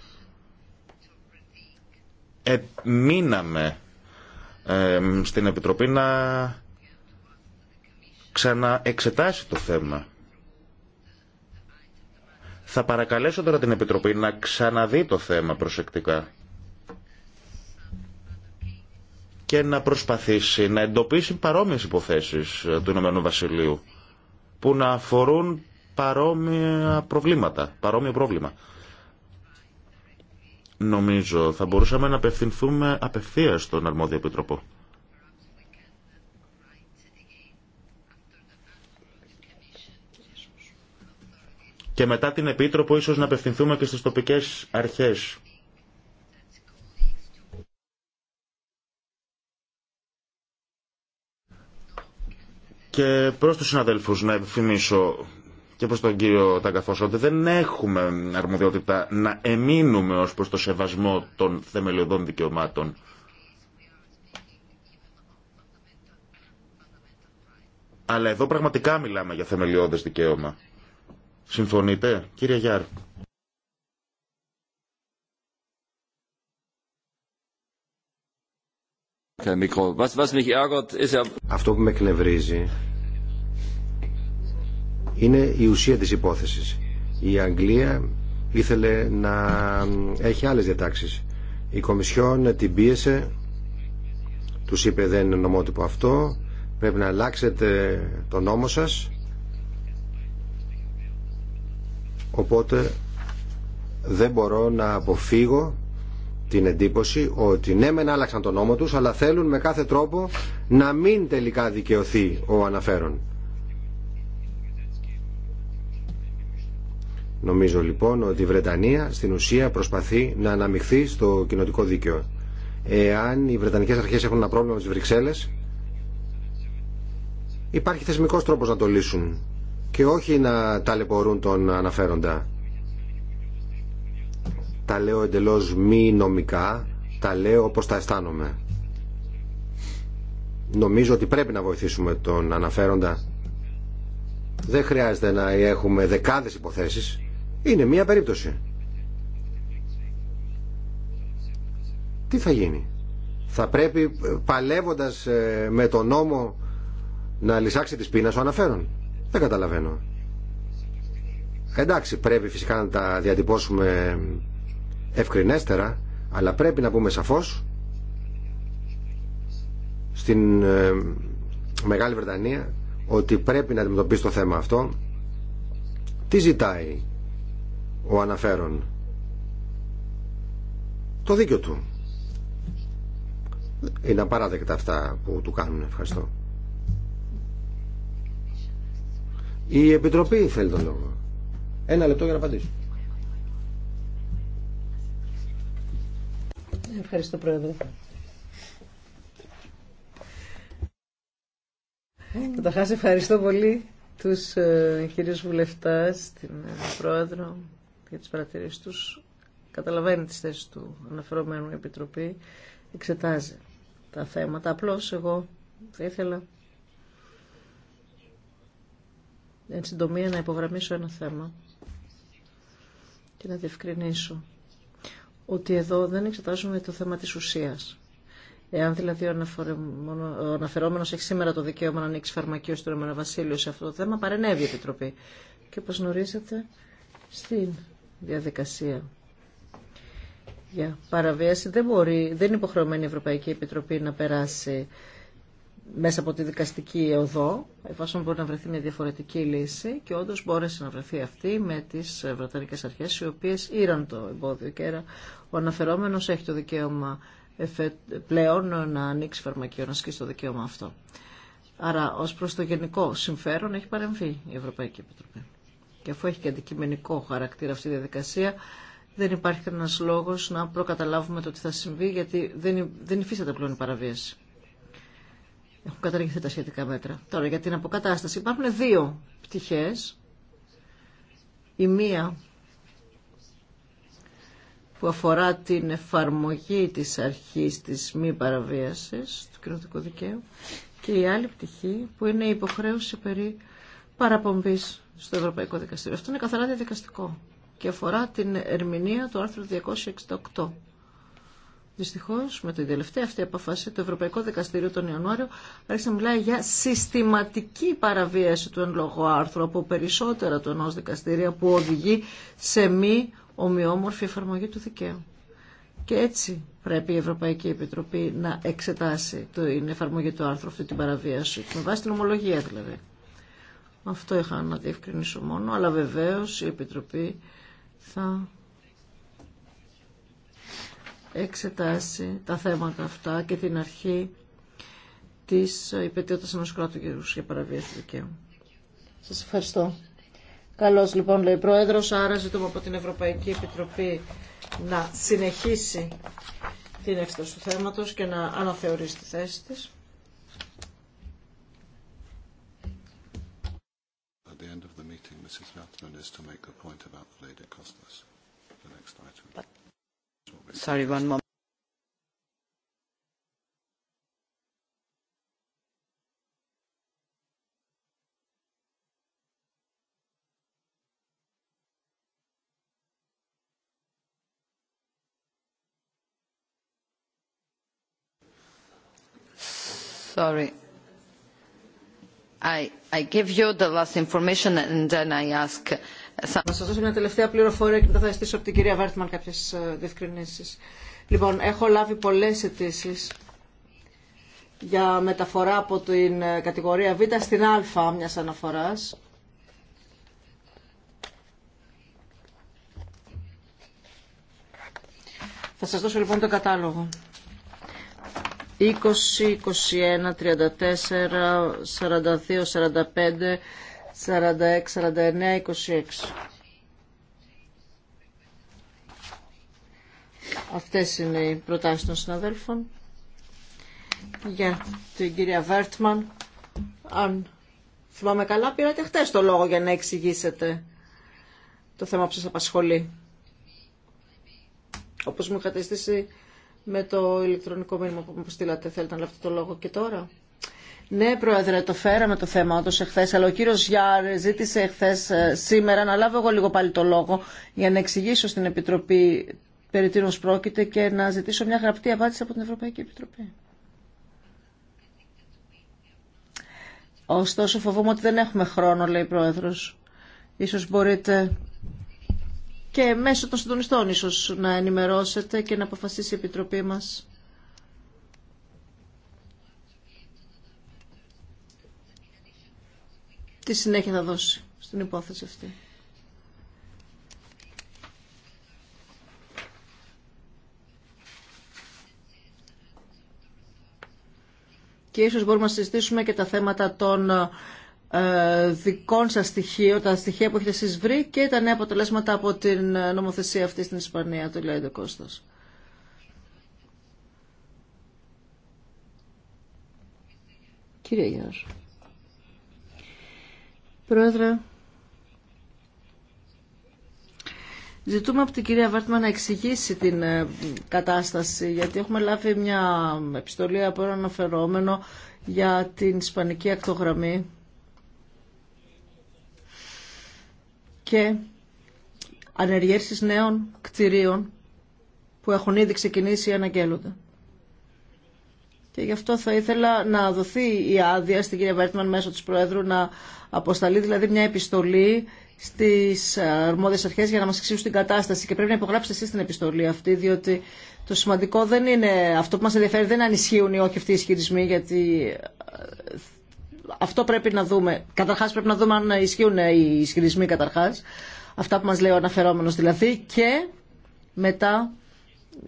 Ε, μείναμε στην Επιτροπή να ξαναεξετάσει το θέμα. Θα παρακαλέσω τώρα την Επιτροπή να ξαναδεί το θέμα προσεκτικά και να προσπαθήσει να εντοπίσει παρόμοιες υποθέσεις ε, του Ηνωμένου Βασιλείου που να αφορούν παρόμοια προβλήματα, παρόμοιο πρόβλημα. Νομίζω θα μπορούσαμε να απευθυνθούμε απευθείας στον αρμόδιο επιτροπό. Και μετά την Επίτροπο ίσως να απευθυνθούμε και στις τοπικές αρχές Και προς τους συναδέλφους να επιθυμίσω και προς τον κύριο Ταγκαφώ, ότι δεν έχουμε αρμοδιότητα να εμείνουμε ως προς το σεβασμό των θεμελιωδών δικαιωμάτων. Αλλά εδώ πραγματικά μιλάμε για θεμελιώδες δικαίωμα. Συμφωνείτε, κύριε Γιάρ. Αυτό που με εκνευρίζει είναι η ουσία της υπόθεσης. Η Αγγλία ήθελε να έχει άλλες διατάξεις. Η Κομισιόν την πίεσε, τους είπε δεν είναι νομότυπο αυτό, πρέπει να αλλάξετε το νόμο σας. Οπότε δεν μπορώ να αποφύγω την εντύπωση ότι ναι μεν άλλαξαν τον νόμο τους αλλά θέλουν με κάθε τρόπο να μην τελικά δικαιωθεί ο αναφέρον. Νομίζω λοιπόν ότι η Βρετανία στην ουσία προσπαθεί να αναμειχθεί στο κοινοτικό δίκαιο. Εάν οι Βρετανικές αρχές έχουν ένα πρόβλημα με τις Βρυξέλλες υπάρχει θεσμικός τρόπος να το λύσουν και όχι να ταλαιπωρούν τον αναφέροντα τα λέω εντελώς μη νομικά, τα λέω όπως τα αισθάνομαι. Νομίζω ότι πρέπει να βοηθήσουμε τον αναφέροντα. Δεν χρειάζεται να έχουμε δεκάδες υποθέσεις. Είναι μία περίπτωση. Τι θα γίνει. Θα πρέπει ε, παλεύοντας ε, με τον νόμο να λυσάξει τις πείνας ο αναφέρον. Δεν καταλαβαίνω. Εντάξει, πρέπει φυσικά να τα διατυπώσουμε ευκρινέστερα, αλλά πρέπει να πούμε σαφώς στην ε, Μεγάλη Βρετανία ότι πρέπει να αντιμετωπίσει το θέμα αυτό. Τι ζητάει ο αναφέρον. Το δίκιο του. Είναι απαράδεκτα αυτά που του κάνουν. Ευχαριστώ. Η Επιτροπή θέλει τον λόγο. Ένα λεπτό για να απαντήσω. Ευχαριστώ, Πρόεδρε. Καταρχά ευχαριστώ πολύ τους ε, κυρίους βουλευτάς, την ε, Πρόεδρο για τι παρατηρήσει τους. Καταλαβαίνει τι θέσει του αναφερόμενου Επιτροπή, εξετάζει τα θέματα. Απλώ εγώ θα ήθελα εν συντομία να υπογραμμίσω ένα θέμα και να διευκρινίσω ότι εδώ δεν εξετάζουμε το θέμα της ουσίας. Εάν δηλαδή ο αναφερόμενος έχει σήμερα το δικαίωμα να ανοίξει φαρμακείο στο Ρωμανό Βασίλειο σε αυτό το θέμα, παρενέβη η Επιτροπή. Και όπως γνωρίζετε, στην διαδικασία για παραβίαση δεν μπορεί, δεν είναι υποχρεωμένη η Ευρωπαϊκή Επιτροπή να περάσει μέσα από τη δικαστική οδό, εφόσον μπορεί να βρεθεί μια διαφορετική λύση και όντω μπόρεσε να βρεθεί αυτή με τι Βρετανικέ αρχέ, οι οποίε ήραν το εμπόδιο και έρα. ο αναφερόμενο, έχει το δικαίωμα πλέον να ανοίξει φαρμακείο, να ασκήσει το δικαίωμα αυτό. Άρα ω προ το γενικό συμφέρον έχει παρεμβεί η Ευρωπαϊκή Επιτροπή. Και αφού έχει και αντικειμενικό χαρακτήρα αυτή η διαδικασία, δεν υπάρχει κανένα λόγο να προκαταλάβουμε το τι θα συμβεί, γιατί δεν, δεν υφίσταται πλέον η παραβίαση. Έχουν καταργηθεί τα σχετικά μέτρα. Τώρα για την αποκατάσταση υπάρχουν δύο πτυχές. Η μία που αφορά την εφαρμογή της αρχής της μη παραβίασης του κοινωτικού δικαίου και η άλλη πτυχή που είναι η υποχρέωση περί παραπομπής στο Ευρωπαϊκό Δικαστήριο. Αυτό είναι καθαρά διαδικαστικό και αφορά την ερμηνεία του άρθρου 268 Δυστυχώ, με την τελευταία αυτή αποφάση, το Ευρωπαϊκό Δικαστήριο τον Ιανουάριο άρχισε να μιλάει για συστηματική παραβίαση του εν λόγω άρθρου από περισσότερα του ενό δικαστήρια που οδηγεί σε μη ομοιόμορφη εφαρμογή του δικαίου. Και έτσι πρέπει η Ευρωπαϊκή Επιτροπή να εξετάσει την εφαρμογή του άρθρου αυτή την παραβίαση, με βάση την ομολογία δηλαδή. Αυτό είχα να διευκρινίσω μόνο, αλλά βεβαίω η Επιτροπή θα εξετάσει τα θέματα αυτά και την αρχή της υπετιότητα ενός κράτου για παραβίαση δικαίου. Σας ευχαριστώ. Καλώς λοιπόν λέει Πρόεδρος, άρα ζητούμε από την Ευρωπαϊκή Επιτροπή να συνεχίσει την εξέταση του θέματος και να αναθεωρήσει τη θέση της. Mrs. is to make point about the next item. Sorry, one moment. Sorry. I give you the last information and then I ask θα σας δώσω μια τελευταία πληροφορία και μετά θα ζητήσω από την κυρία Βάρτμαν κάποιες ε, διευκρινήσεις. Λοιπόν, έχω λάβει πολλές αιτήσει για μεταφορά από την ε, κατηγορία Β στην Α μιας αναφοράς. Θα σας δώσω λοιπόν το κατάλογο. 20, 21, 34, 42, 45, 46, 49, 26. Αυτές είναι οι προτάσεις των συναδέλφων. Για την κυρία Βέρτμαν, αν θυμάμαι καλά, πήρατε χτες το λόγο για να εξηγήσετε το θέμα που σας απασχολεί. Όπως μου είχατε στήσει με το ηλεκτρονικό μήνυμα που μου στείλατε, θέλετε να λάβετε το λόγο και τώρα. Ναι, Πρόεδρε, το φέραμε το θέμα όντω εχθέ, αλλά ο κύριο Γιάρ ζήτησε εχθέ ε, σήμερα να λάβω εγώ λίγο πάλι το λόγο για να εξηγήσω στην Επιτροπή περί τίνο πρόκειται και να ζητήσω μια γραπτή απάντηση από την Ευρωπαϊκή Επιτροπή. Ωστόσο, φοβούμαι ότι δεν έχουμε χρόνο, λέει η Πρόεδρο. Ίσως μπορείτε και μέσω των συντονιστών ίσως να ενημερώσετε και να αποφασίσει η Επιτροπή μας τι συνέχεια θα δώσει στην υπόθεση αυτή. Και ίσως μπορούμε να συζητήσουμε και τα θέματα των ε, δικών σας στοιχείων, τα στοιχεία που έχετε εσείς βρει και τα νέα αποτελέσματα από την ε, νομοθεσία αυτή στην Ισπανία, το λέει ο Κώστας. Κύριε Γιώργο. Πρόεδρε, Ζητούμε από την κυρία Βάρτμα να εξηγήσει την ε, κατάσταση, γιατί έχουμε λάβει μια επιστολή από ένα αναφερόμενο για την ισπανική ακτογραμμή. Και ανεργέρσεις νέων κτηρίων που έχουν ήδη ξεκινήσει ή αναγγέλλονται. Και γι' αυτό θα ήθελα να δοθεί η άδεια στην κυρία Βέρτμαν μέσω της Προέδρου να αποσταλεί δηλαδή μια επιστολή στις αρμόδιες αρχές για να μας εξηγήσουν την κατάσταση και πρέπει να υπογράψετε εσείς την επιστολή αυτή διότι το σημαντικό δεν είναι αυτό που μας ενδιαφέρει δεν είναι αν ισχύουν ή όχι αυτοί οι ισχυρισμοί γιατί ε, αυτό πρέπει να δούμε καταρχάς πρέπει να δούμε αν ισχύουν οι ισχυρισμοί καταρχάς αυτά που μας λέει ο αναφερόμενος δηλαδή και μετά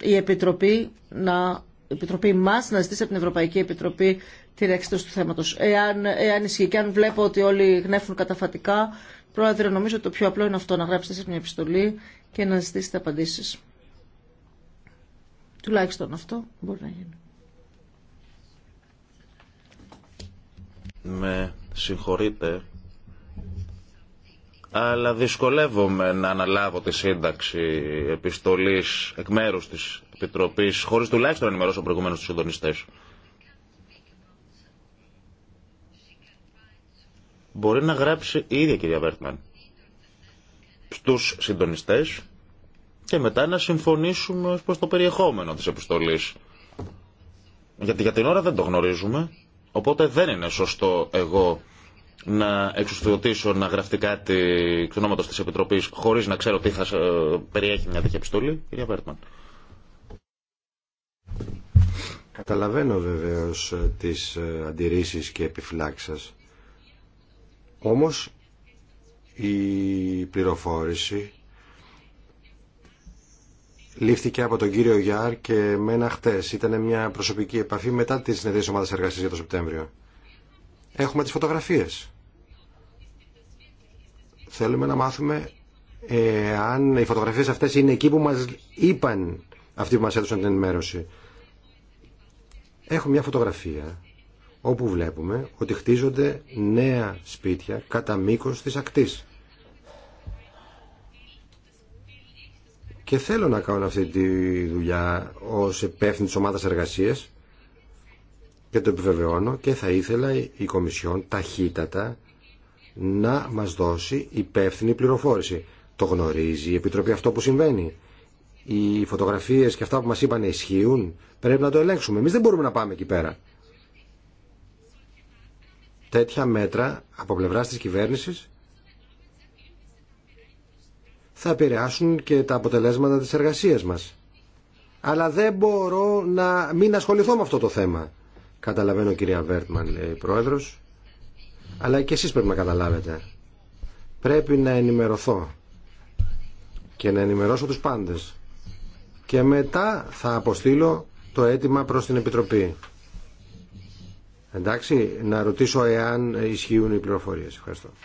η Επιτροπή να Επιτροπή μας να ζητήσει από την Ευρωπαϊκή Επιτροπή τη εξέταση του θέματος. Εάν, εάν ισχύει και αν βλέπω ότι όλοι γνέφουν καταφατικά, Πρόεδρε, νομίζω ότι το πιο απλό είναι αυτό, να γράψετε σε μια επιστολή και να ζητήσετε απαντήσεις. Τουλάχιστον αυτό μπορεί να γίνει. Με συγχωρείτε, αλλά δυσκολεύομαι να αναλάβω τη σύνταξη επιστολής εκ μέρους της Επιτροπή, χωρί τουλάχιστον να ενημερώσω προηγουμένω του συντονιστέ. Μπορεί να γράψει η ίδια κυρία Βέρτμαν στου συντονιστέ και μετά να συμφωνήσουμε προ το περιεχόμενο τη επιστολή. Γιατί για την ώρα δεν το γνωρίζουμε, οπότε δεν είναι σωστό εγώ να εξουσιοδοτήσω να γραφτεί κάτι εξ ονόματο τη Επιτροπή χωρί να ξέρω τι θα ε, περιέχει μια τέτοια επιστολή. Κυρία Βέρτμαν. Καταλαβαίνω βεβαίως ε, τις ε, αντιρρήσεις και επιφυλάξεις Όμως η πληροφόρηση λήφθηκε από τον κύριο Γιάρ και μένα χτες. Ήταν μια προσωπική επαφή μετά τη συνεδρία της εργασία εργασίας για το Σεπτέμβριο. Έχουμε τις φωτογραφίες. Θέλουμε να μάθουμε αν οι φωτογραφίες αυτές είναι εκεί που μας είπαν αυτοί που μας έδωσαν την ενημέρωση. Έχω μια φωτογραφία όπου βλέπουμε ότι χτίζονται νέα σπίτια κατά μήκος της ακτής. Και θέλω να κάνω αυτή τη δουλειά ως υπεύθυνη της ομάδας εργασίας και το επιβεβαιώνω και θα ήθελα η Κομισιόν ταχύτατα να μας δώσει υπεύθυνη πληροφόρηση. Το γνωρίζει η Επιτροπή αυτό που συμβαίνει οι φωτογραφίες και αυτά που μας είπαν ισχύουν. Πρέπει να το ελέγξουμε. Εμείς δεν μπορούμε να πάμε εκεί πέρα. Τέτοια μέτρα από πλευράς της κυβέρνησης θα επηρεάσουν και τα αποτελέσματα της εργασίας μας. Αλλά δεν μπορώ να μην ασχοληθώ με αυτό το θέμα. Καταλαβαίνω κυρία Βέρτμαν, λέει πρόεδρος. Αλλά και εσείς πρέπει να καταλάβετε. Πρέπει να ενημερωθώ και να ενημερώσω τους πάντες και μετά θα αποστείλω το αίτημα προς την Επιτροπή. Εντάξει, να ρωτήσω εάν ισχύουν οι πληροφορίες. Ευχαριστώ.